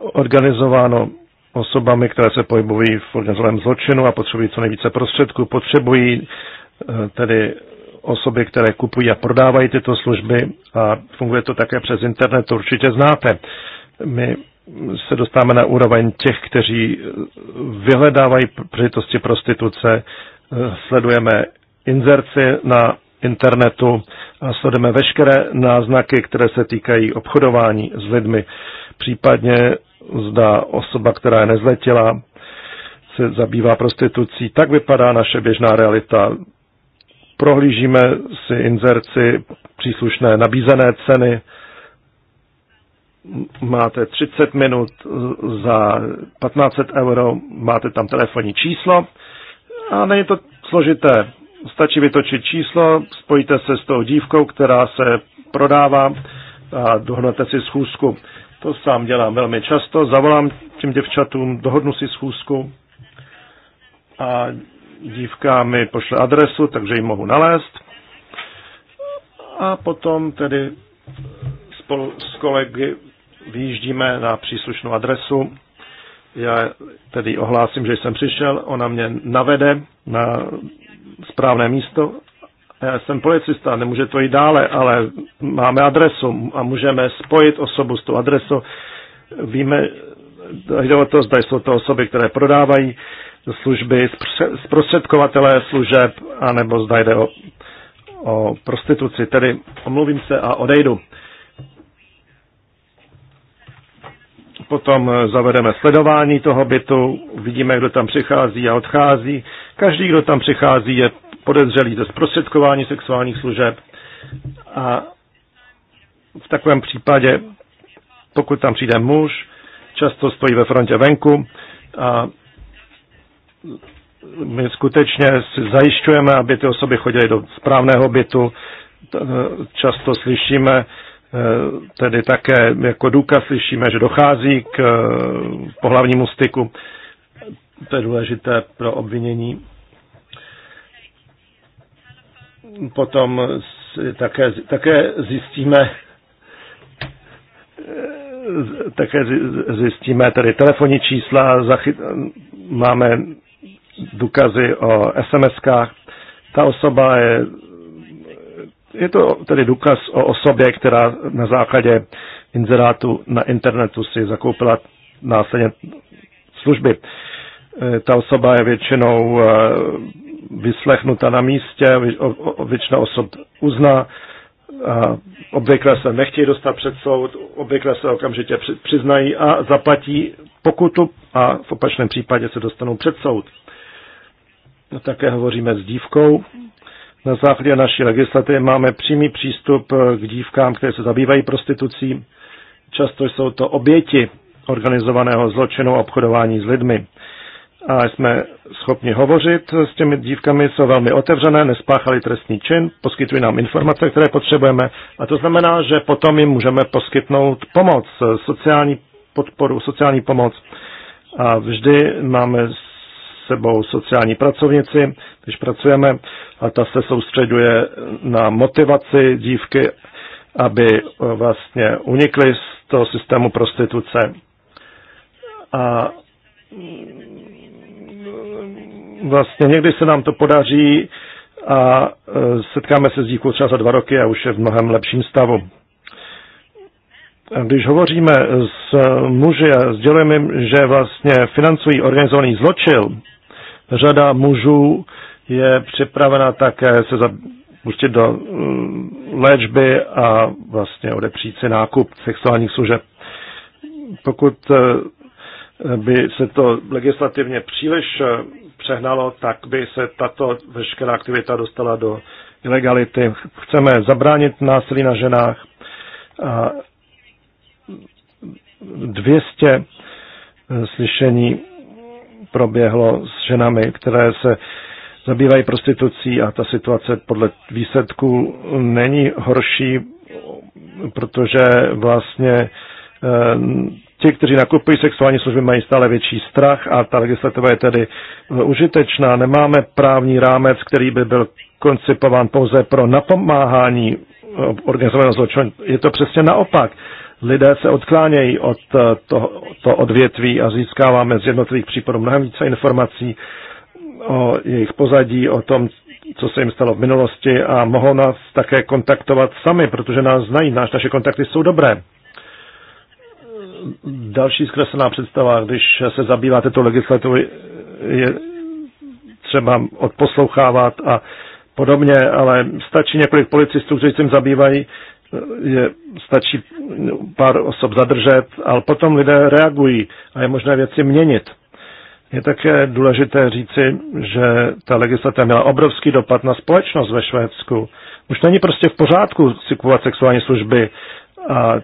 organizováno osobami, které se pohybují v organizovaném zločinu a potřebují co nejvíce prostředků, potřebují eh, tedy osoby, které kupují a prodávají tyto služby a funguje to také přes internet, to určitě znáte. My se dostáváme na úroveň těch, kteří vyhledávají příležitosti prostituce, eh, sledujeme inzerci na internetu a sledujeme veškeré náznaky, které se týkají obchodování s lidmi, případně zda osoba, která je nezletila, se zabývá prostitucí. Tak vypadá naše běžná realita. Prohlížíme si inzerci příslušné nabízené ceny. Máte 30 minut za 1500 euro, máte tam telefonní číslo a není to složité. Stačí vytočit číslo, spojíte se s tou dívkou, která se prodává a dohnete si schůzku. To sám dělám velmi často. Zavolám těm děvčatům, dohodnu si schůzku a dívka mi pošle adresu, takže ji mohu nalézt. A potom tedy spolu s kolegy vyjíždíme na příslušnou adresu. Já tedy ohlásím, že jsem přišel, ona mě navede na správné místo. Já jsem policista, nemůže to jít dále, ale máme adresu a můžeme spojit osobu s tou adresou. Víme, jde o to, zda jsou to osoby, které prodávají služby, zprostředkovatelé služeb, anebo zda jde o, o prostituci. Tedy omluvím se a odejdu. Potom eh, zavedeme sledování toho bytu, vidíme, kdo tam přichází a odchází. Každý, kdo tam přichází, je podezřelý ze zprostředkování sexuálních služeb. A v takovém případě, pokud tam přijde muž, často stojí ve frontě venku a my skutečně si zajišťujeme, aby ty osoby chodily do správného bytu. Často slyšíme Eh, tedy také jako důkaz slyšíme, že dochází k eh, pohlavnímu styku. To je důležité pro obvinění. Potom také, také zjistíme, eh, také zjistíme tedy telefonní čísla, zachyt, máme důkazy o SMS-kách. Ta osoba je je to tedy důkaz o osobě, která na základě inzerátu na internetu si zakoupila následně služby. E, ta osoba je většinou e, vyslechnuta na místě, většina osob uzná, obvykle se nechtějí dostat před soud, obvykle se okamžitě přiznají a zaplatí pokutu a v opačném případě se dostanou před soud. Také hovoříme s dívkou, na základě naší legislativy máme přímý přístup eh, k dívkám, které se zabývají prostitucí. Často jsou to oběti organizovaného zločinu a obchodování s lidmi. A jsme schopni hovořit s těmi dívkami, jsou velmi otevřené, nespáchali trestný čin, poskytují nám informace, které potřebujeme. A to znamená, že potom jim můžeme poskytnout pomoc, eh, sociální podporu, sociální pomoc. A vždy máme sebou sociální pracovnici, když pracujeme, a ta se soustředuje na motivaci dívky, aby eh, vlastně unikly z toho systému prostituce. A mm, vlastně někdy se nám to podaří a eh, setkáme se s dívkou třeba za dva roky a už je v mnohem lepším stavu. Když hovoříme s muži a sdělujeme jim, že vlastně financují organizovaný zločil, Řada mužů je připravena také se pustit do uh, léčby a vlastně odepřít si nákup sexuálních služeb. Pokud uh, by se to legislativně příliš uh, přehnalo, tak by se tato veškerá aktivita dostala do ilegality. Chceme zabránit násilí na ženách. A 200 eh, slyšení proběhlo s ženami, které se zabývají prostitucí a ta situace podle výsledků není horší, protože vlastně eh, ti, kteří nakupují sexuální služby, mají stále větší strach a ta legislativa je tedy užitečná. Nemáme právní rámec, který by byl koncipován pouze pro napomáhání organizovaného zločinu. Je to přesně naopak lidé se odklánějí od eh, to, to odvětví a získáváme z jednotlivých případů mnohem více informací o jejich pozadí, o tom, co se jim stalo v minulosti a mohou nás také kontaktovat sami, protože nás znají, náš, naše kontakty jsou dobré. Další zkreslená představa, když se zabýváte tou legislativu, je třeba odposlouchávat a podobně, ale stačí několik policistů, kteří tím zabývají, je, stačí pár osob zadržet, ale potom lidé reagují a je možné věci měnit. Je také důležité říci, že ta legislativa měla obrovský dopad na společnost ve Švédsku. Už není prostě v pořádku si kupovat sexuální služby a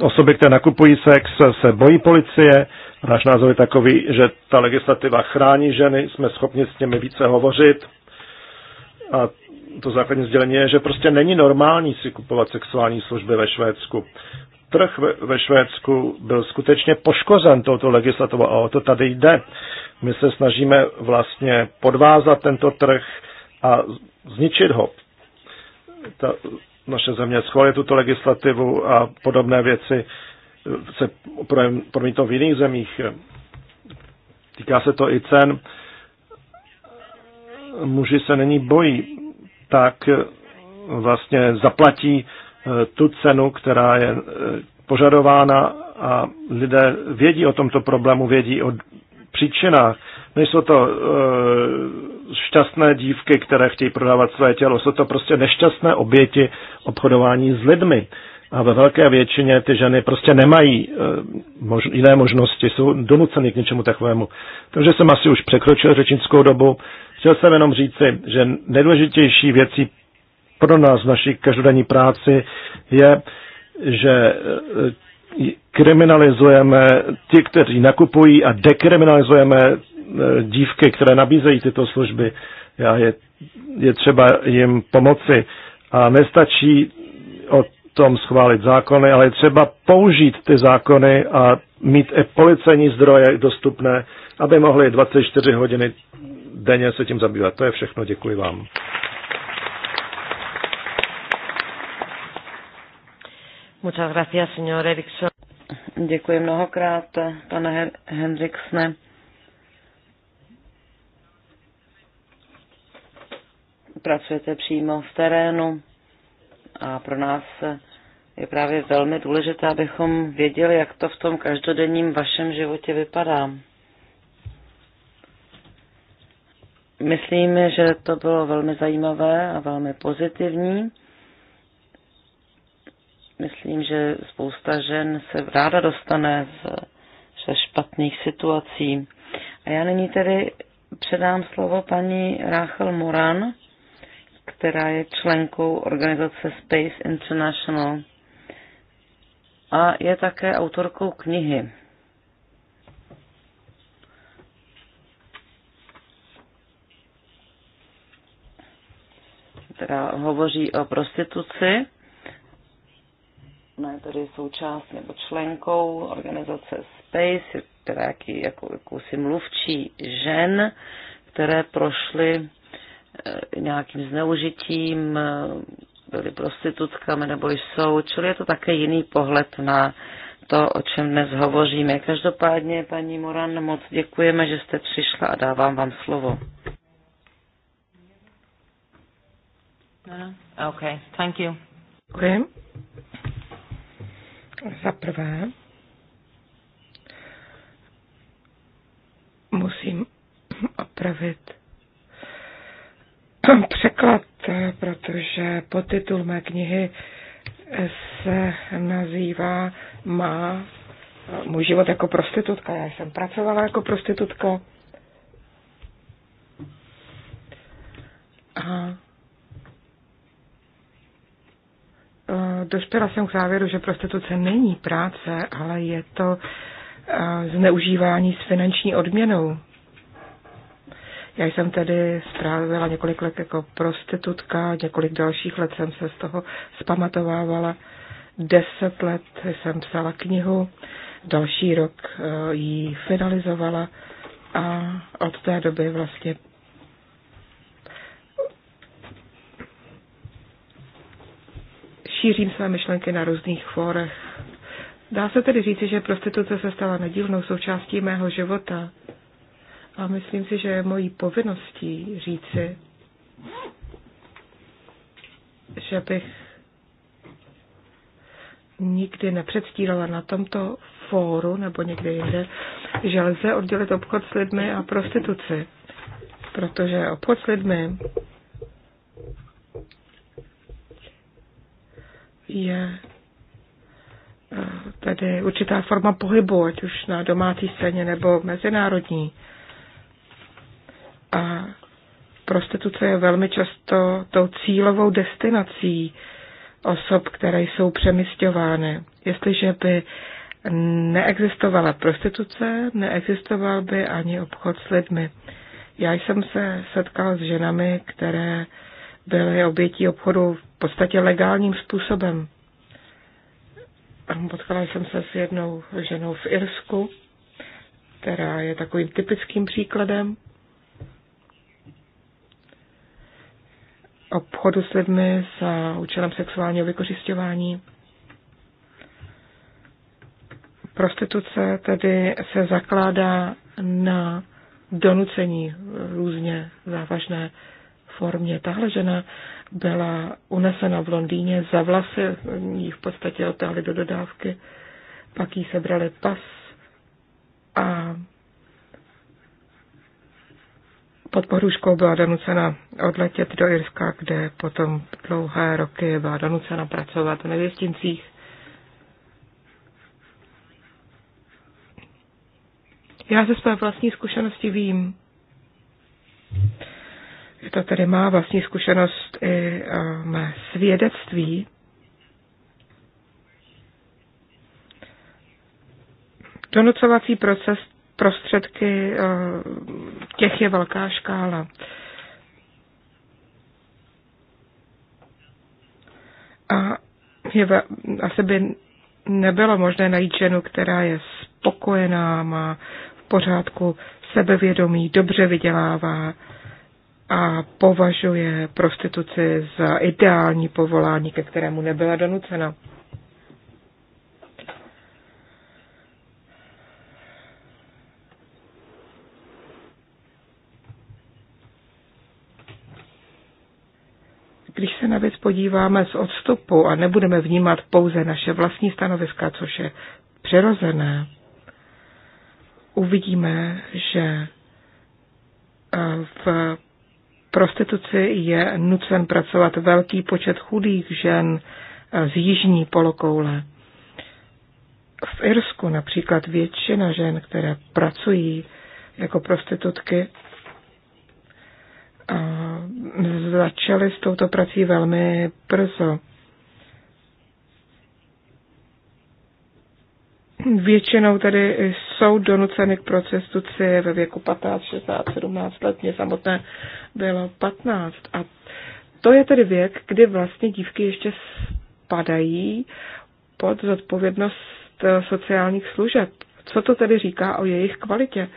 osoby, které nakupují sex, se bojí policie. Náš názor je takový, že ta legislativa chrání ženy, jsme schopni s nimi více hovořit a to základní sdělení je, že prostě není normální si kupovat sexuální služby ve Švédsku. Trh ve, Švédsku byl skutečně poškozen touto legislativou a o to tady jde. My se snažíme vlastně podvázat tento trh a zničit ho. Ta, naše země schvaluje tuto legislativu a podobné věci se promítnou v jiných zemích. Týká se to i cen. Muži se není bojí tak eh, vlastně zaplatí eh, tu cenu, která je eh, požadována a lidé vědí o tomto problému, vědí o příčinách. Nejsou to šťastné dívky, které chtějí prodávat své tělo, jsou to prostě nešťastné oběti obchodování s lidmi. A ve velké většině ty ženy prostě nemají mož, jiné možnosti, jsou donuceny k něčemu takovému. Takže jsem asi už překročil řečnickou dobu. Chtěl jsem jenom říci, že nejdůležitější věcí pro nás v naší každodenní práci je, že eh, kriminalizujeme ti, kteří nakupují a dekriminalizujeme eh, dívky, které nabízejí tyto služby. Já je, je třeba jim pomoci. A nestačí o tom schválit zákony, ale je třeba použít ty zákony a mít i policejní zdroje dostupné, aby mohli 24 hodiny denně se tím zabývat. To je všechno, děkuji vám. Muchas gracias, señor Erickson. Děkuji mnohokrát, pane Hendriksne. Pracujete přímo v terénu a pro nás je právě velmi důležité, abychom věděli, jak to v tom každodenním vašem životě vypadá. Myslím, že to bylo velmi zajímavé a velmi pozitivní. Myslím, že spousta žen se ráda dostane ze špatných situací. A já nyní tedy předám slovo paní Rachel Moran, která je členkou organizace Space International a je také autorkou knihy která hovoří o prostituci. Ona je tady součást nebo členkou organizace Space, která je jako, jakousi mluvčí žen, které prošly eh, nějakým zneužitím, eh, byly prostitutkami nebo jsou, čili je to také jiný pohled na to, o čem dnes hovoříme. Každopádně, paní Moran, moc děkujeme, že jste přišla a dávám vám slovo. Ano, no. ok, thank you. Děkuji. Za prvé musím opravit překlad, protože podtitul mé knihy se nazývá Má můj život jako prostitutka. Já jsem pracovala jako prostitutka. Aha. Eh, dospěla jsem k závěru, že prostituce není práce, ale je to eh, zneužívání s finanční odměnou. Já jsem tedy strávila několik let jako prostitutka, několik dalších let jsem se z toho zpamatovávala. Deset let jsem psala knihu, další rok eh, ji finalizovala a od té doby vlastně šířím své myšlenky na různých fórech. Dá se tedy říci, že prostituce se stala nedílnou součástí mého života. A myslím si, že je mojí povinností říci, že bych nikdy nepředstírala na tomto fóru nebo někde jinde, že lze oddělit obchod s lidmi a prostituci. Protože obchod s lidmi je eh, tedy určitá forma pohybu, ať už na domácí scéně nebo mezinárodní. A prostituce je velmi často tou cílovou destinací osob, které jsou přemysťovány. Jestliže by neexistovala prostituce, neexistoval by ani obchod s lidmi. Já jsem se setkal s ženami, které byly obětí obchodu podstatě legálním způsobem. Potkala jsem se s jednou ženou v Irsku, která je takovým typickým příkladem obchodu s lidmi za účelem sexuálního vykořišťování. Prostituce tedy se zakládá na donucení různě závažné formě. Tahle žena byla unesena v Londýně za vlasy, ji v podstatě otáhli do dodávky, pak jí sebrali pas a pod pohruškou byla donucena odletět do Irska, kde potom dlouhé roky byla donucena pracovat v nevěstincích. Já ze své vlastní zkušenosti vím, to tedy má vlastní zkušenost i um, svědectví, donucovací proces, prostředky, eh, těch je velká škála. A je, asi by nebylo možné najít ženu, která je spokojená, má v pořádku sebevědomí, dobře vydělává, a považuje prostituci za ideální povolání, ke kterému nebyla donucena. Když se na věc podíváme z odstupu a nebudeme vnímat pouze naše vlastní stanoviska, což je přirozené, uvidíme, že eh, v prostituci je nucen pracovat velký počet chudých žen z jižní polokoule. V Irsku například většina žen, které pracují jako prostitutky, začaly s touto prací velmi brzo. Většinou tedy jsou donuceny k procestuci ve věku 15, 16, 17 let. Mě samotné bylo 15. A to je tedy věk, kdy vlastně dívky ještě spadají pod zodpovědnost eh, sociálních služeb. Co to tedy říká o jejich kvalitě?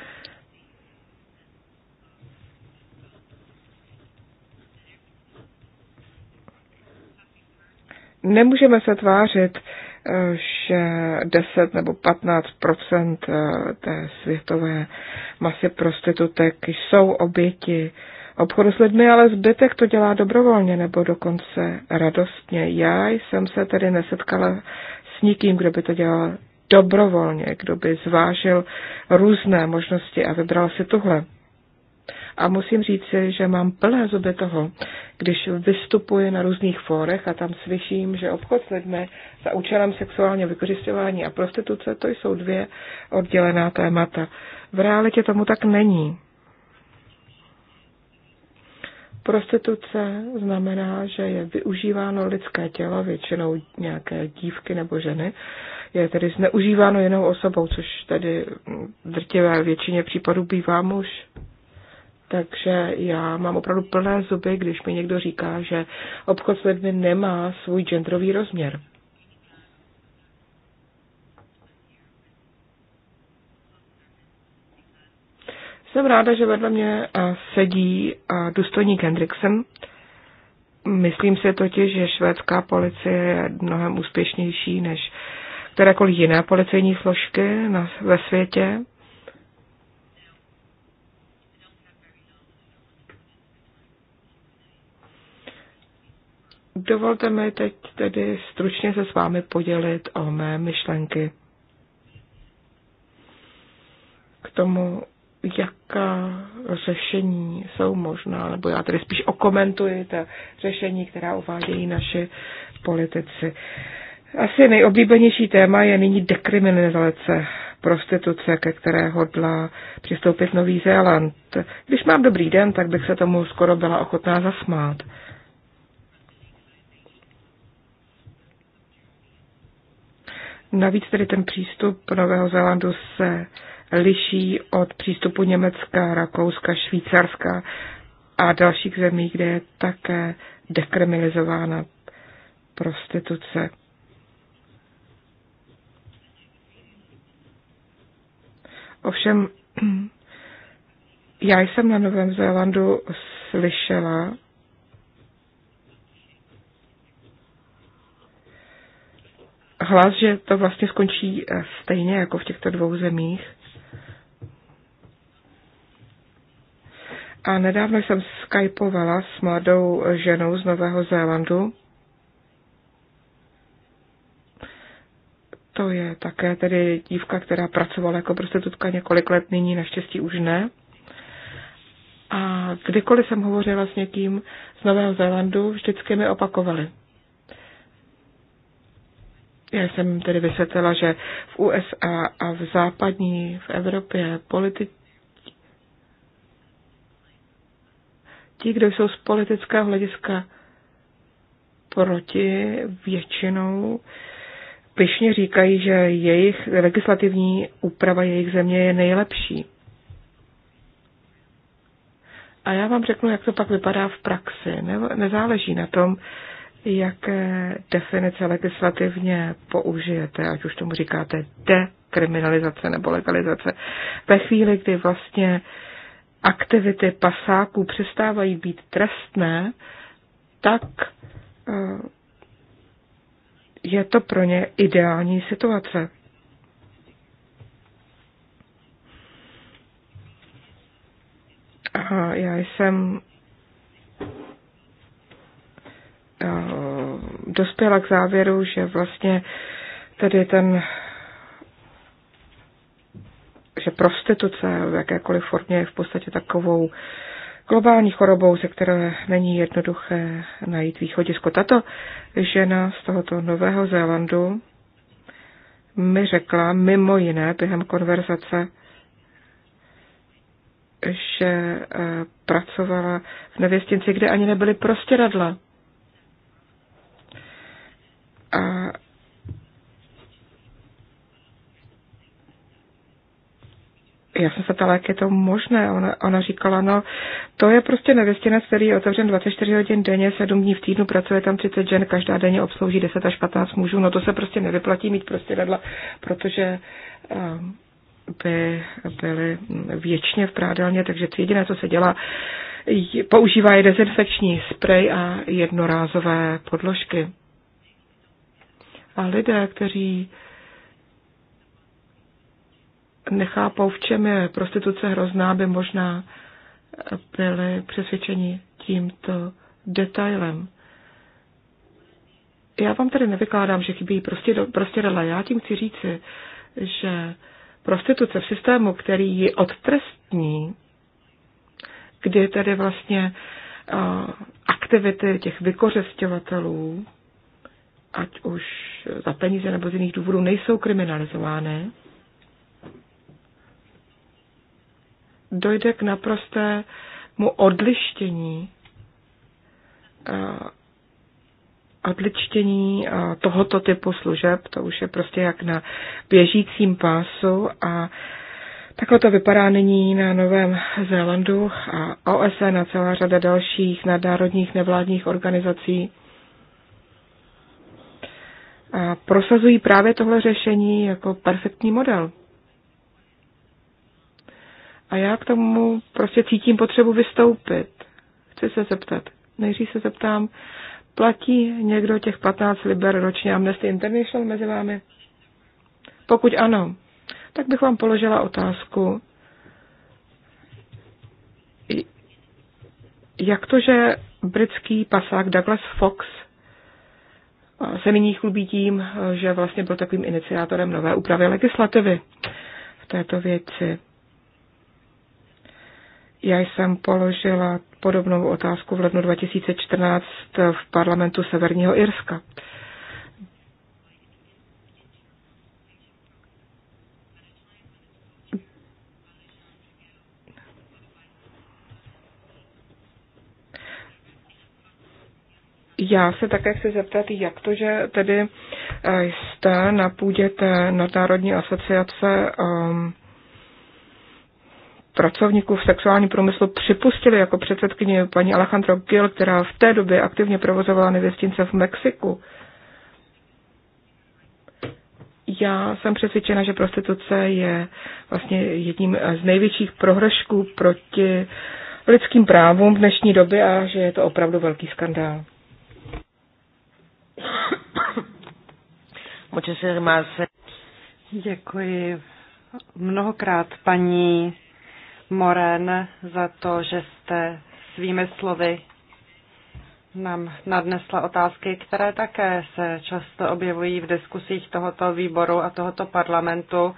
Nemůžeme se tvářit, že 10 nebo 15 eh, té světové masy prostitutek jsou oběti obchodu s lidmi, ale zbytek to dělá dobrovolně nebo dokonce radostně. Já jsem se tedy nesetkala s nikým, kdo by to dělal dobrovolně, kdo by zvážil různé možnosti a vybral si tuhle. A musím říct si, že mám plné zuby toho, když vystupuji na různých fórech a tam slyším, že obchod s lidmi za účelem sexuálního vykořišťování a prostituce, to jsou dvě oddělená témata. V realitě tomu tak není. Prostituce znamená, že je využíváno lidské tělo, většinou nějaké dívky nebo ženy, je tedy zneužíváno jinou osobou, což tedy v drtivé většině případů bývá muž. Takže já mám opravdu plné zuby, když mi někdo říká, že obchod s lidmi nemá svůj genderový rozměr. Jsem ráda, že vedle mě eh, sedí eh, důstojník Hendriksen. Myslím si totiž, že švédská policie je mnohem úspěšnější než kterékoliv jiné policejní složky na, ve světě. Dovolte mi teď tedy stručně se s vámi podělit o mé myšlenky k tomu, jaká řešení jsou možná, nebo já tedy spíš okomentuji ta řešení, která uvádějí naši politici. Asi nejoblíbenější téma je nyní dekriminalizace prostituce, ke které hodlá přistoupit Nový Zéland. Když mám dobrý den, tak bych se tomu skoro byla ochotná zasmát. Navíc tedy ten přístup Nového Zélandu se liší od přístupu Německa, Rakouska, Švýcarska a dalších zemí, kde je také dekriminalizována prostituce. Ovšem, já jsem na Novém Zélandu slyšela hlas, že to vlastně skončí eh, stejně jako v těchto dvou zemích. A nedávno jsem skypovala s mladou ženou z Nového Zélandu. To je také tedy dívka, která pracovala jako prostitutka několik let, nyní naštěstí už ne. A kdykoliv jsem hovořila s někým z Nového Zélandu, vždycky mi opakovali – já jsem tedy vysvětlila, že v USA a v západní, v Evropě politici, ti, kdo jsou z politického hlediska proti většinou, pyšně říkají, že jejich legislativní úprava jejich země je nejlepší. A já vám řeknu, jak to pak vypadá v praxi. nezáleží na tom, jaké definice legislativně použijete, ať už tomu říkáte dekriminalizace nebo legalizace, ve chvíli, kdy vlastně aktivity pasáků přestávají být trestné, tak eh, je to pro ně ideální situace. A já jsem dospěla k závěru, že vlastně tedy ten že prostituce v jakékoliv formě je v podstatě takovou globální chorobou, ze které není jednoduché najít východisko. Tato žena z tohoto Nového Zélandu mi řekla mimo jiné během konverzace, že eh, pracovala v nevěstinci, kde ani nebyly prostě radla. A já jsem se ptala, jak je to možné. Ona, ona říkala, no, to je prostě nevěstěnec, který je otevřen 24 hodin denně, 7 dní v týdnu, pracuje tam 30 žen, každá denně obslouží 10 až 15 mužů. No to se prostě nevyplatí mít prostě vedla, protože um, by byly věčně v prádelně, takže jediné, co se dělá, používá je dezinfekční sprej a jednorázové podložky. A lidé, kteří nechápou, v čem je prostituce hrozná, by možná byli přesvědčeni tímto detailem. Já vám tady nevykládám, že chybí prostě, prostě dala. Já tím chci říci, že prostituce v systému, který ji odtrestní, kdy tedy vlastně eh, aktivity těch vykořesťovatelů ať už za peníze nebo z jiných důvodů, nejsou kriminalizované, dojde k naprostému odlištění eh, odličtění eh, tohoto typu služeb, to už je prostě jak na běžícím pásu a takhle to vypadá nyní na Novém Zélandu a OSN a celá řada dalších nadnárodních nevládních organizací a prosazují právě tohle řešení jako perfektní model. A já k tomu prostě cítím potřebu vystoupit. Chci se zeptat. Nejdřív se zeptám, platí někdo těch 15 liber ročně Amnesty International mezi vámi? Pokud ano, tak bych vám položila otázku, jak to, že britský pasák Douglas Fox se nyní chlubí tím, že vlastně byl takovým iniciátorem nové úpravy legislativy v této věci. Já jsem položila podobnou otázku v lednu 2014 v parlamentu Severního Irska. Já se také chci zeptat, jak to, že tedy eh, jste na půdě té nadnárodní asociace um, pracovníků v sexuálním průmyslu připustili jako předsedkyně paní Alejandro Gil, která v té době aktivně provozovala nevěstince v Mexiku. Já jsem přesvědčena, že prostituce je vlastně jedním eh, z největších prohrošků proti lidským právům v dnešní době a že je to opravdu velký skandál. Děkuji mnohokrát paní Moren za to, že jste svými slovy nám nadnesla otázky, které také se často objevují v diskusích tohoto výboru a tohoto parlamentu.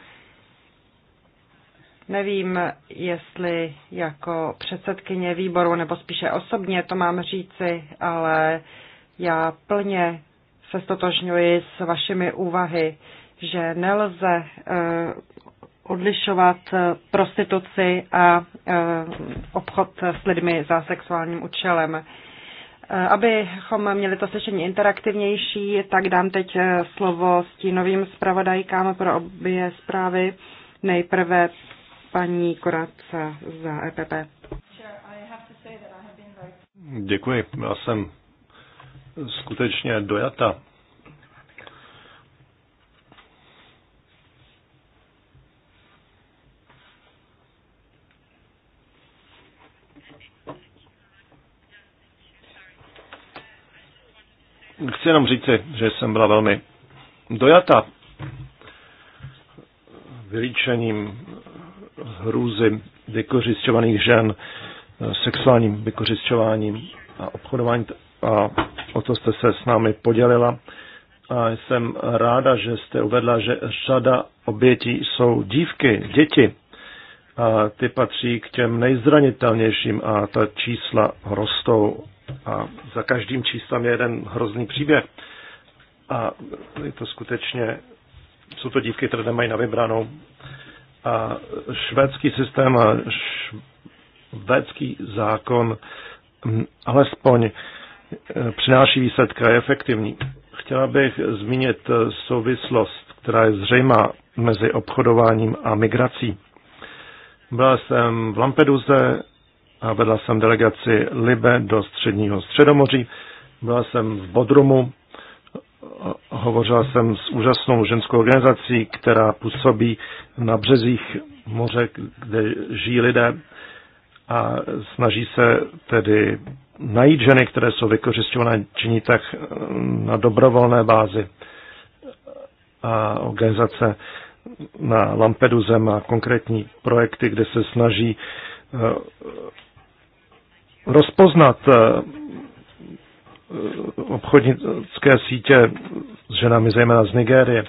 Nevím, jestli jako předsedkyně výboru, nebo spíše osobně to mám říci, ale já plně se stotožňuji s vašimi úvahy, že nelze eh, odlišovat eh, prostituci a eh, obchod s lidmi za sexuálním účelem. Abychom měli to slyšení interaktivnější, tak dám teď slovo stínovým zpravodajkám pro obě zprávy. Nejprve paní Koradce za EPP. Děkuji. Já jsem skutečně dojata. Chci jenom říci, že jsem byla velmi dojata vylíčením hrůzy vykořišťovaných žen, sexuálním vykořišťováním a obchodování a o to jste se s námi podělila. A jsem ráda, že jste uvedla, že řada obětí jsou dívky, děti. A ty patří k těm nejzranitelnějším a ta čísla rostou. A za každým číslem je jeden hrozný příběh. A je to skutečně, jsou to dívky, které nemají na vybranou. A švédský systém a švédský zákon hm, alespoň přináší výsledky a je efektivní. Chtěla bych zmínit eh, souvislost, která je zřejmá mezi obchodováním a migrací. Byla jsem v Lampeduze a vedla jsem delegaci Libe do středního středomoří. Byla jsem v Bodrumu, hovořila jsem s úžasnou ženskou organizací, která působí na březích moře, kde žijí lidé a snaží se tedy najít ženy, které jsou vykořišťované, činí tak eh, na dobrovolné bázi. A organizace na Lampeduze má konkrétní projekty, kde se snaží eh, rozpoznat eh, obchodnické sítě s ženami, zejména z Nigérie.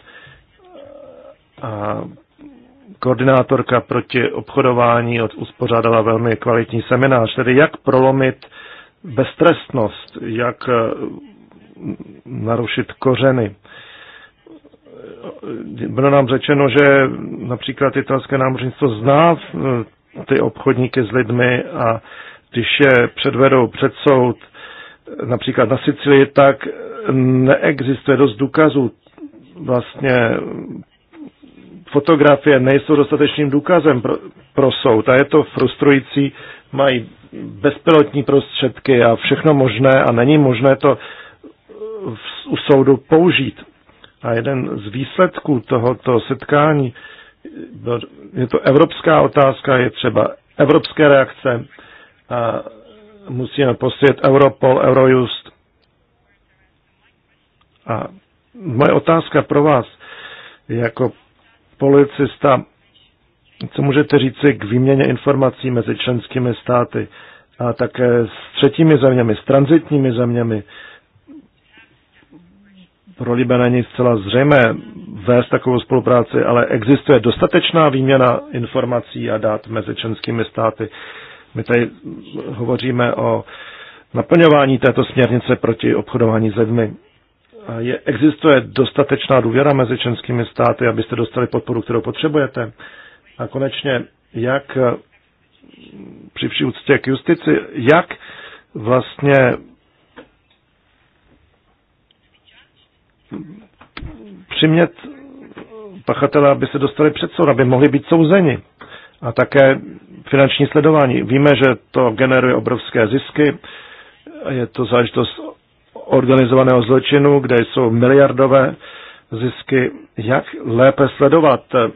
A koordinátorka proti obchodování uspořádala velmi kvalitní seminář, tedy jak prolomit beztrestnost, jak eh, narušit kořeny. Bylo nám řečeno, že například italské námořnictvo zná eh, ty obchodníky s lidmi a když je předvedou před soud, například na Sicílii, tak neexistuje dost důkazů vlastně fotografie nejsou dostatečným důkazem pro, pro soud a je to frustrující. Mají bezpilotní prostředky a všechno možné a není možné to v, u soudu použít. A jeden z výsledků tohoto setkání, je to evropská otázka, je třeba evropské reakce, a musíme posílit Europol, Eurojust. A moje otázka pro vás, jako policista. Co můžete říci k výměně informací mezi členskými státy a také s třetími zeměmi, s transitními zeměmi? Pro Libe není zcela zřejmé vést takovou spolupráci, ale existuje dostatečná výměna informací a dát mezi členskými státy. My tady hovoříme o naplňování této směrnice proti obchodování s lidmi je, existuje dostatečná důvěra mezi členskými státy, abyste dostali podporu, kterou potřebujete? A konečně, jak eh, při vší úctě k justici, jak vlastně přimět pachatele, aby se dostali před soud, aby mohli být souzeni. A také finanční sledování. Víme, že to generuje obrovské zisky, je to záležitost organizovaného zločinu, kde jsou miliardové zisky, jak lépe sledovat eh,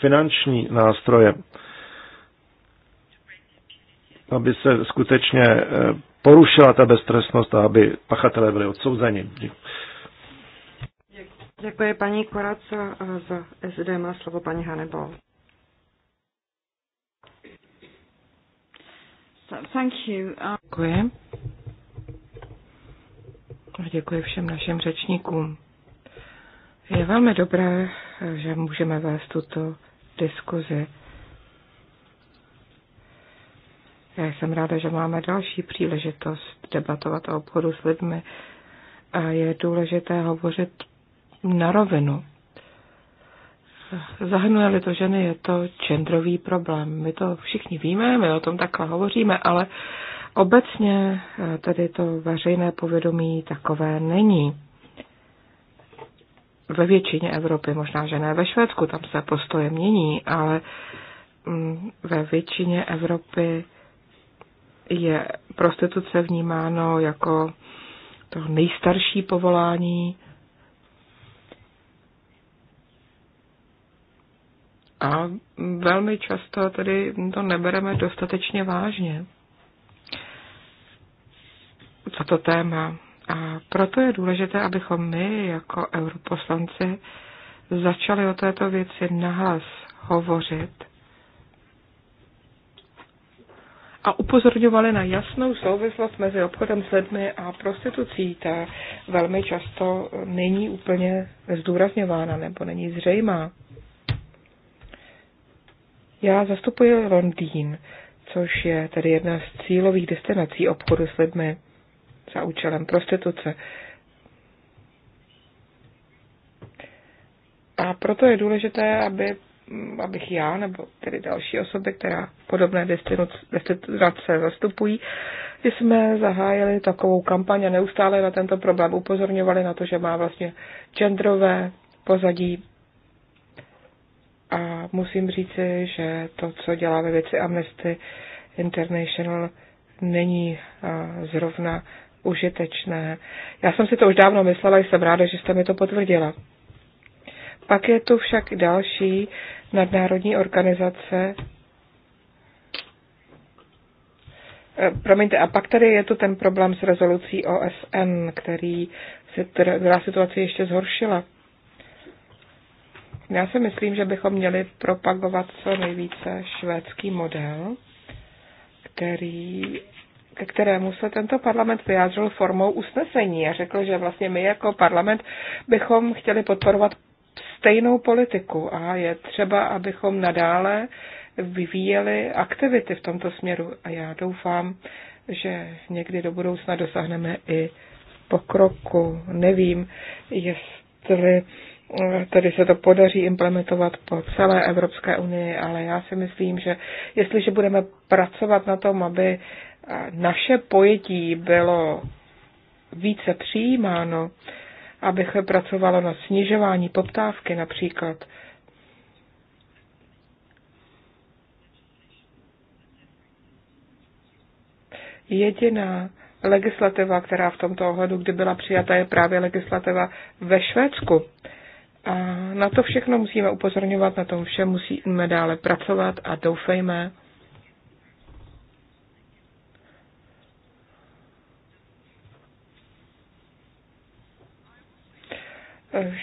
finanční nástroje, aby se skutečně eh, porušila ta beztrestnost a aby pachatelé byli odsouzeni. Děkuji paní Koraca za SD. Má slovo paní Hanebo. Thank you. Děkuji. Děkuji všem našim řečníkům. Je velmi dobré, že můžeme vést tuto diskuzi. Já jsem ráda, že máme další příležitost debatovat o obchodu s lidmi a je důležité hovořit na rovinu. Zahrnuje-li to ženy, je to čendrový problém. My to všichni víme, my o tom takhle hovoříme, ale Obecně eh, tedy to veřejné povědomí takové není. Ve většině Evropy, možná, že ne ve Švédsku, tam se postoje mění, ale mm, ve většině Evropy je prostituce vnímáno jako to nejstarší povolání, a velmi často tedy to nebereme dostatečně vážně toto téma. A proto je důležité, abychom my jako europoslanci začali o této věci nahlas hovořit a upozorňovali na jasnou souvislost mezi obchodem s lidmi a prostitucí. Ta velmi často není úplně zdůrazňována nebo není zřejmá. Já zastupuji Londýn, což je tedy jedna z cílových destinací obchodu s lidmi za účelem prostituce. A proto je důležité, aby, abych já nebo tedy další osoby, která podobné destinace zastupují, že jsme zahájili takovou kampaně a neustále na tento problém upozorňovali na to, že má vlastně genderové pozadí. A musím říci, že to, co dělá ve věci Amnesty International, není zrovna užitečné. Já jsem si to už dávno myslela, jsem ráda, že jste mi to potvrdila. Pak je tu však další nadnárodní organizace. Eh, promiňte, a pak tady je tu ten problém s rezolucí OSN, který se, která situaci ještě zhoršila. Já si myslím, že bychom měli propagovat co nejvíce švédský model, který ke kterému se tento parlament vyjádřil formou usnesení a řekl, že vlastně my jako parlament bychom chtěli podporovat stejnou politiku a je třeba, abychom nadále vyvíjeli aktivity v tomto směru a já doufám, že někdy do budoucna dosáhneme i pokroku. Nevím, jestli eh, tady se to podaří implementovat po celé Evropské unii, ale já si myslím, že jestliže budeme pracovat na tom, aby naše pojetí bylo více přijímáno, se pracovalo na snižování poptávky například, jediná legislativa, která v tomto ohledu kdy byla přijata, je právě legislativa ve Švédsku. A na to všechno musíme upozorňovat, na tom všem musíme dále pracovat a doufejme,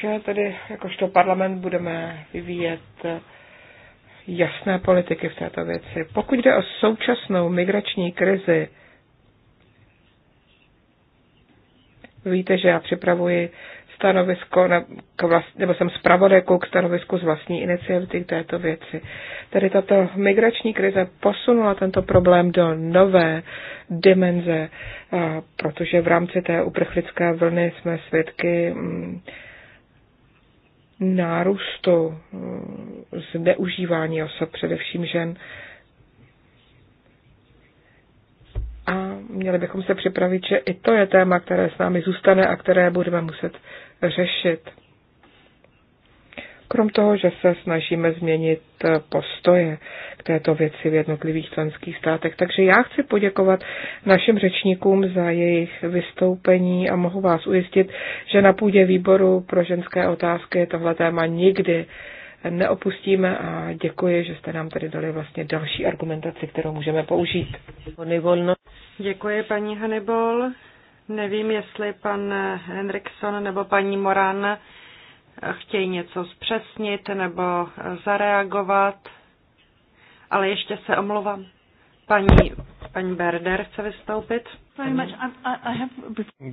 že tedy jakožto parlament budeme vyvíjet jasné politiky v této věci. Pokud jde o současnou migrační krizi, víte, že já připravuji stanovisko, na, k vlast, nebo jsem zpravodajkou k stanovisku z vlastní iniciativy k této věci. Tedy tato migrační krize posunula tento problém do nové dimenze, protože v rámci té uprchlické vlny jsme svědky mm, nárůstu eh, zneužívání osob, především žen. A měli bychom se připravit, že i to je téma, které s námi zůstane a které budeme muset řešit. Krom toho, že se snažíme změnit eh, postoje k této věci v jednotlivých členských státech. Takže já chci poděkovat našim řečníkům za jejich vystoupení a mohu vás ujistit, že na půdě výboru pro ženské otázky tohle téma nikdy neopustíme a děkuji, že jste nám tady dali vlastně další argumentaci, kterou můžeme použít. No. Děkuji, paní Hannibal. Nevím, jestli pan Henriksson nebo paní Morán chtějí něco zpřesnit nebo zareagovat. Ale ještě se omlouvám. Paní, paní Berder chce vystoupit.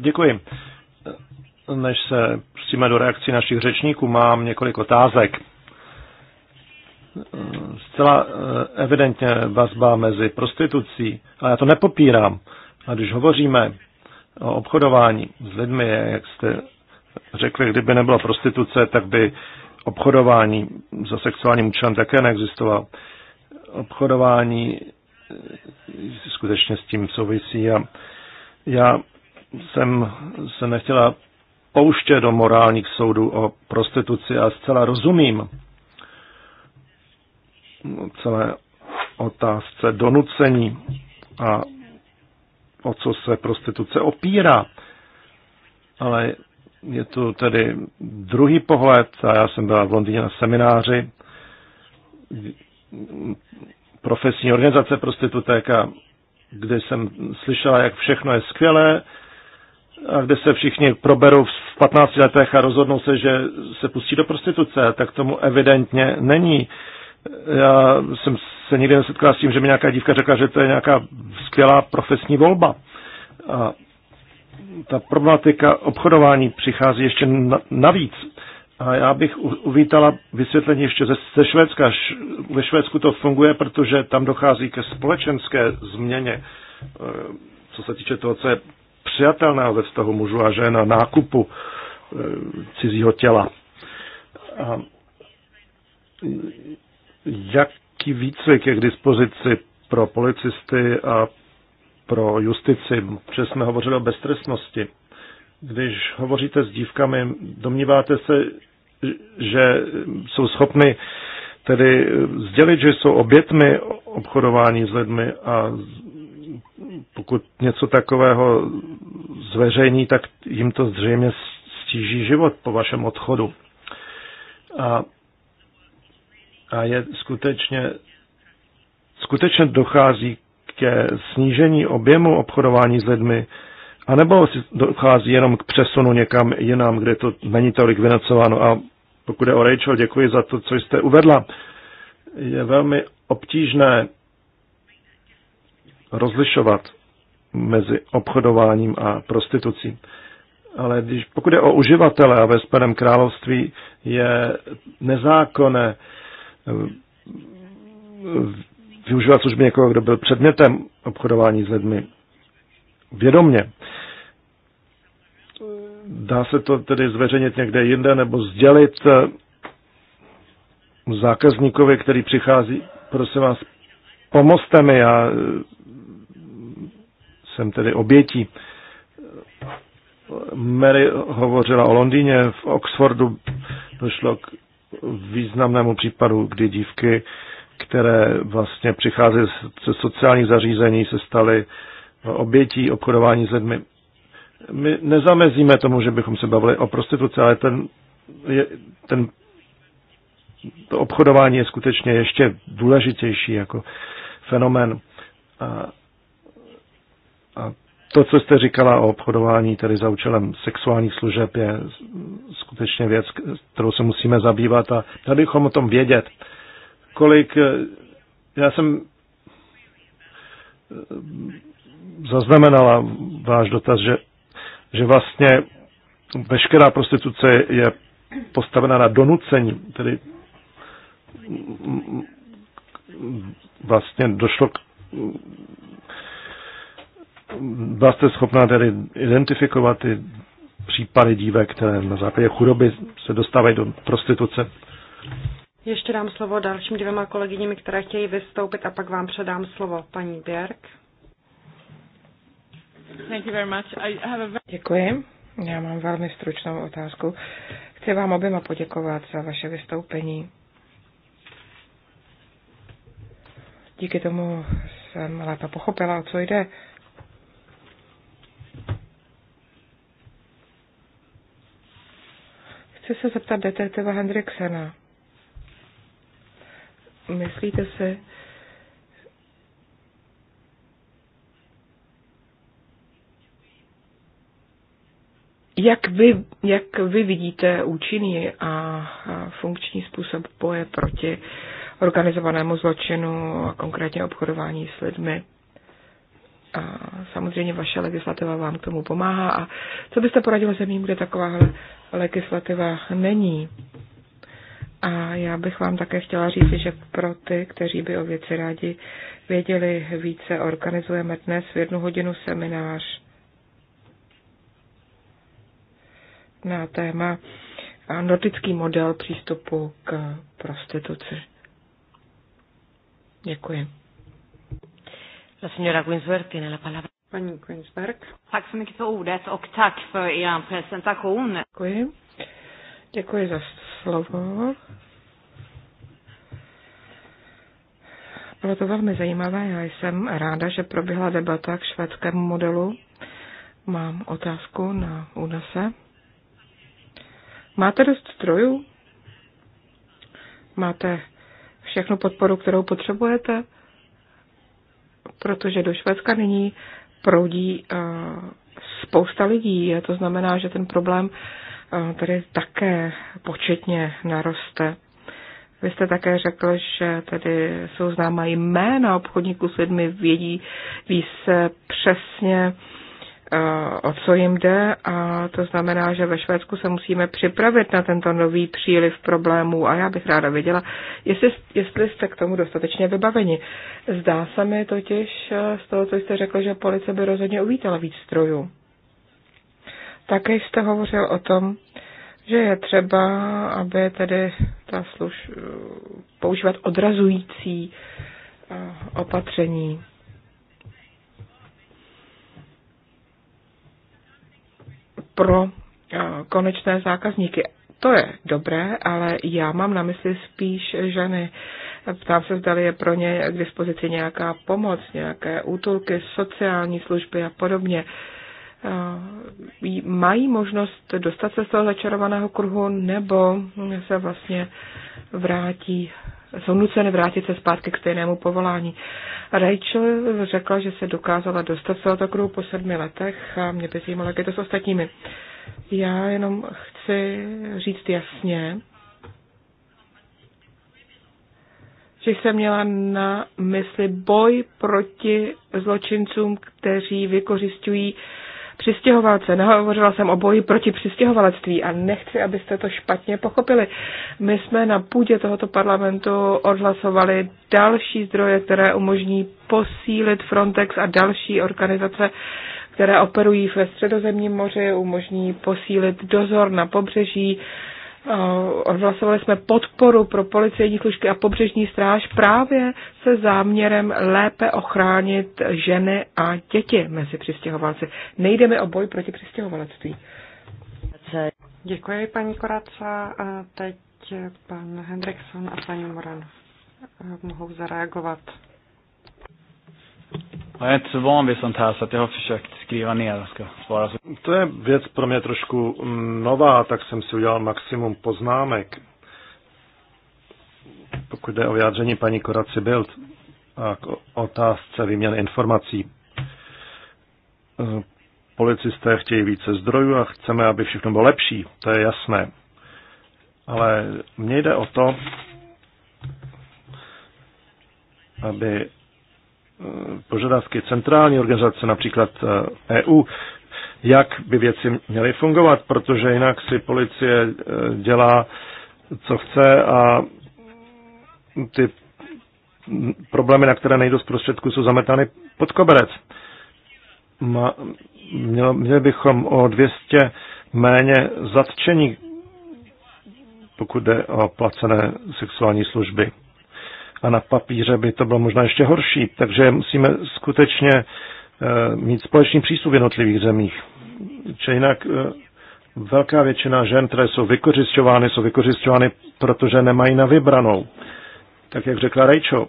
Děkuji. Než se přijme do reakcí našich řečníků, mám několik otázek. Zcela eh, evidentně vazba mezi prostitucí, a já to nepopírám, a když hovoříme o obchodování s lidmi, jak jste řekli, kdyby nebyla prostituce, tak by obchodování za sexuálním účelem také neexistovalo. Obchodování eh, skutečně s tím souvisí a já jsem se nechtěla pouštět do morálních soudů o prostituci a zcela rozumím celé otázce donucení a o co se prostituce opírá. Ale je tu tedy druhý pohled a já jsem byla v Londýně na semináři profesní organizace prostitutek a kde jsem slyšela, jak všechno je skvělé a kde se všichni proberou v 15 letech a rozhodnou se, že se pustí do prostituce, tak tomu evidentně není. Já jsem se nikdy nesetkala s tím, že mi nějaká dívka řekla, že to je nějaká skvělá profesní volba. A ta problematika obchodování přichází ještě navíc. A já bych uvítala vysvětlení ještě ze, ze Švédska. Ve Švédsku to funguje, protože tam dochází ke společenské změně, e, co se týče toho, co je přijatelného ve vztahu mužů a žen nákupu e, cizího těla. A jaký výcvik je k dispozici pro policisty a pro justici, protože jsme hovořili o beztrestnosti. Když hovoříte s dívkami, domníváte se, že jsou schopny tedy sdělit, že jsou obětmi obchodování s lidmi a pokud něco takového zveřejní, tak jim to zřejmě stíží život po vašem odchodu. A, a je skutečně, skutečně dochází ke snížení objemu obchodování s lidmi, anebo dochází jenom k přesunu někam jinam, kde to není tolik vynacováno. A pokud je o Rachel, děkuji za to, co jste uvedla. Je velmi obtížné rozlišovat mezi obchodováním a prostitucí. Ale když, pokud je o uživatele a ve Spadem království je nezákonné využívat služby někoho, jako, kdo byl předmětem obchodování s lidmi vědomně. Dá se to tedy zveřejnit někde jinde nebo sdělit eh, zákazníkovi, který přichází, prosím vás, pomozte mi, já eh, jsem tedy obětí. Mary hovořila o Londýně, v Oxfordu došlo k významnému případu, kdy dívky které vlastně přicházejí ze sociálních zařízení, se staly obětí obchodování s lidmi. My nezamezíme tomu, že bychom se bavili o prostituci, ale ten, je, ten, to obchodování je skutečně ještě důležitější jako fenomen. A, a to, co jste říkala o obchodování tedy za účelem sexuálních služeb, je skutečně věc, kterou se musíme zabývat a tady bychom o tom vědět kolik, eh, já jsem eh, zaznamenala váš dotaz, že, že vlastně veškerá prostituce je postavena na donucení, tedy vlastně došlo k byla jste schopná tedy identifikovat ty případy dívek, které na základě chudoby se dostávají do prostituce. Ještě dám slovo dalším dvěma kolegyním, které chtějí vystoupit a pak vám předám slovo paní Běrk. Děkuji. Já mám velmi stručnou otázku. Chci vám oběma poděkovat za vaše vystoupení. Díky tomu jsem lépe pochopila, o co jde. Chci se zeptat detektiva Hendriksena. Myslíte se, Jak vy, jak vy vidíte účinný a funkční způsob boje proti organizovanému zločinu a konkrétně obchodování s lidmi? A samozřejmě vaše legislativa vám k tomu pomáhá. A co byste poradil zemím, kde taková legislativa není? A já bych vám také chtěla říct, že pro ty, kteří by o věci rádi věděli více, organizujeme dnes v jednu hodinu seminář na téma nordický model přístupu k prostituci. Děkuji. La signora Quinsberg tiene la palabra. Paní Quinsberg. Tak se mi för ordet ok, tak, för eh, er presentation. Děkuji. Děkuji za slovo. Bylo to velmi zajímavé. Já jsem ráda, že proběhla debata k švédskému modelu. Mám otázku na UNASE. Máte dost strojů? Máte všechnu podporu, kterou potřebujete? Protože do Švédska nyní proudí uh, spousta lidí a to znamená, že ten problém uh, tady také početně naroste. Vy jste také řekl, že tady jsou známa jména obchodníků s lidmi, vědí, ví se přesně, e, o co jim jde a to znamená, že ve Švédsku se musíme připravit na tento nový příliv problémů a já bych ráda věděla, jestli, jestli jste k tomu dostatečně vybaveni. Zdá se mi totiž e, z toho, co jste řekl, že policie by rozhodně uvítala víc strojů. Také jste hovořil o tom, že je třeba, aby tedy ta služ, používat odrazující eh, opatření. pro eh, konečné zákazníky. To je dobré, ale já mám na mysli spíš ženy. Ptám se, zda je pro ně k dispozici nějaká pomoc, nějaké útulky, sociální služby a podobně. Uh, Eh, mají možnost dostat se z toho začarovaného kruhu nebo se vlastně vrátí, jsou nuceny vrátit se zpátky k stejnému povolání. Rachel řekla, že se dokázala dostat z tohoto kruhu po sedmi letech a mě by zajímalo, jak je to s ostatními. Já jenom chci říct jasně, že jsem měla na mysli boj proti zločincům, kteří vykořišťují uh, přistěhovalce. Nehovořila jsem o boji proti přistěhovalectví a nechci, abyste to špatně pochopili. My jsme na půdě tohoto parlamentu odhlasovali další zdroje, které umožní posílit Frontex a další organizace, které operují ve středozemním moři, umožní posílit dozor na pobřeží, Eh, odhlasovali jsme podporu pro policejní služky a pobřežní stráž právě se záměrem lépe ochránit ženy a děti mezi přistěhovalci. Nejde mi o boj proti přistěhovalectví. Děkuji, paní Koraca. A teď pan Hendrickson a paní Moran eh, mohou zareagovat. Jag är inte så van vid sånt här så att jag har försökt skriva ner To je věc pro mě trošku nová, tak jsem si udělal maximum poznámek. Pokud jde o vyjádření paní Koraci Bild a k otázce výměny informací. Policisté chtějí více zdrojů a chceme, aby všechno bylo lepší, to je jasné. Ale mně jde o to, aby požadavky centrální organizace, například EU, eh, e jak by věci měly fungovat, protože jinak si policie eh, dělá, co chce a ty problémy, na které nejdou z prostředku, jsou zametány pod koberec. Měli bychom o 200 méně zatčení, pokud jde o placené sexuální služby a na papíře by to bylo možná ještě horší. Takže musíme skutečně eh, mít společný přístup v jednotlivých zemích. Če jinak eh, velká většina žen, které jsou vykořišťovány, jsou vykořišťovány, protože nemají na vybranou. Tak jak řekla Rachel.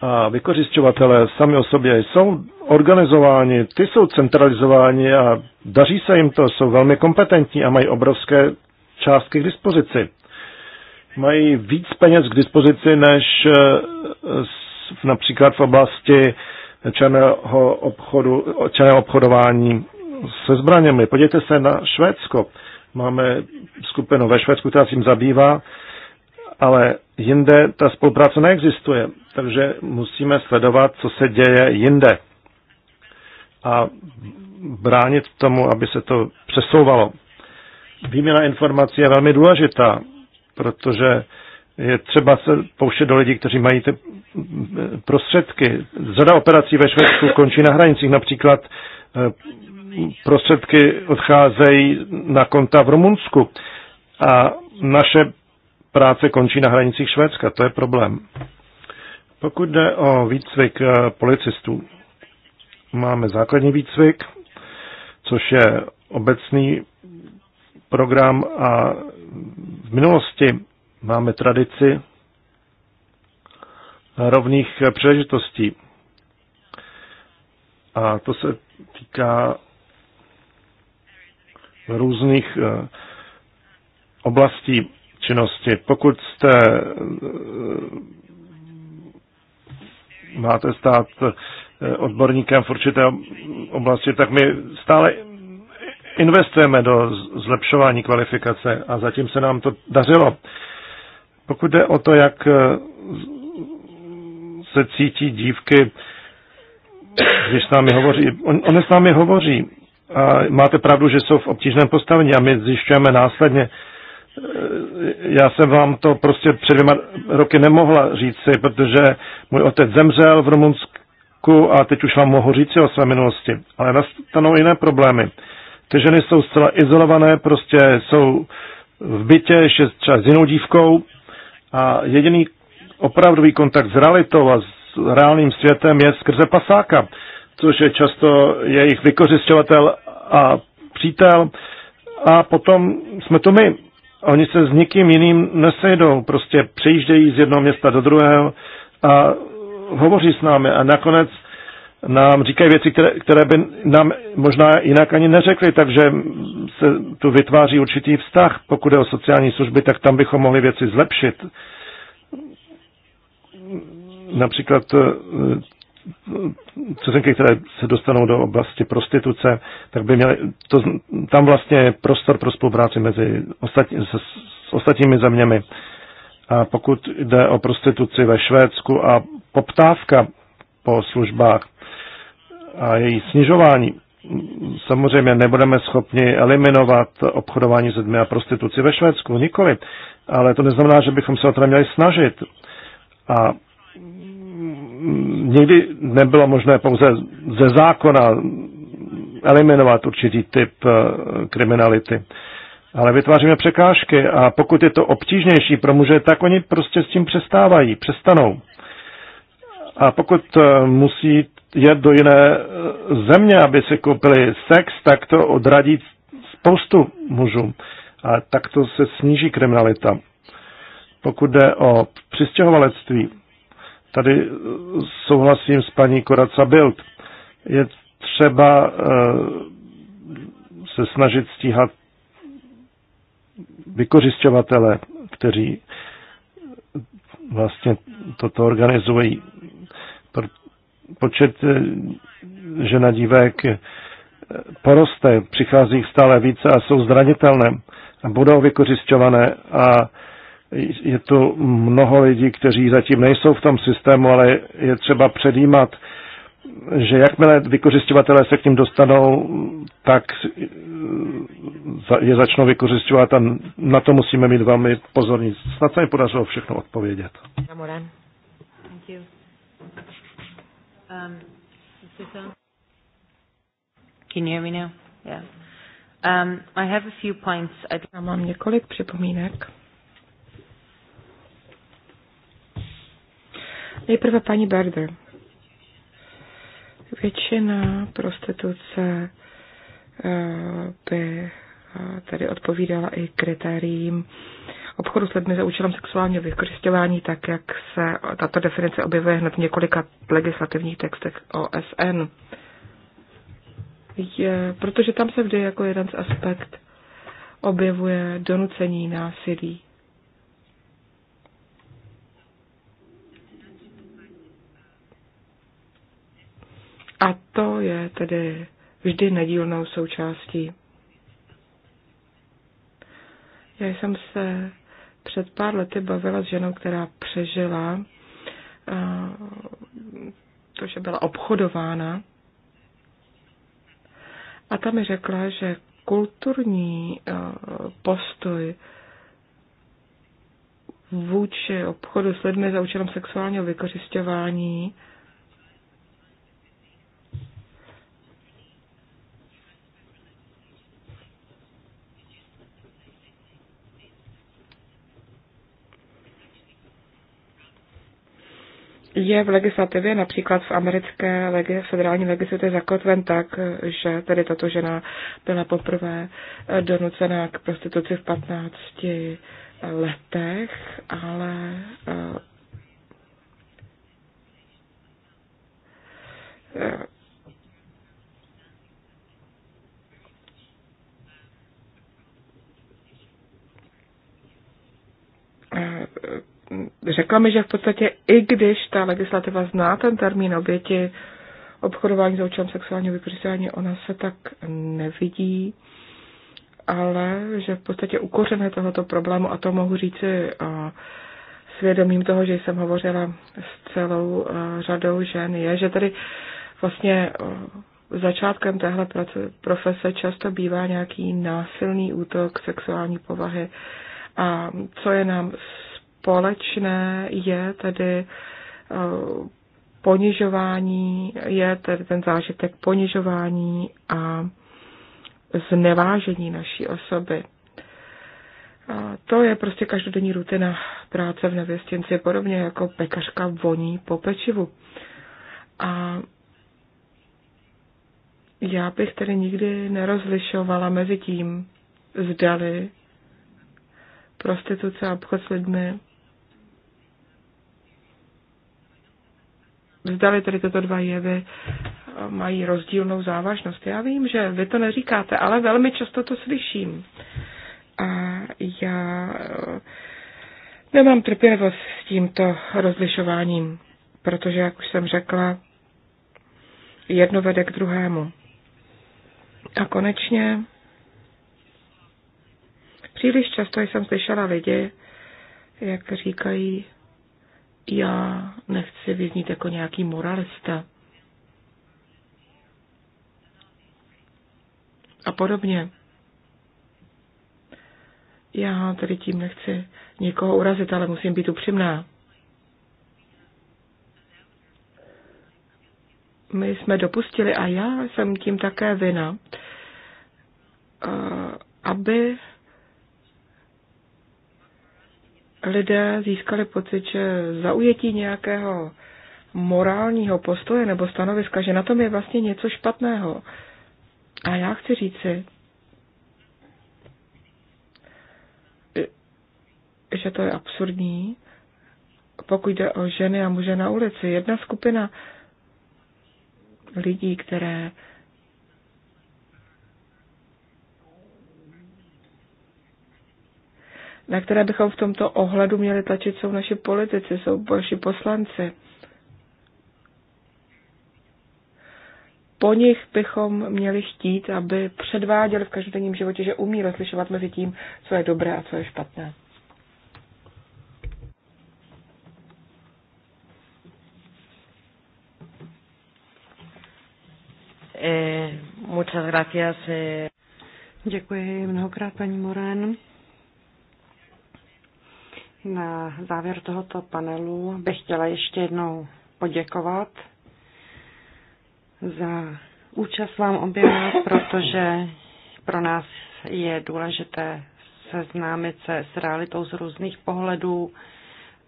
A vykořišťovatelé sami o sobě jsou organizováni, ty jsou centralizováni a daří se jim to, jsou velmi kompetentní a mají obrovské částky k dispozici mají víc peněz k dispozici než eh, například v oblasti černého, obchodu, černého obchodování se zbraněmi. Podívejte se na Švédsko. Máme skupinu ve Švédsku, která se tím zabývá, ale jinde ta spolupráce neexistuje, takže musíme sledovat, co se děje jinde a bránit tomu, aby se to přesouvalo. Výměna informací je velmi důležitá protože je třeba se pouštět do lidí, kteří mají ty prostředky. Zada operací ve Švédsku končí na hranicích, například eh, prostředky odcházejí na konta v Rumunsku a naše práce končí na hranicích Švédska. To je problém. Pokud jde o výcvik eh, policistů, máme základní výcvik, což je obecný program a v minulosti máme tradici rovných příležitostí. A to se týká různých eh, oblastí činnosti. Pokud jste eh, máte stát eh, odborníkem v určité oblasti, tak my stále investujeme do zlepšování kvalifikace a zatím se nám to dařilo. Pokud jde o to, jak e, se cítí dívky, když s námi hovoří, on, on s námi hovoří a máte pravdu, že jsou v obtížném postavení a my zjišťujeme následně, e, já jsem vám to prostě před dvěma roky nemohla říci, protože můj otec zemřel v Rumunsku a teď už vám mohu říci o své minulosti. Ale nastanou jiné problémy. Ty ženy jsou zcela izolované, prostě jsou v bytě ještě třeba s jinou dívkou a jediný opravdový kontakt s realitou a s reálným světem je skrze pasáka, což je často jejich vykořišťovatel a přítel. A potom jsme to my. Oni se s nikým jiným nesejdou, prostě přejíždějí z jednoho města do druhého a hovoří s námi a nakonec nám říkají věci, které, které by nám možná jinak ani neřekli, takže se tu vytváří určitý vztah. Pokud je o sociální služby, tak tam bychom mohli věci zlepšit. Například eh, cizinky, které se dostanou do oblasti prostituce, tak by měly, to, tam vlastně prostor pro spolupráci mezi ostatní, s, s ostatními zeměmi. A pokud jde o prostituci ve Švédsku a poptávka po službách, a její snižování. Samozřejmě nebudeme schopni eliminovat obchodování s lidmi a prostituci ve Švédsku, nikoli. Ale to neznamená, že bychom se o to neměli snažit. A nikdy nebylo možné pouze ze zákona eliminovat určitý typ eh, kriminality. Ale vytváříme překážky a pokud je to obtížnější pro muže, tak oni prostě s tím přestávají, přestanou. A pokud eh, musí jet do jiné eh, země, aby si koupili sex, tak to odradí spoustu mužů. A tak to se sníží kriminalita. Pokud jde o přistěhovalectví, tady eh, souhlasím s paní Koraca Bild. Je třeba eh, se snažit stíhat vykořišťovatele, kteří vlastně toto organizují počet eh, žen a dívek eh, poroste, přichází jich stále více a jsou zranitelné a budou vykořišťované a je tu mnoho lidí, kteří zatím nejsou v tom systému, ale je třeba předjímat, že jakmile vykořišťovatelé se k ním dostanou, tak eh, je začnou vykořišťovat a na to musíme mít velmi pozorní. Snad se mi podařilo všechno odpovědět. Um, Can you hear me now? Yeah. Um, I have a few points. Já mám několik připomínek. Nejprve paní Berder. Většina prostituce eh, by eh, tedy odpovídala i kritériím obchodu s lidmi za účelem sexuálního vykořišťování, tak jak se tato definice objevuje hned v několika legislativních textech OSN. Je, protože tam se vždy jako jeden z aspekt objevuje donucení násilí. A to je tedy vždy nedílnou součástí. Já jsem se před pár lety bavila s ženou, která přežila eh, to, že byla obchodována. A ta mi řekla, že kulturní eh, postoj vůči obchodu s lidmi za účelem sexuálního vykořišťování je v legislativě, například v americké federální legislativě zakotven tak, že tedy tato žena byla poprvé eh, donucena k prostituci v 15 eh, letech, ale uh, řekla mi, že v podstatě i když ta legislativa zná ten termín oběti obchodování za účelem sexuálního vykořistování, ona se tak nevidí, ale že v podstatě ukořené tohoto problému, a to mohu říci eh, svědomím toho, že jsem hovořila s celou eh, řadou žen, je, že tady vlastně eh, začátkem téhle profese často bývá nějaký násilný útok sexuální povahy a co je nám společné je tedy eh, ponižování, je tedy ten zážitek ponižování a znevážení naší osoby. A to je prostě každodenní rutina práce v nevěstinci, podobně jako pekařka voní po pečivu. A já bych tedy nikdy nerozlišovala mezi tím, zdali prostituce a obchod s lidmi zdali tedy tyto dva jevy eh, mají rozdílnou závažnost. Já vím, že vy to neříkáte, ale velmi často to slyším. A já eh, nemám trpělivost s tímto rozlišováním, protože, jak už jsem řekla, jedno vede k druhému. A konečně příliš často jsem slyšela lidi, jak říkají, já nechci vyznít jako nějaký moralista. A podobně. Já tedy tím nechci někoho urazit, ale musím být upřímná. My jsme dopustili, a já jsem tím také vina, eh, aby lidé získali pocit, že zaujetí nějakého morálního postoje nebo stanoviska, že na tom je vlastně něco špatného. A já chci říci, že to je absurdní, pokud jde o ženy a muže na ulici. Jedna skupina lidí, které na které bychom v tomto ohledu měli tlačit, jsou naši politici, jsou naši poslanci. po nich bychom měli chtít, aby předváděli v každodenním životě, že umí rozlišovat mezi tím, co je dobré a co je špatné. Eh, muchas gracias. Eh. Děkuji mnohokrát, paní Moren. Na závěr tohoto panelu bych chtěla ještě jednou poděkovat za účast vám oběma, protože pro nás je důležité seznámit se s realitou z různých pohledů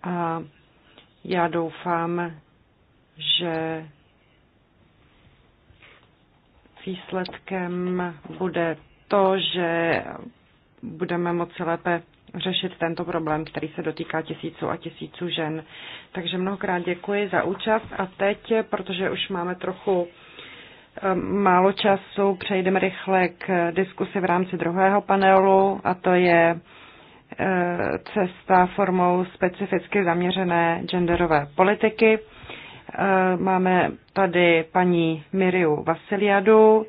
a já doufám, že výsledkem bude to, že budeme moci lépe řešit tento problém, který se dotýká tisíců a tisíců žen. Takže mnohokrát děkuji za účast a teď, protože už máme trochu eh, málo času, přejdeme rychle k diskusi v rámci druhého panelu a to je eh, cesta formou specificky zaměřené genderové politiky. Eh, máme tady paní Miriu Vasiliadu,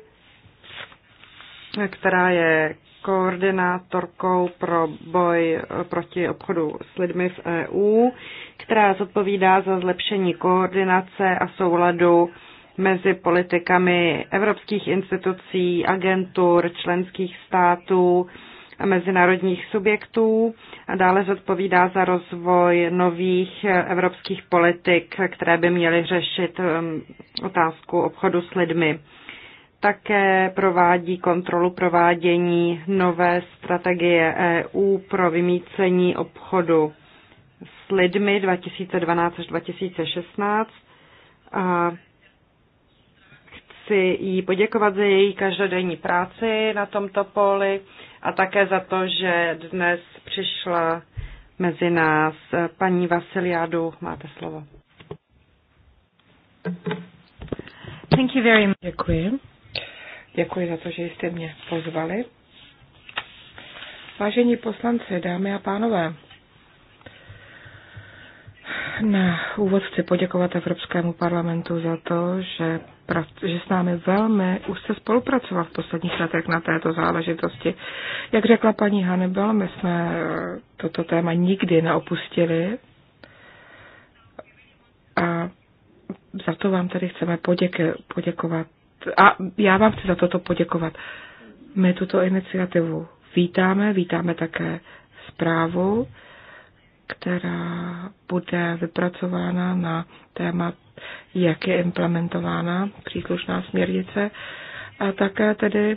která je koordinátorkou pro boj proti obchodu s lidmi v EU, která zodpovídá za zlepšení koordinace a souladu mezi politikami evropských institucí, agentur, členských států a mezinárodních subjektů a dále zodpovídá za rozvoj nových evropských politik, které by měly řešit um, otázku obchodu s lidmi také provádí kontrolu provádění nové strategie EU pro vymícení obchodu s lidmi 2012 2016 a chci jí poděkovat za její každodenní práci na tomto poli a také za to, že dnes přišla mezi nás paní Vasiliádu. Máte slovo. Thank you very much. Děkuji. Děkuji za to, že jste mě pozvali. Vážení poslanci, dámy a pánové, na úvod chci poděkovat Evropskému parlamentu za to, že, že s námi velmi už se spolupracoval v posledních letech na této záležitosti. Jak řekla paní Hannibal, my jsme eh, toto téma nikdy neopustili a za to vám tady chceme poděk, poděkovat a já vám chci za toto poděkovat. My tuto iniciativu vítáme, vítáme také zprávu, která bude vypracována na téma, jak je implementována příslušná směrnice a také tedy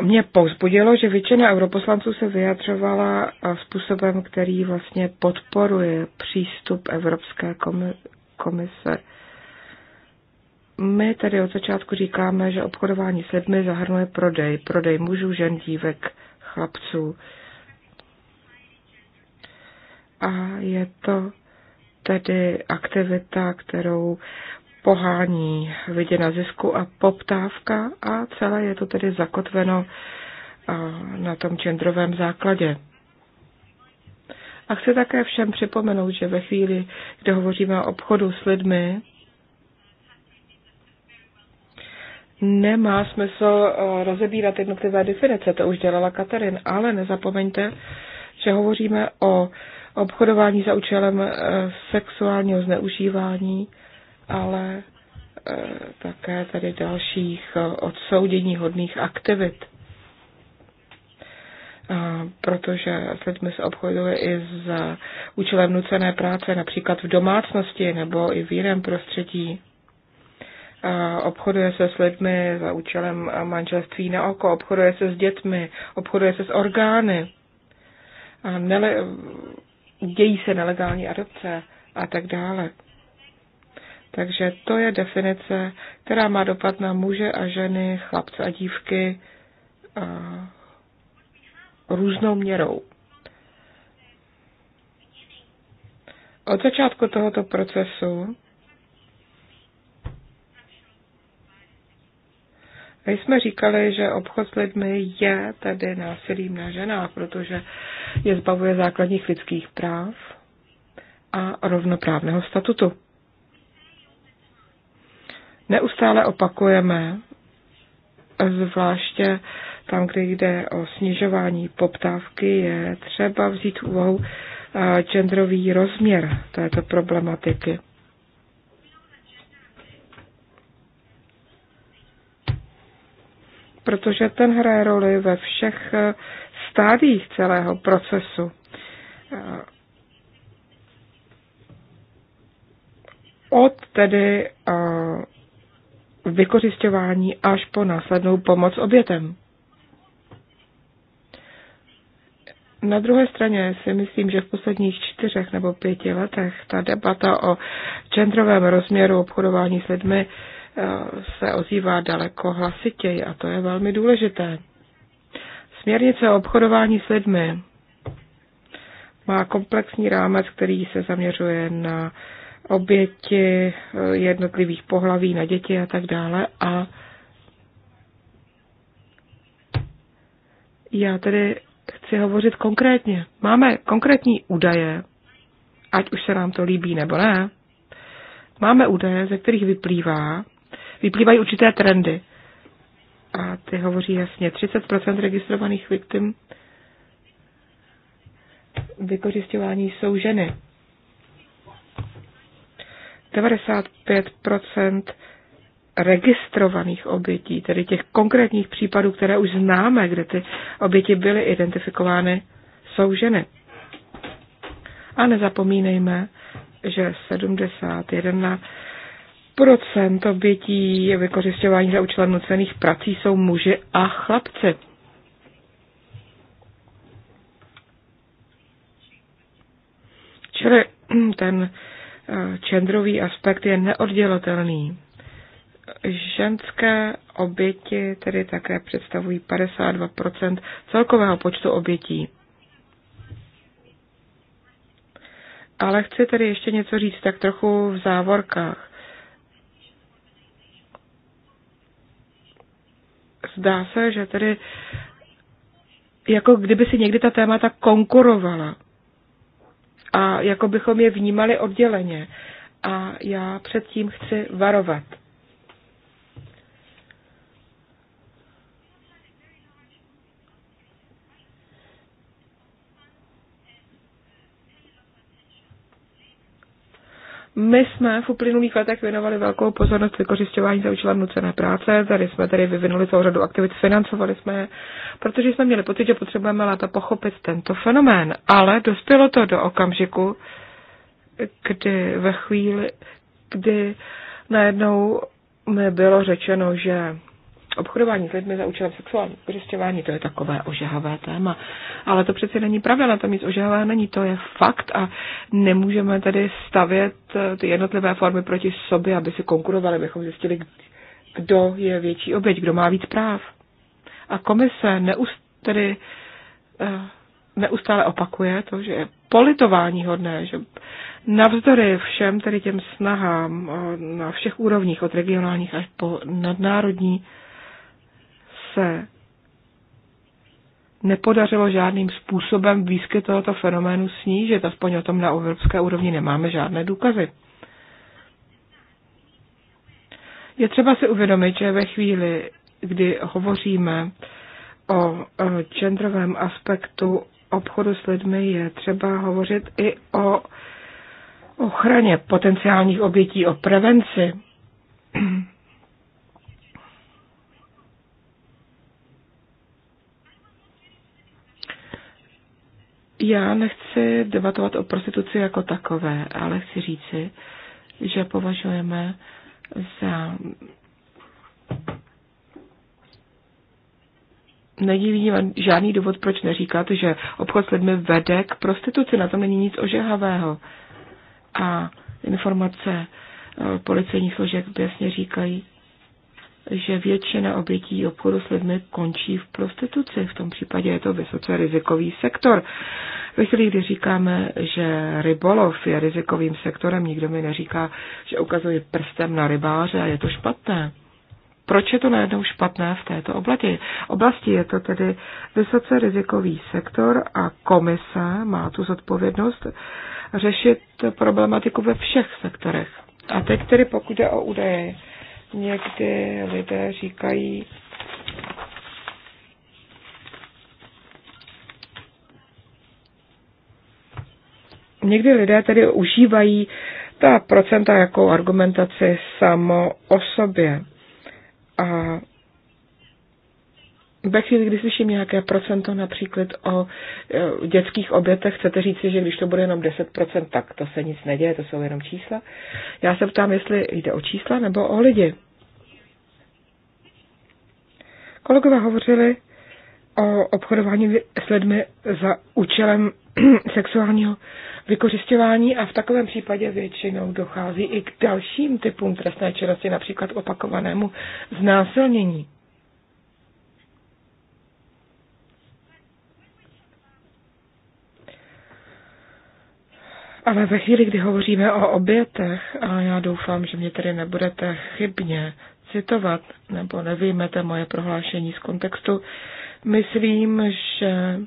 mě povzbudilo, že většina europoslanců se vyjadřovala způsobem, který vlastně podporuje přístup Evropské komise. My tady od začátku říkáme, že obchodování s lidmi zahrnuje prodej. Prodej mužů, žen, dívek, chlapců. A je to tedy aktivita, kterou pohání viděna zisku a poptávka a celé je to tedy zakotveno na tom čendrovém základě. A chci také všem připomenout, že ve chvíli, kdy hovoříme o obchodu s lidmi, nemá smysl rozebírat jednotlivé definice, to už dělala Katerin, ale nezapomeňte, že hovoříme o obchodování za účelem e, sexuálního zneužívání ale e, také tady dalších e, odsoudění hodných aktivit. E, protože s lidmi se obchoduje i za účelem nucené práce, například v domácnosti nebo i v jiném prostředí. Obchoduje se s lidmi za účelem manželství na oko, obchoduje se s dětmi, obchoduje se s orgány. A nele- dějí se nelegální adopce a tak dále. Takže to je definice, která má dopad na muže a ženy, chlapce a dívky a různou měrou. Od začátku tohoto procesu My jsme říkali, že obchod s lidmi je tedy násilím na ženách, protože je zbavuje základních lidských práv a rovnoprávného statutu neustále opakujeme, zvláště tam, kde jde o snižování poptávky, je třeba vzít v úvahu eh, genderový rozměr této problematiky. Protože ten hraje roli ve všech eh, stádiích celého procesu. Eh, od tedy vykořišťování až po následnou pomoc obětem. Na druhé straně si myslím, že v posledních čtyřech nebo pěti letech ta debata o čendrovém rozměru obchodování s lidmi eh, se ozývá daleko hlasitěji a to je velmi důležité. Směrnice o obchodování s lidmi má komplexní rámec, který se zaměřuje na oběti eh, jednotlivých pohlaví na děti a tak dále. A já tedy chci hovořit konkrétně. Máme konkrétní údaje, ať už se nám to líbí nebo ne. Máme údaje, ze kterých vyplývá, vyplývají určité trendy. A ty hovoří jasně, 30% registrovaných viktim vykořišťování jsou ženy. 95 registrovaných obětí, tedy těch konkrétních případů, které už známe, kde ty oběti byly identifikovány, jsou ženy. A nezapomínejme, že 71 procent obětí vykořišťování za účelem nucených prací jsou muži a chlapci. Čili ten čendrový aspekt je neoddělatelný. Ženské oběti tedy také představují 52 celkového počtu obětí. Ale chci tedy ještě něco říct tak trochu v závorkách. Zdá se, že tedy jako kdyby si někdy ta témata konkurovala a jako bychom je vnímali odděleně. A já předtím chci varovat. My jsme v uplynulých letech věnovali velkou pozornost vykořišťování za účelem nucené práce. Tady jsme tady vyvinuli celou řadu aktivit, financovali jsme je, protože jsme měli pocit, že potřebujeme lépe pochopit tento fenomén. Ale dospělo to do okamžiku, kdy ve chvíli, kdy najednou mi bylo řečeno, že obchodování s lidmi za účelem sexuální vykořišťování, to je takové ožehavé téma. Ale to přece není pravda, na tom nic ožehavé není, to je fakt a nemůžeme tedy stavět eh, ty jednotlivé formy proti sobě, aby si konkurovali, abychom zjistili, kdo je větší oběť, kdo má víc práv. A komise neust, tedy, eh, neustále opakuje to, že je politování hodné, že navzdory všem tedy těm snahám eh, na všech úrovních, od regionálních až po nadnárodní, se nepodařilo žádným způsobem výskyt tohoto fenoménu snížit, aspoň o tom na evropské úrovni nemáme žádné důkazy. Je třeba si uvědomit, že ve chvíli, kdy hovoříme o genderovém aspektu obchodu s lidmi, je třeba hovořit i o ochraně potenciálních obětí, o prevenci. Já nechci debatovat o prostituci jako takové, ale chci říci, že považujeme za není žádný důvod, proč neříkat, že obchod s lidmi vede k prostituci. Na tom není nic ožehavého. A informace eh, policejních složek jasně říkají, že většina obětí obchodu s lidmi končí v prostituci. V tom případě je to vysoce rizikový sektor. Ve chvíli, kdy říkáme, že rybolov je rizikovým sektorem, nikdo mi neříká, že ukazuje prstem na rybáře a je to špatné. Proč je to najednou špatné v této oblasti? Oblasti je to tedy vysoce rizikový sektor a komise má tu zodpovědnost řešit problematiku ve všech sektorech. A teď tedy pokud jde o údaje Někdy lidé říkají, Někdy lidé tedy užívají ta procenta jako argumentaci samo o sobě. A ve chvíli, kdy slyším nějaké procento například o e, dětských obětech, chcete říct, že když to bude jenom 10%, tak to se nic neděje, to jsou jenom čísla. Já se ptám, jestli jde o čísla nebo o lidi. Kolegové hovořili o obchodování s lidmi za účelem sexuálního vykořišťování a v takovém případě většinou dochází i k dalším typům trestné činnosti, například opakovanému znásilnění. Ale ve chvíli, kdy hovoříme o obětech, a já doufám, že mě tedy nebudete chybně citovat nebo nevyjmete moje prohlášení z kontextu, myslím, že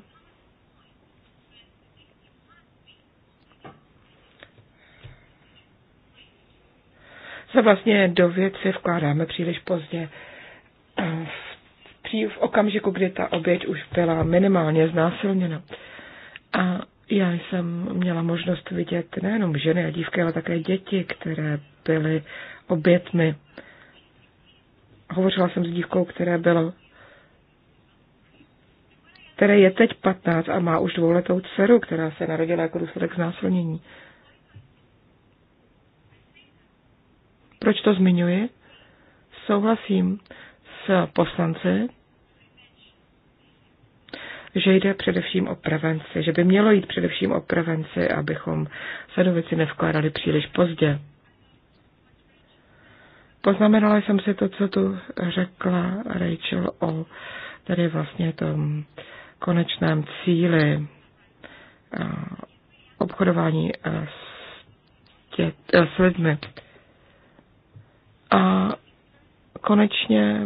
se vlastně do věci vkládáme příliš pozdě. V okamžiku, kdy ta oběť už byla minimálně znásilněna. A já jsem měla možnost vidět nejenom ženy a dívky, ale také děti, které byly obětmi. Hovořila jsem s dívkou, které bylo které je teď 15 a má už dvouletou dceru, která se narodila jako důsledek znásilnění. Proč to zmiňuji? Souhlasím s poslanci, že jde především o prevenci, že by mělo jít především o prevenci, abychom věci nevkládali příliš pozdě. Poznamenala jsem si to, co tu řekla Rachel o tedy vlastně tom konečném cíli obchodování s, dět, s lidmi. A konečně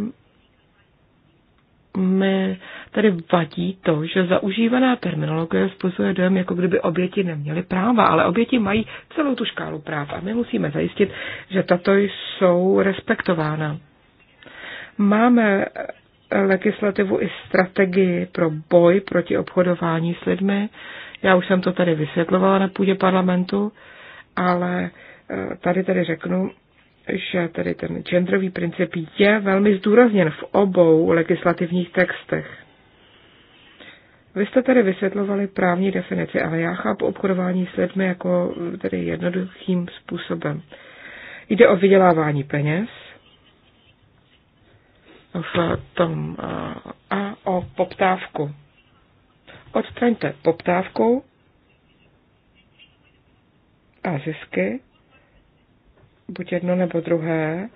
my Tady vadí to, že zaužívaná terminologie způsobuje dojem, jako kdyby oběti neměly práva, ale oběti mají celou tu škálu práv a my musíme zajistit, že tato jsou respektována. Máme legislativu i strategii pro boj proti obchodování s lidmi. Já už jsem to tady vysvětlovala na půdě parlamentu, ale eh, tady tedy řeknu, že tedy ten genderový princip je velmi zdůrazněn v obou legislativních textech. Vy jste tady vysvětlovali právní definici, ale já chápu obchodování s lidmi jako eh, tedy jednoduchým způsobem. Jde o vydělávání peněz v tom eh, a o poptávku. Odstraňte poptávku a zisky, buď jedno nebo druhé,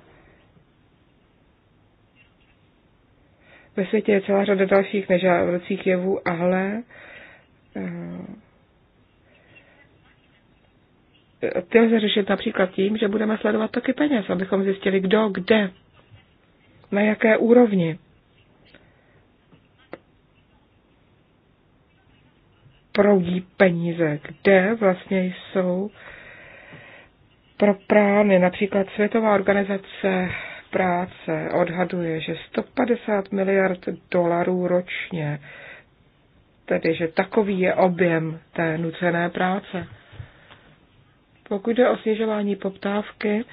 Ve světě je celá řada dalších nežádoucích jevů, ale eh, ty lze řešit například tím, že budeme sledovat toky peněz, abychom zjistili, kdo, kde, na jaké úrovni. proudí peníze, kde vlastně jsou proprány například Světová organizace práce odhaduje, že 150 miliard dolarů ročně, tedy že takový je objem té nucené práce. Pokud jde o snižování poptávky,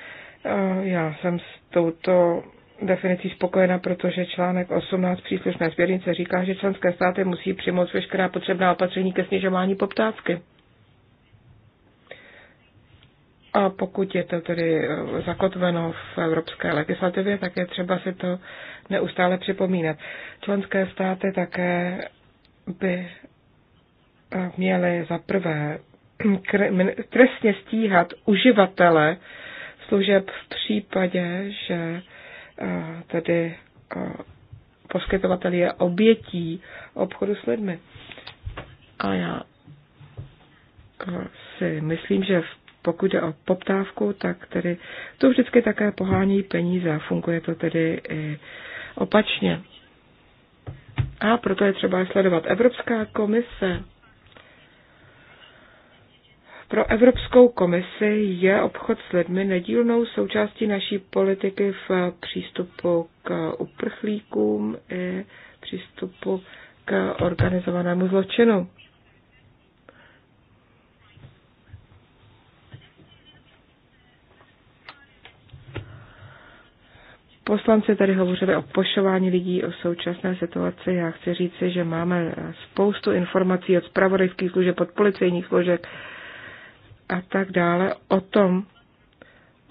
eh, já jsem s touto definicí spokojena, protože článek 18 příslušné směrnice říká, že členské státy musí přijmout veškerá potřebná opatření ke snižování poptávky. A pokud je to tedy eh, zakotveno v evropské legislativě, tak je třeba si to neustále připomínat. Členské státy také by eh, měly za prvé trestně stíhat uživatele služeb v případě, že eh, tedy poskytovatel je obětí obchodu s lidmi. A já si myslím, že v pokud jde o poptávku, tak tedy to vždycky také pohání peníze a funguje to tedy i opačně. A proto je třeba sledovat. Evropská komise pro Evropskou komisi je obchod s lidmi nedílnou součástí naší politiky v přístupu k uprchlíkům i přístupu k organizovanému zločinu. Poslanci tady hovořili o pošování lidí, o současné situaci. Já chci říci, že máme spoustu informací od spravodajských služeb, od policejních složek a tak dále o tom,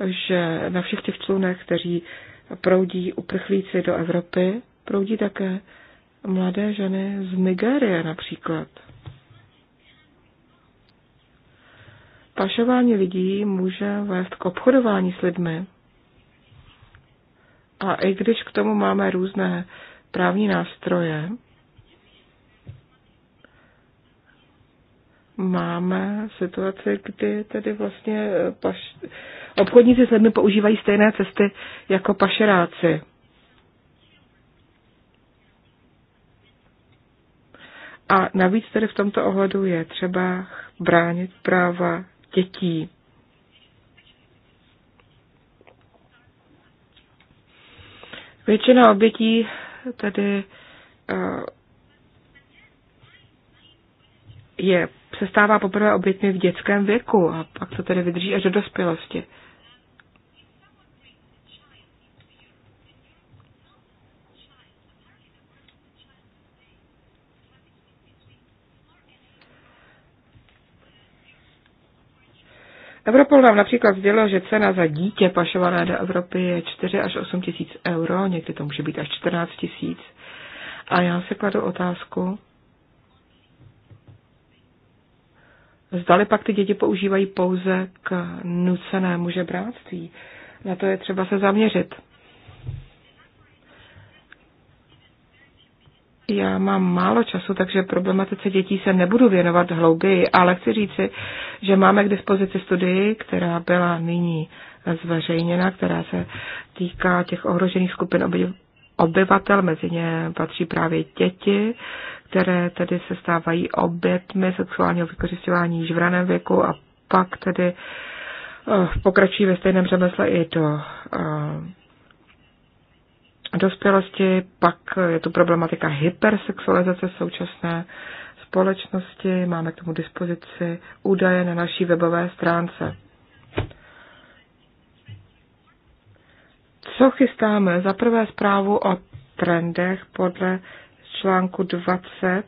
že na všech těch člunech, kteří proudí uprchlíci do Evropy, proudí také mladé ženy z Nigérie například. Pašování lidí může vést k obchodování s lidmi. A i když k tomu máme různé právní nástroje, máme situaci, kdy tedy vlastně eh, paš... obchodníci s lidmi používají stejné cesty jako pašeráci. A navíc tedy v tomto ohledu je třeba bránit práva dětí. Většina obětí tedy eh, je, se stává poprvé obětmi v dětském věku a pak to tedy vydrží až do dospělosti. Europol nám například sdělil, že cena za dítě pašované do Evropy je 4 až 8 tisíc euro, někdy to může být až 14 tisíc. A já se kladu otázku, zdali pak ty děti používají pouze k nucenému žebráctví. Na to je třeba se zaměřit. Já mám málo času, takže problematice dětí se nebudu věnovat hlouběji, ale chci říci, že máme k dispozici studii, která byla nyní zveřejněna, která se týká těch ohrožených skupin obyvatel, mezi ně patří právě děti, které tedy se stávají obětmi sexuálního vykořišťování již v raném věku a pak tedy eh, pokračují ve stejném řemesle i do eh, dospělosti, pak je tu problematika hypersexualizace současné společnosti, máme k tomu dispozici údaje na naší webové stránce. Co chystáme? Za prvé zprávu o trendech podle článku 20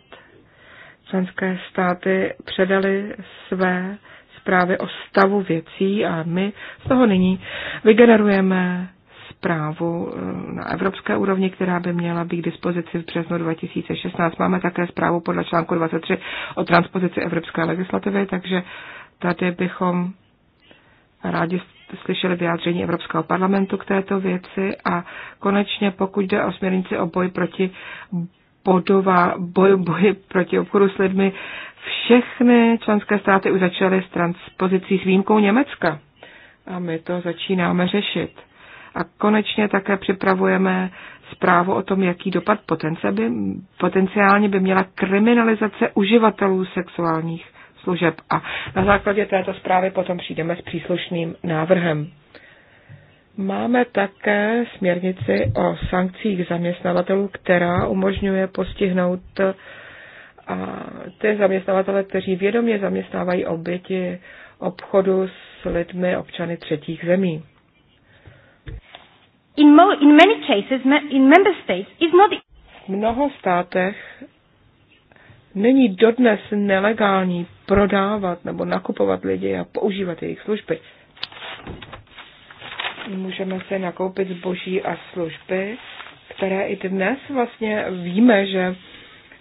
členské státy předali své zprávy o stavu věcí a my z toho nyní vygenerujeme zprávu eh, na evropské úrovni, která by měla být k dispozici v březnu 2016. Máme také zprávu podle článku 23 o transpozici evropské legislativy, takže tady bychom rádi slyšeli vyjádření Evropského parlamentu k této věci a konečně pokud jde o směrnici o boj proti bodová, boj, boji proti obchodu s lidmi, všechny členské státy už začaly s transpozicí s výjimkou Německa. A my to začínáme řešit. A konečně také připravujeme zprávu o tom, jaký dopad by, potenciálně by měla kriminalizace uživatelů sexuálních služeb. A na základě této zprávy potom přijdeme s příslušným návrhem. Máme také směrnici o sankcích zaměstnavatelů, která umožňuje postihnout eh, a ty zaměstnavatele, kteří vědomě zaměstnávají oběti obchodu s lidmi občany třetích zemí. In, mo- in many cases, in member states, is not... V mnoho státech není dodnes nelegální prodávat nebo nakupovat lidi a používat jejich služby. Můžeme se nakoupit zboží a služby, které i dnes vlastně víme, že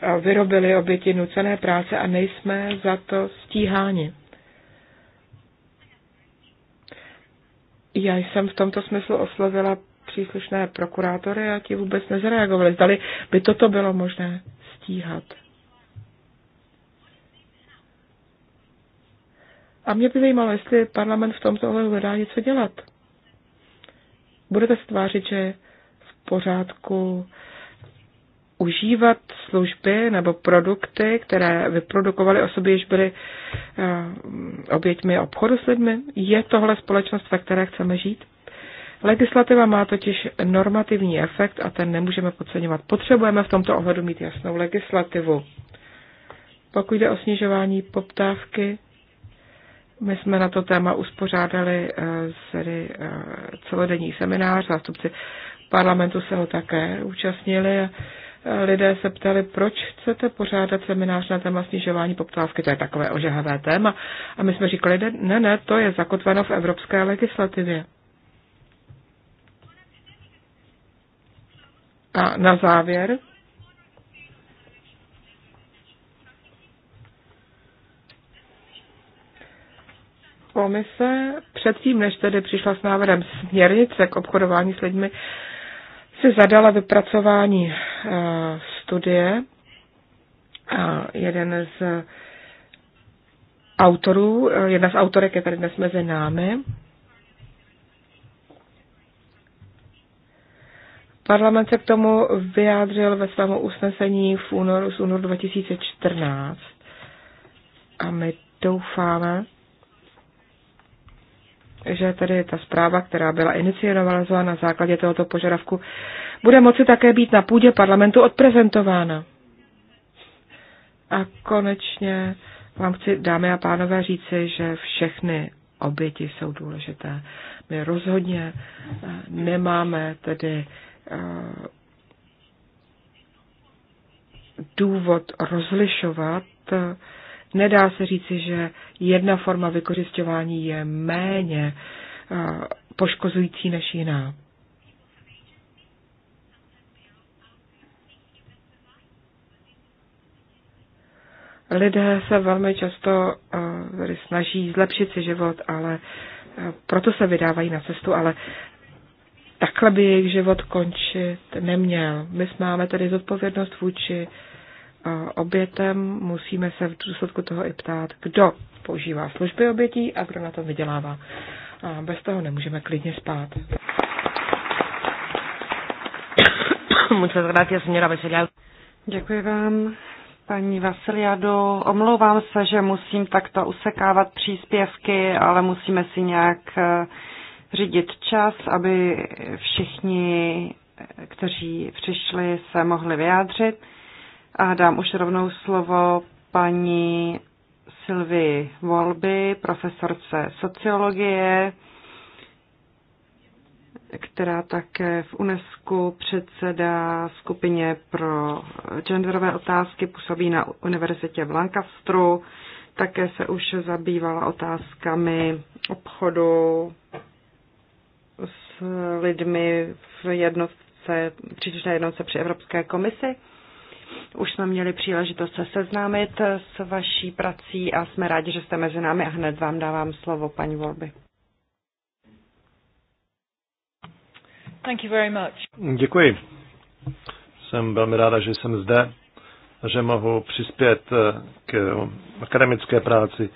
eh, vyrobili oběti nucené práce a nejsme za to stíháni. Já jsem v tomto smyslu oslovila příslušné prokurátory a ti vůbec nezareagovali. Zdali by toto bylo možné stíhat. A mě by zajímalo, jestli parlament v tomto ohledu hledá něco dělat. Budete se tvářit, že v pořádku užívat služby nebo produkty, které vyprodukovaly osoby, jež byly eh, oběťmi obchodu s lidmi? Je tohle společnost, ve které chceme žít? Legislativa má totiž normativní efekt a ten nemůžeme podceňovat. Potřebujeme v tomto ohledu mít jasnou legislativu. Pokud jde o snižování poptávky, my jsme na to téma uspořádali eh, sedy eh, celodenní seminář, zástupci parlamentu se ho také účastnili a eh, lidé se ptali, proč chcete pořádat seminář na téma snižování poptávky, to je takové ožehavé téma. A my jsme říkali, ne, ne, to je zakotveno v evropské legislativě. A na závěr komise předtím, než tedy přišla s návrhem směrnice k obchodování s lidmi, si zadala vypracování eh, studie. A jeden z autorů, eh, jedna z autorek je tady dnes mezi námi. Parlament se k tomu vyjádřil ve svém usnesení v únoru, z únoru 2014 a my doufáme, že tedy ta zpráva, která byla iniciována na základě tohoto požadavku, bude moci také být na půdě parlamentu odprezentována. A konečně vám chci, dámy a pánové, říci, že všechny oběti jsou důležité. My rozhodně eh, nemáme tedy Eh, důvod rozlišovat. Nedá se říci, že jedna forma vykořišťování je méně eh, poškozující než jiná. lidé se velmi často uh, snaží zlepšit si život, ale proto se vydávají na cestu, ale takhle by jejich život končit neměl. My máme tedy zodpovědnost vůči obětem, musíme se v důsledku toho i ptát, kdo používá služby obětí a kdo na to vydělává. A bez toho nemůžeme klidně spát. Děkuji vám, paní Vasiliado. Omlouvám se, že musím takto usekávat příspěvky, ale musíme si nějak uh, řídit čas, aby všichni, kteří přišli, se mohli vyjádřit. A dám už rovnou slovo paní Sylvii Volby, profesorce sociologie, která také v UNESCO předsedá skupině pro genderové otázky, působí na univerzitě v Lancasteru, také se už zabývala otázkami obchodu, lidmi v jednotce, příslušné jednotce při Evropské komisi. Už jsme měli příležitost se seznámit s vaší prací a jsme rádi, že jste mezi námi a hned vám dávám slovo, paní Volby. Thank you very much. Děkuji. Jsem velmi ráda, že jsem zde, že mohu přispět k akademické práci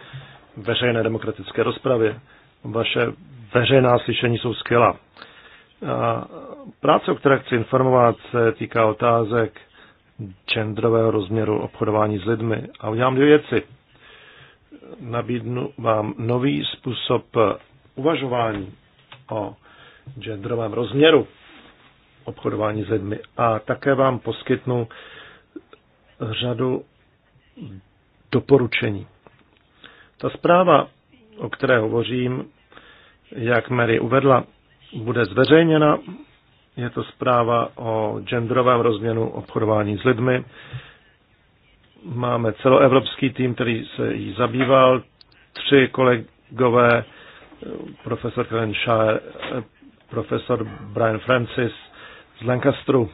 veřejné demokratické rozpravě. Vaše veřejná slyšení jsou skvělá. A práce, o které chci informovat, se týká otázek genderového rozměru obchodování s lidmi. A udělám dvě věci. Nabídnu vám nový způsob uvažování o genderovém rozměru obchodování s lidmi a také vám poskytnu řadu doporučení. Ta zpráva, o které hovořím, jak Mary uvedla, bude zveřejněna. Je to zpráva o genderovém rozměnu obchodování s lidmi. Máme celoevropský tým, který se jí zabýval. Tři kolegové, profesor Karen Shire, profesor Brian Francis z Lancasteru.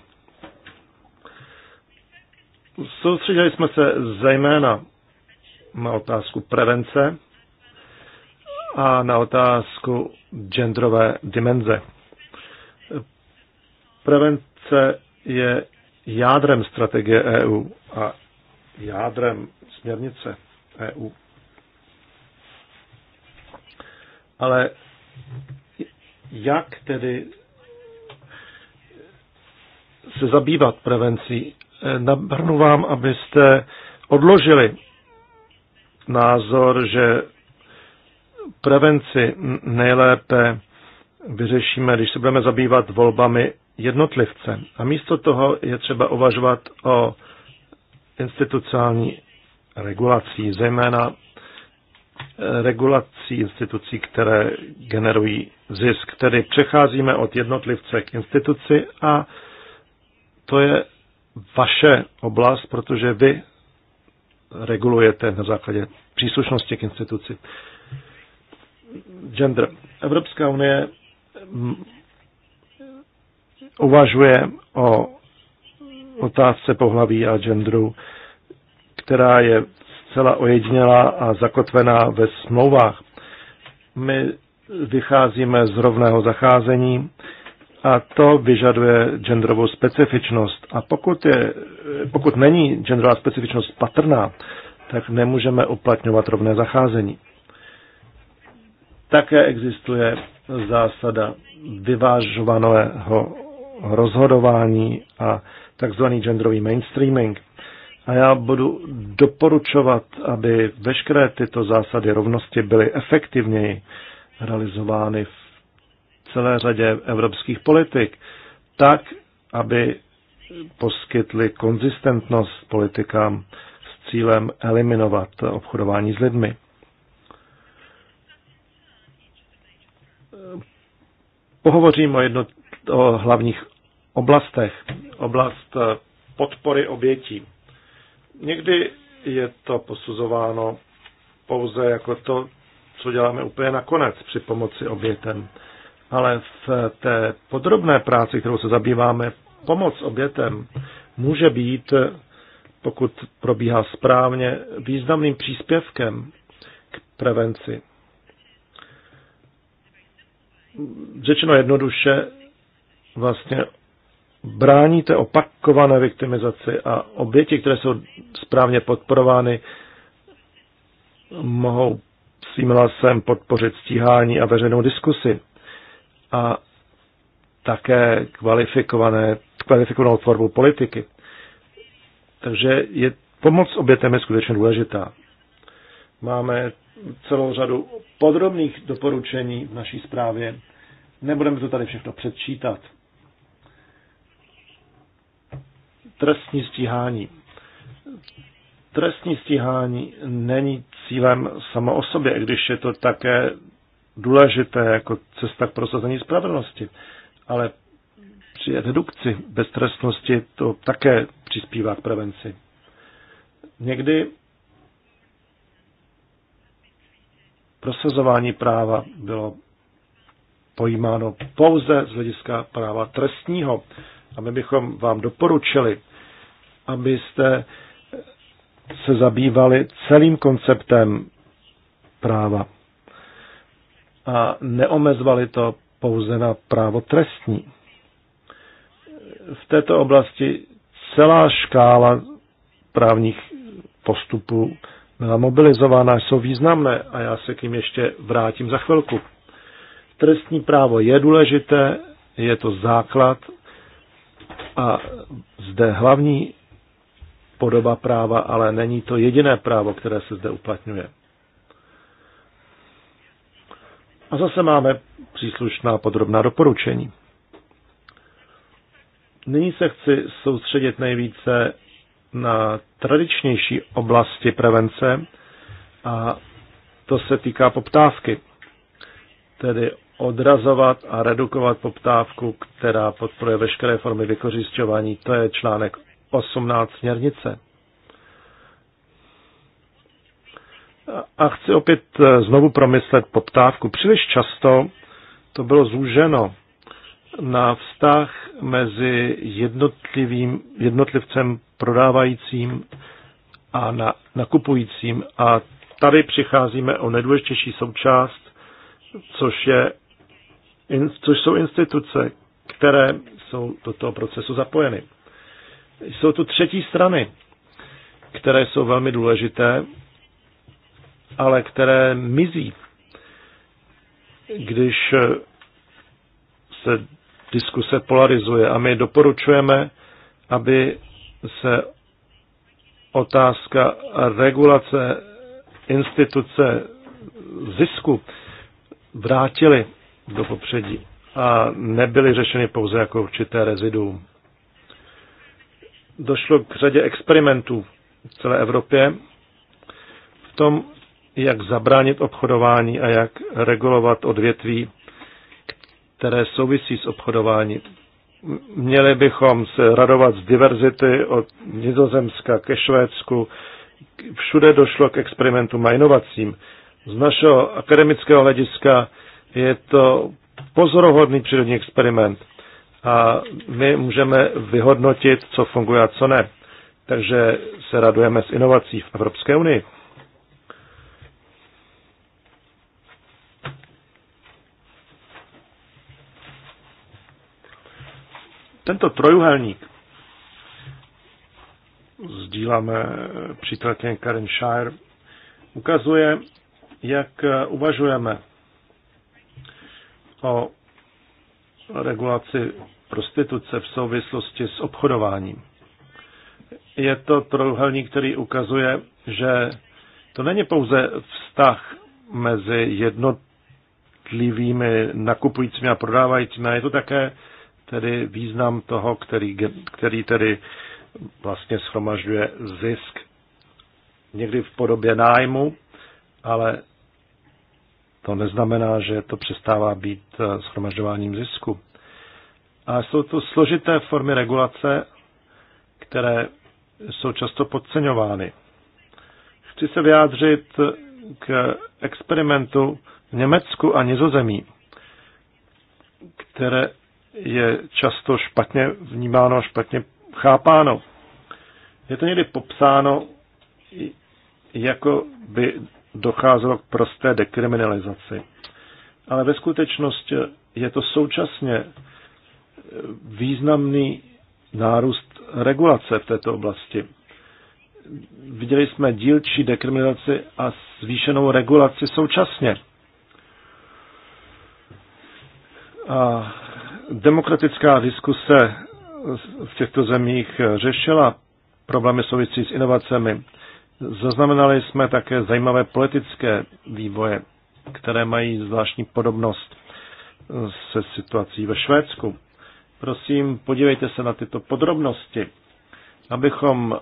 Soustředili jsme se zejména na otázku prevence a na otázku genderové dimenze. Prevence je jádrem strategie EU a jádrem směrnice EU. Ale jak tedy se zabývat prevencí? Nabrnu vám, abyste odložili názor, že prevenci nejlépe vyřešíme, když se budeme zabývat volbami jednotlivce. A místo toho je třeba uvažovat o institucionální regulací, zejména eh, regulací institucí, které generují zisk. Tedy přecházíme od jednotlivce k instituci a to je vaše oblast, protože vy regulujete na základě příslušnosti k instituci gender. Evropská unie mm, uvažuje o otázce pohlaví a genderu, která je zcela ojedinělá a zakotvená ve smlouvách. My vycházíme z rovného zacházení a to vyžaduje genderovou specifičnost. A pokud, je, pokud není genderová specifičnost patrná, tak nemůžeme uplatňovat rovné zacházení. Také existuje zásada vyvážovaného rozhodování a takzvaný genderový mainstreaming. A já budu doporučovat, aby veškeré tyto zásady rovnosti byly efektivněji realizovány v celé řadě evropských politik, tak, aby poskytly konzistentnost politikám s cílem eliminovat obchodování s lidmi. Pohovořím o, jedno, o hlavních oblastech. Oblast eh, podpory obětí. Někdy je to posuzováno pouze jako to, co děláme úplně nakonec při pomoci obětem. Ale v té podrobné práci, kterou se zabýváme, pomoc obětem může být, pokud probíhá správně, významným příspěvkem k prevenci řečeno jednoduše, vlastně bráníte opakované viktimizaci a oběti, které jsou správně podporovány, mohou svým hlasem podpořit stíhání a veřejnou diskusi a také kvalifikované, kvalifikovanou tvorbu politiky. Takže je, pomoc obětem je skutečně důležitá. Máme celou řadu podrobných doporučení v naší zprávě. Nebudeme to tady všechno předčítat. Trestní stíhání. Trestní stíhání není cílem samo o sobě, když je to také důležité jako cesta k prosazení spravedlnosti. Ale při redukci beztrestnosti to také přispívá k prevenci. Někdy prosazování práva bylo pojímáno pouze z hlediska práva trestního. A my bychom vám doporučili, abyste se zabývali celým konceptem práva a neomezovali to pouze na právo trestní. V této oblasti celá škála právních postupů mobilizována, jsou významné a já se k ním ještě vrátím za chvilku. Trestní právo je důležité, je to základ a zde hlavní podoba práva, ale není to jediné právo, které se zde uplatňuje. A zase máme příslušná podrobná doporučení. Nyní se chci soustředit nejvíce na tradičnější oblasti prevence a to se týká poptávky. Tedy odrazovat a redukovat poptávku, která podporuje veškeré formy vykořišťování. To je článek 18 směrnice. A chci opět eh, znovu promyslet poptávku. Příliš často to bylo zúženo na vztah mezi jednotlivým, jednotlivcem prodávajícím a na nakupujícím. A tady přicházíme o nejdůležitější součást, což, je, což jsou instituce, které jsou do toho procesu zapojeny. Jsou tu třetí strany, které jsou velmi důležité, ale které mizí, když se diskuse polarizuje. A my doporučujeme, aby se otázka regulace instituce zisku vrátily do popředí a nebyly řešeny pouze jako určité reziduum. Došlo k řadě experimentů v celé Evropě v tom, jak zabránit obchodování a jak regulovat odvětví, které souvisí s obchodováním. Měli bychom se radovat z diverzity od Nizozemska ke Švédsku. Všude došlo k experimentům a inovacím. Z našeho akademického hlediska je to pozoruhodný přírodní experiment a my můžeme vyhodnotit, co funguje a co ne. Takže se radujeme z inovací v Evropské unii. Tento trojuhelník sdíláme přítelkyně Karen Shire, ukazuje, jak uvažujeme o regulaci prostituce v souvislosti s obchodováním. Je to trojuhelník, který ukazuje, že to není pouze vztah mezi jednotlivými nakupujícími a prodávajícími, ale je to také tedy význam toho, který, který tedy vlastně schromažďuje zisk někdy v podobě nájmu, ale to neznamená, že to přestává být eh, schromažďováním zisku. A jsou to složité formy regulace, které jsou často podceňovány. Chci se vyjádřit k experimentu v Německu a Nizozemí, které je často špatně vnímáno a špatně chápáno. Je to někdy popsáno, jako by docházelo k prosté dekriminalizaci. Ale ve skutečnosti je to současně významný nárůst regulace v této oblasti. Viděli jsme dílčí dekriminalizaci a zvýšenou regulaci současně. A demokratická diskuse v těchto zemích řešila problémy souvisí s inovacemi. Zaznamenali jsme také zajímavé politické vývoje, které mají zvláštní podobnost se situací ve Švédsku. Prosím, podívejte se na tyto podrobnosti, abychom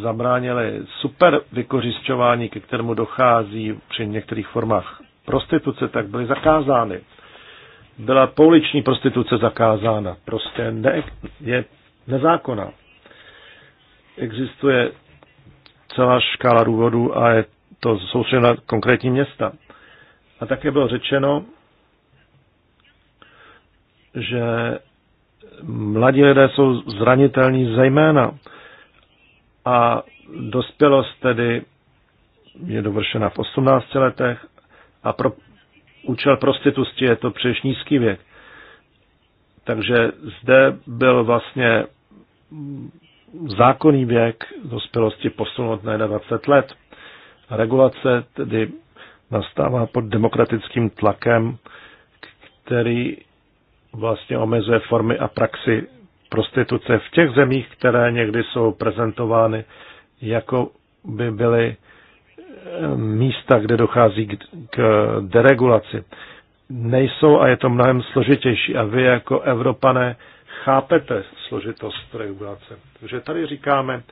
zabránili super vykořišťování, ke kterému dochází při některých formách prostituce, tak byly zakázány byla pouliční prostituce zakázána. Prostě ne, je nezákonná. Existuje celá škála důvodů a je to soustředěno na konkrétní města. A také bylo řečeno, že mladí lidé jsou zranitelní zejména a dospělost tedy je dovršena v 18 letech a pro účel prostitusti je to příliš nízký věk. Takže zde byl vlastně zákonný věk dospělosti posunut na 20 let. Regulace tedy nastává pod demokratickým tlakem, který vlastně omezuje formy a praxi prostituce v těch zemích, které někdy jsou prezentovány jako by byly místa, kde dochází k, k deregulaci. Nejsou a je to mnohem složitější. A vy jako Evropané chápete složitost regulace. Takže tady říkáme,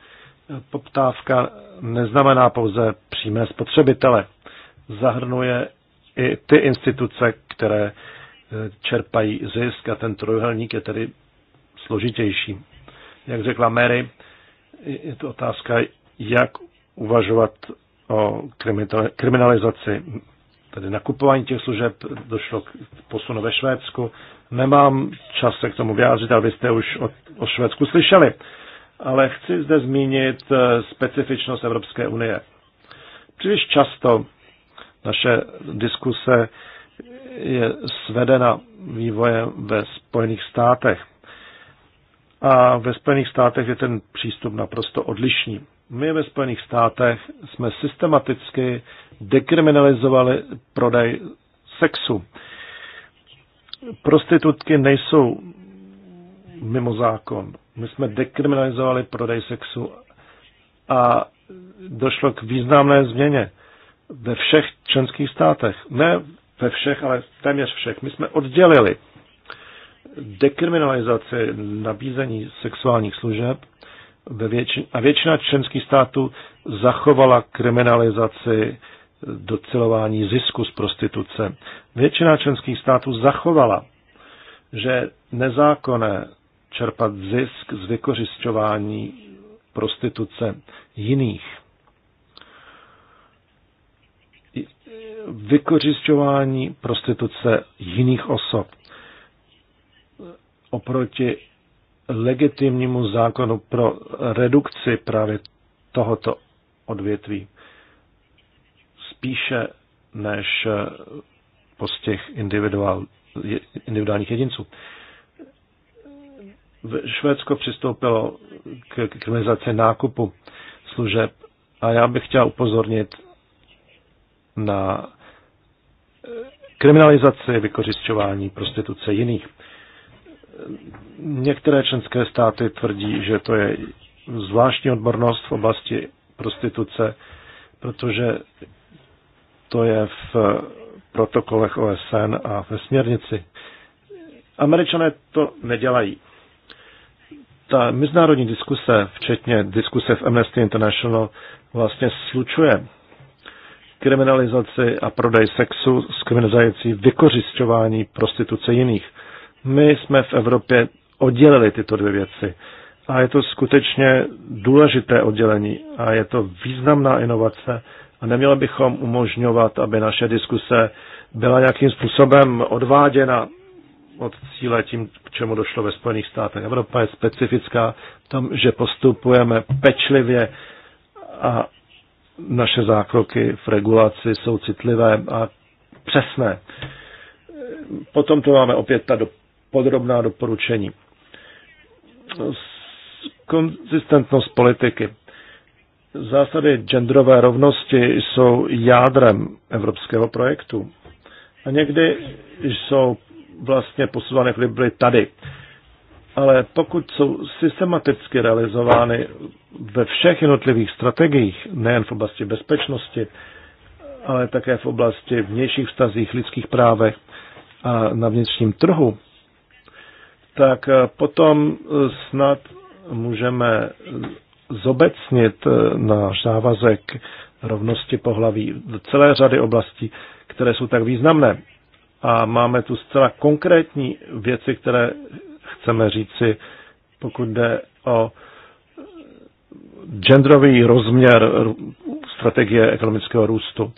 poptávka neznamená pouze přímé spotřebitele. Zahrnuje i ty instituce, které eh, čerpají zisk a ten trojuhelník je tedy složitější. Jak řekla Mary, je to otázka, jak uvažovat o kriminalizaci, tedy nakupování těch služeb, došlo k posunu ve Švédsku. Nemám čas se k tomu vyjádřit, ale vy jste už o, o Švédsku slyšeli. Ale chci zde zmínit eh, specifičnost Evropské unie. Příliš často naše diskuse je svedena vývojem ve Spojených státech. A ve Spojených státech je ten přístup naprosto odlišný. My ve Spojených státech jsme systematicky dekriminalizovali prodej sexu. Prostitutky nejsou mimo zákon. My jsme dekriminalizovali prodej sexu a došlo k významné změně ve všech členských státech. Ne ve všech, ale téměř všech. My jsme oddělili dekriminalizaci nabízení sexuálních služeb větši- a většina členských států zachovala kriminalizaci docelování zisku z prostituce. Většina členských států zachovala, že nezákonné čerpat zisk z vykořišťování prostituce jiných. Vykořišťování prostituce jiných osob oproti legitimnímu zákonu pro redukci právě tohoto odvětví. Spíše než postih individuál, individuálních jedinců. Švédsko přistoupilo k kriminalizaci nákupu služeb a já bych chtěl upozornit na kriminalizaci vykořišťování prostituce jiných. Některé členské státy tvrdí, že to je zvláštní odbornost v oblasti prostituce, protože to je v protokolech OSN a ve směrnici. Američané to nedělají. Ta mezinárodní diskuse, včetně diskuse v Amnesty International, vlastně slučuje kriminalizaci a prodej sexu s kriminalizací vykořišťování prostituce jiných. My jsme v Evropě oddělili tyto dvě věci. A je to skutečně důležité oddělení a je to významná inovace a neměli bychom umožňovat, aby naše diskuse byla nějakým způsobem odváděna od cíle tím, k čemu došlo ve Spojených státech. Evropa je specifická v tom, že postupujeme pečlivě a naše zákroky v regulaci jsou citlivé a přesné. Potom to máme opět ta podrobná doporučení. Konzistentnost politiky. Zásady genderové rovnosti jsou jádrem evropského projektu. A někdy jsou vlastně posuvané byly tady. Ale pokud jsou systematicky realizovány ve všech jednotlivých strategiích, nejen v oblasti bezpečnosti, ale také v oblasti vnějších vztazích, lidských právech a na vnitřním trhu, tak eh, potom eh, snad můžeme zobecnit eh, náš závazek rovnosti pohlaví v celé řady oblastí, které jsou tak významné. A máme tu zcela konkrétní věci, které chceme říci, pokud jde o genderový rozměr strategie ekonomického růstu,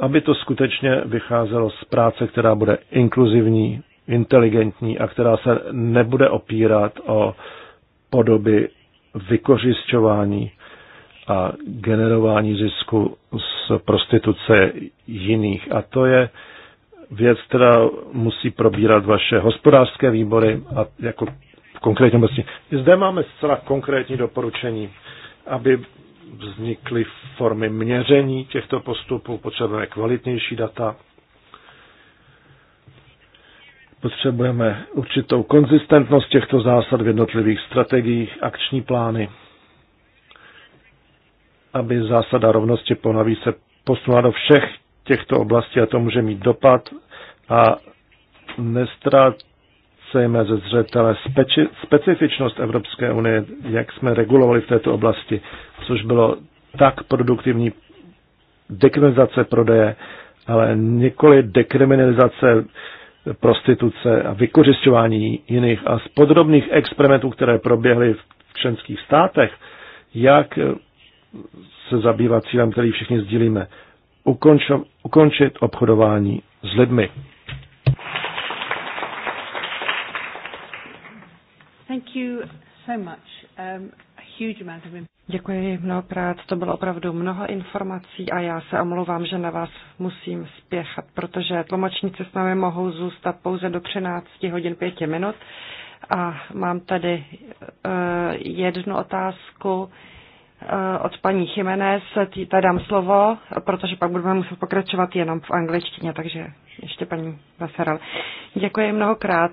aby to skutečně vycházelo z práce, která bude inkluzivní, inteligentní a která se nebude opírat o podoby vykořišťování a generování zisku z prostituce jiných. A to je věc, která musí probírat vaše hospodářské výbory a jako v konkrétní oblasti. Zde máme zcela konkrétní doporučení, aby vznikly formy měření těchto postupů, potřebujeme kvalitnější data, Potřebujeme určitou konzistentnost těchto zásad v jednotlivých strategiích, akční plány, aby zásada rovnosti ponaví se posunula do všech těchto oblastí a to může mít dopad a nestrácejme ze zřetele speči, specifičnost Evropské unie, jak jsme regulovali v této oblasti, což bylo tak produktivní dekriminalizace prodeje, ale nikoli dekriminalizace prostituce a vykořišťování jiných a z podrobných experimentů, které proběhly v členských státech, jak se zabývat cílem, který všichni sdílíme. Ukončo, ukončit obchodování s lidmi. Thank you so much. Um... Děkuji mnohokrát, to bylo opravdu mnoho informací a já se omlouvám, že na vás musím spěchat, protože tlumočníci s námi mohou zůstat pouze do 13 hodin 5 minut. A mám tady eh, jednu otázku eh, od paní Jiménez, ta dám slovo, protože pak budeme muset pokračovat jenom v angličtině, takže ještě paní Vaseral. Děkuji mnohokrát.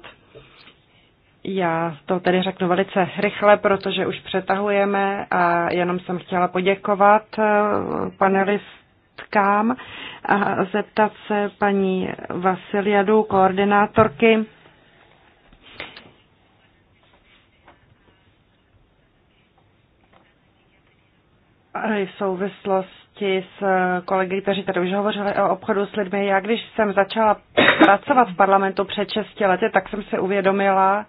Já to tedy řeknu velice rychle, protože už přetahujeme a jenom jsem chtěla poděkovat eh, panelistkám a zeptat se paní Vasiliadu, koordinátorky, v souvislosti s kolegy, kteří tady už hovořili o obchodu s lidmi. Já když jsem začala pracovat v parlamentu před 6 lety, tak jsem se uvědomila,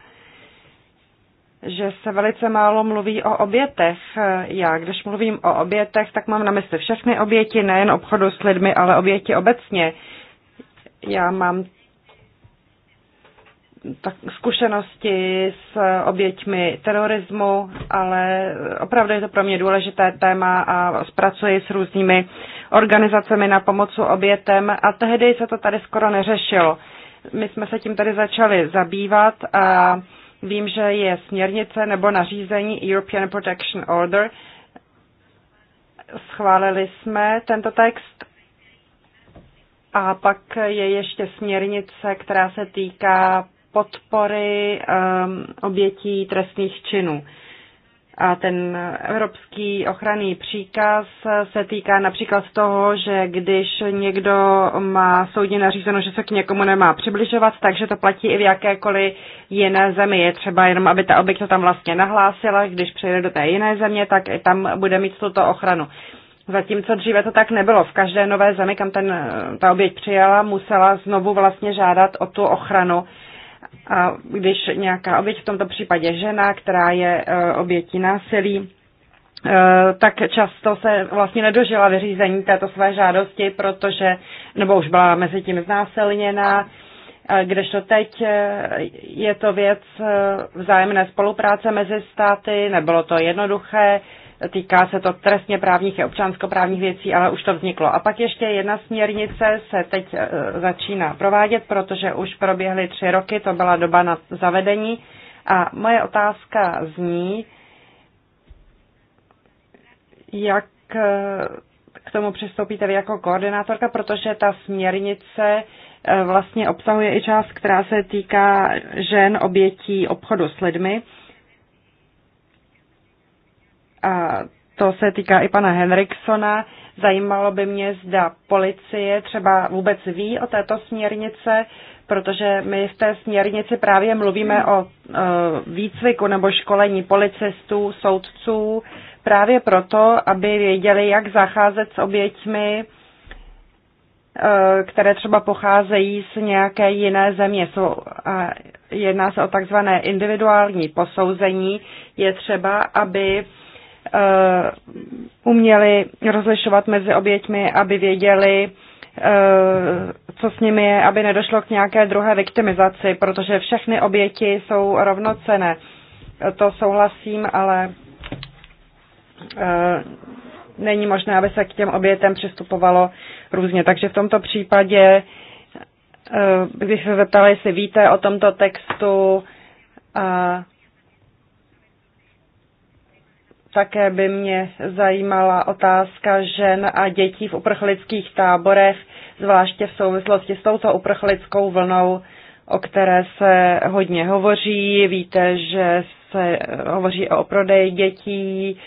že se velice málo mluví o obětech. Já, když mluvím o obětech, tak mám na mysli všechny oběti, nejen obchodu s lidmi, ale oběti obecně. Já mám tak zkušenosti s oběťmi terorismu, ale opravdu je to pro mě důležité téma a zpracuji s různými organizacemi na pomocu obětem a tehdy se to tady skoro neřešilo. My jsme se tím tady začali zabývat a Vím, že je směrnice nebo nařízení European Protection Order. Schválili jsme tento text a pak je ještě směrnice, která se týká podpory um, obětí trestných činů. A ten evropský ochranný příkaz se týká například toho, že když někdo má soudně nařízeno, že se k někomu nemá přibližovat, takže to platí i v jakékoliv jiné zemi. Je třeba jenom, aby ta oběť to tam vlastně nahlásila, když přejde do té jiné země, tak i tam bude mít tuto ochranu. Zatímco dříve to tak nebylo. V každé nové zemi, kam ten, ta oběť přijela, musela znovu vlastně žádat o tu ochranu a když nějaká oběť, v tomto případě žena, která je e, obětí násilí, e, tak často se vlastně nedožila vyřízení této své žádosti, protože, nebo už byla mezi tím znásilněná, kdežto teď e, je to věc vzájemné spolupráce mezi státy, nebylo to jednoduché, Týká se to trestně právních a občanskoprávních věcí, ale už to vzniklo. A pak ještě jedna směrnice se teď e, začíná provádět, protože už proběhly tři roky, to byla doba na zavedení. A moje otázka zní, jak e, k tomu přistoupíte vy jako koordinátorka, protože ta směrnice e, vlastně obsahuje i část, která se týká žen obětí obchodu s lidmi a to se týká i pana Henriksona. Zajímalo by mě, zda policie třeba vůbec ví o této směrnice, protože my v té směrnici právě mluvíme o e, výcviku nebo školení policistů, soudců, právě proto, aby věděli, jak zacházet s oběťmi, e, které třeba pocházejí z nějaké jiné země. Jsou, jedná se o takzvané individuální posouzení. Je třeba, aby Eh, uměli rozlišovat mezi oběťmi, aby věděli, eh, co s nimi je, aby nedošlo k nějaké druhé viktimizaci, protože všechny oběti jsou rovnocené. To souhlasím, ale eh, není možné, aby se k těm obětem přistupovalo různě. Takže v tomto případě, když se zeptali, jestli víte o tomto textu, uh, také by mě zajímala otázka žen a dětí v uprchlických táborech, zvláště v souvislosti s touto uprchlickou vlnou, o které se hodně hovoří. Víte, že se hovoří o prodeji dětí,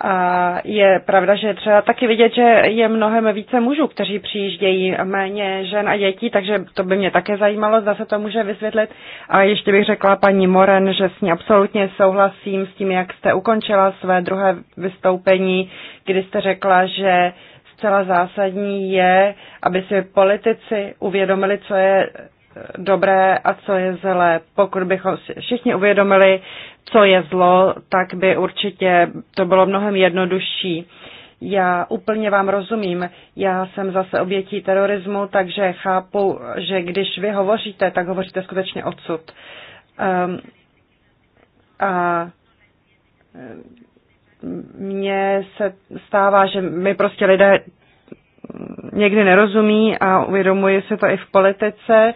a je pravda, že třeba taky vidět, že je mnohem více mužů, kteří přijíždějí, méně žen a dětí, takže to by mě také zajímalo, zda se to může vysvětlit. A ještě bych řekla paní Moren, že s ní absolutně souhlasím s tím, jak jste ukončila své druhé vystoupení, kdy jste řekla, že zcela zásadní je, aby si politici uvědomili, co je dobré a co je zlé. Pokud bychom všichni uvědomili, co je zlo, tak by určitě to bylo mnohem jednodušší. Já úplně vám rozumím. Já jsem zase obětí terorismu, takže chápu, že když vy hovoříte, tak hovoříte skutečně odsud. Um, a ehm, mně se stává, že my prostě lidé někdy nerozumí a uvědomuji se to i v politice.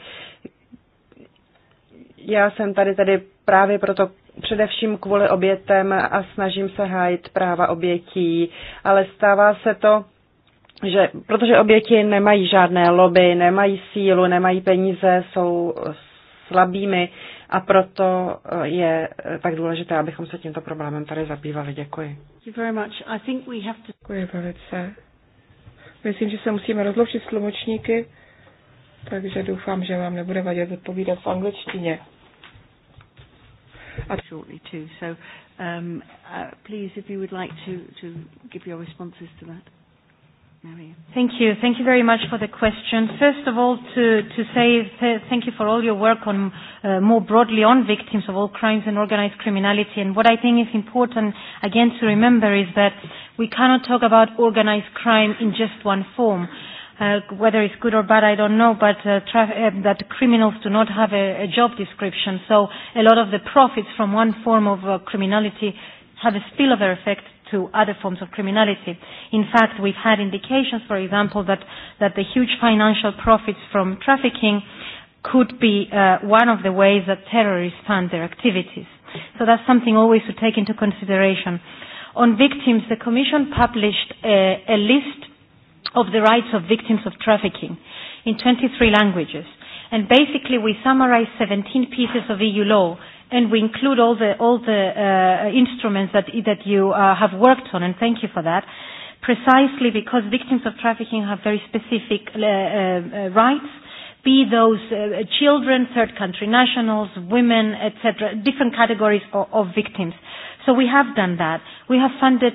Já jsem tady tedy právě proto především kvůli obětem a snažím se hájit práva obětí, ale stává se to, že protože oběti nemají žádné lobby, nemají sílu, nemají peníze, jsou slabými a proto je tak důležité, abychom se tímto problémem tady zabývali. Děkuji. Děkuji velice. Myslím, že se musíme rozloučit s tlumočníky, takže doufám, že vám nebude vadit odpovídat v angličtině shortly too. So um, uh, please, if you would like to, to give your responses to that. Maria. Thank you. Thank you very much for the question. First of all, to, to say th- thank you for all your work on uh, more broadly on victims of all crimes and organized criminality. And what I think is important, again, to remember is that we cannot talk about organized crime in just one form uh, whether it's good or bad, I don't know, but uh, tra- uh, that criminals do not have a, a job description. So a lot of the profits from one form of uh, criminality have a spillover effect to other forms of criminality. In fact, we've had indications, for example, that, that the huge financial profits from trafficking could be uh, one of the ways that terrorists fund their activities. So that's something always to take into consideration. On victims, the Commission published a, a list of the rights of victims of trafficking in 23 languages. And basically, we summarize 17 pieces of EU law, and we include all the, all the uh, instruments that, that you uh, have worked on, and thank you for that, precisely because victims of trafficking have very specific uh, uh, uh rights, be those uh, children, third country nationals, women, etc., different categories of, of victims. So we have done that. We have funded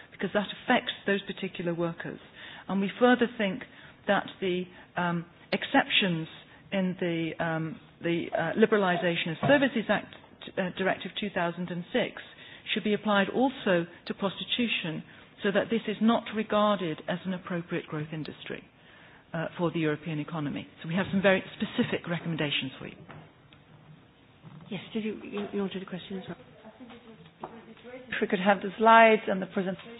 because that affects those particular workers. And we further think that the um, exceptions in the, um, the uh, Liberalisation of Services Act uh, Directive 2006 should be applied also to prostitution so that this is not regarded as an appropriate growth industry uh, for the European economy. So we have some very specific recommendations for you. Yes, did you, you, you wanted a question as well? If we could have the slides and the presentation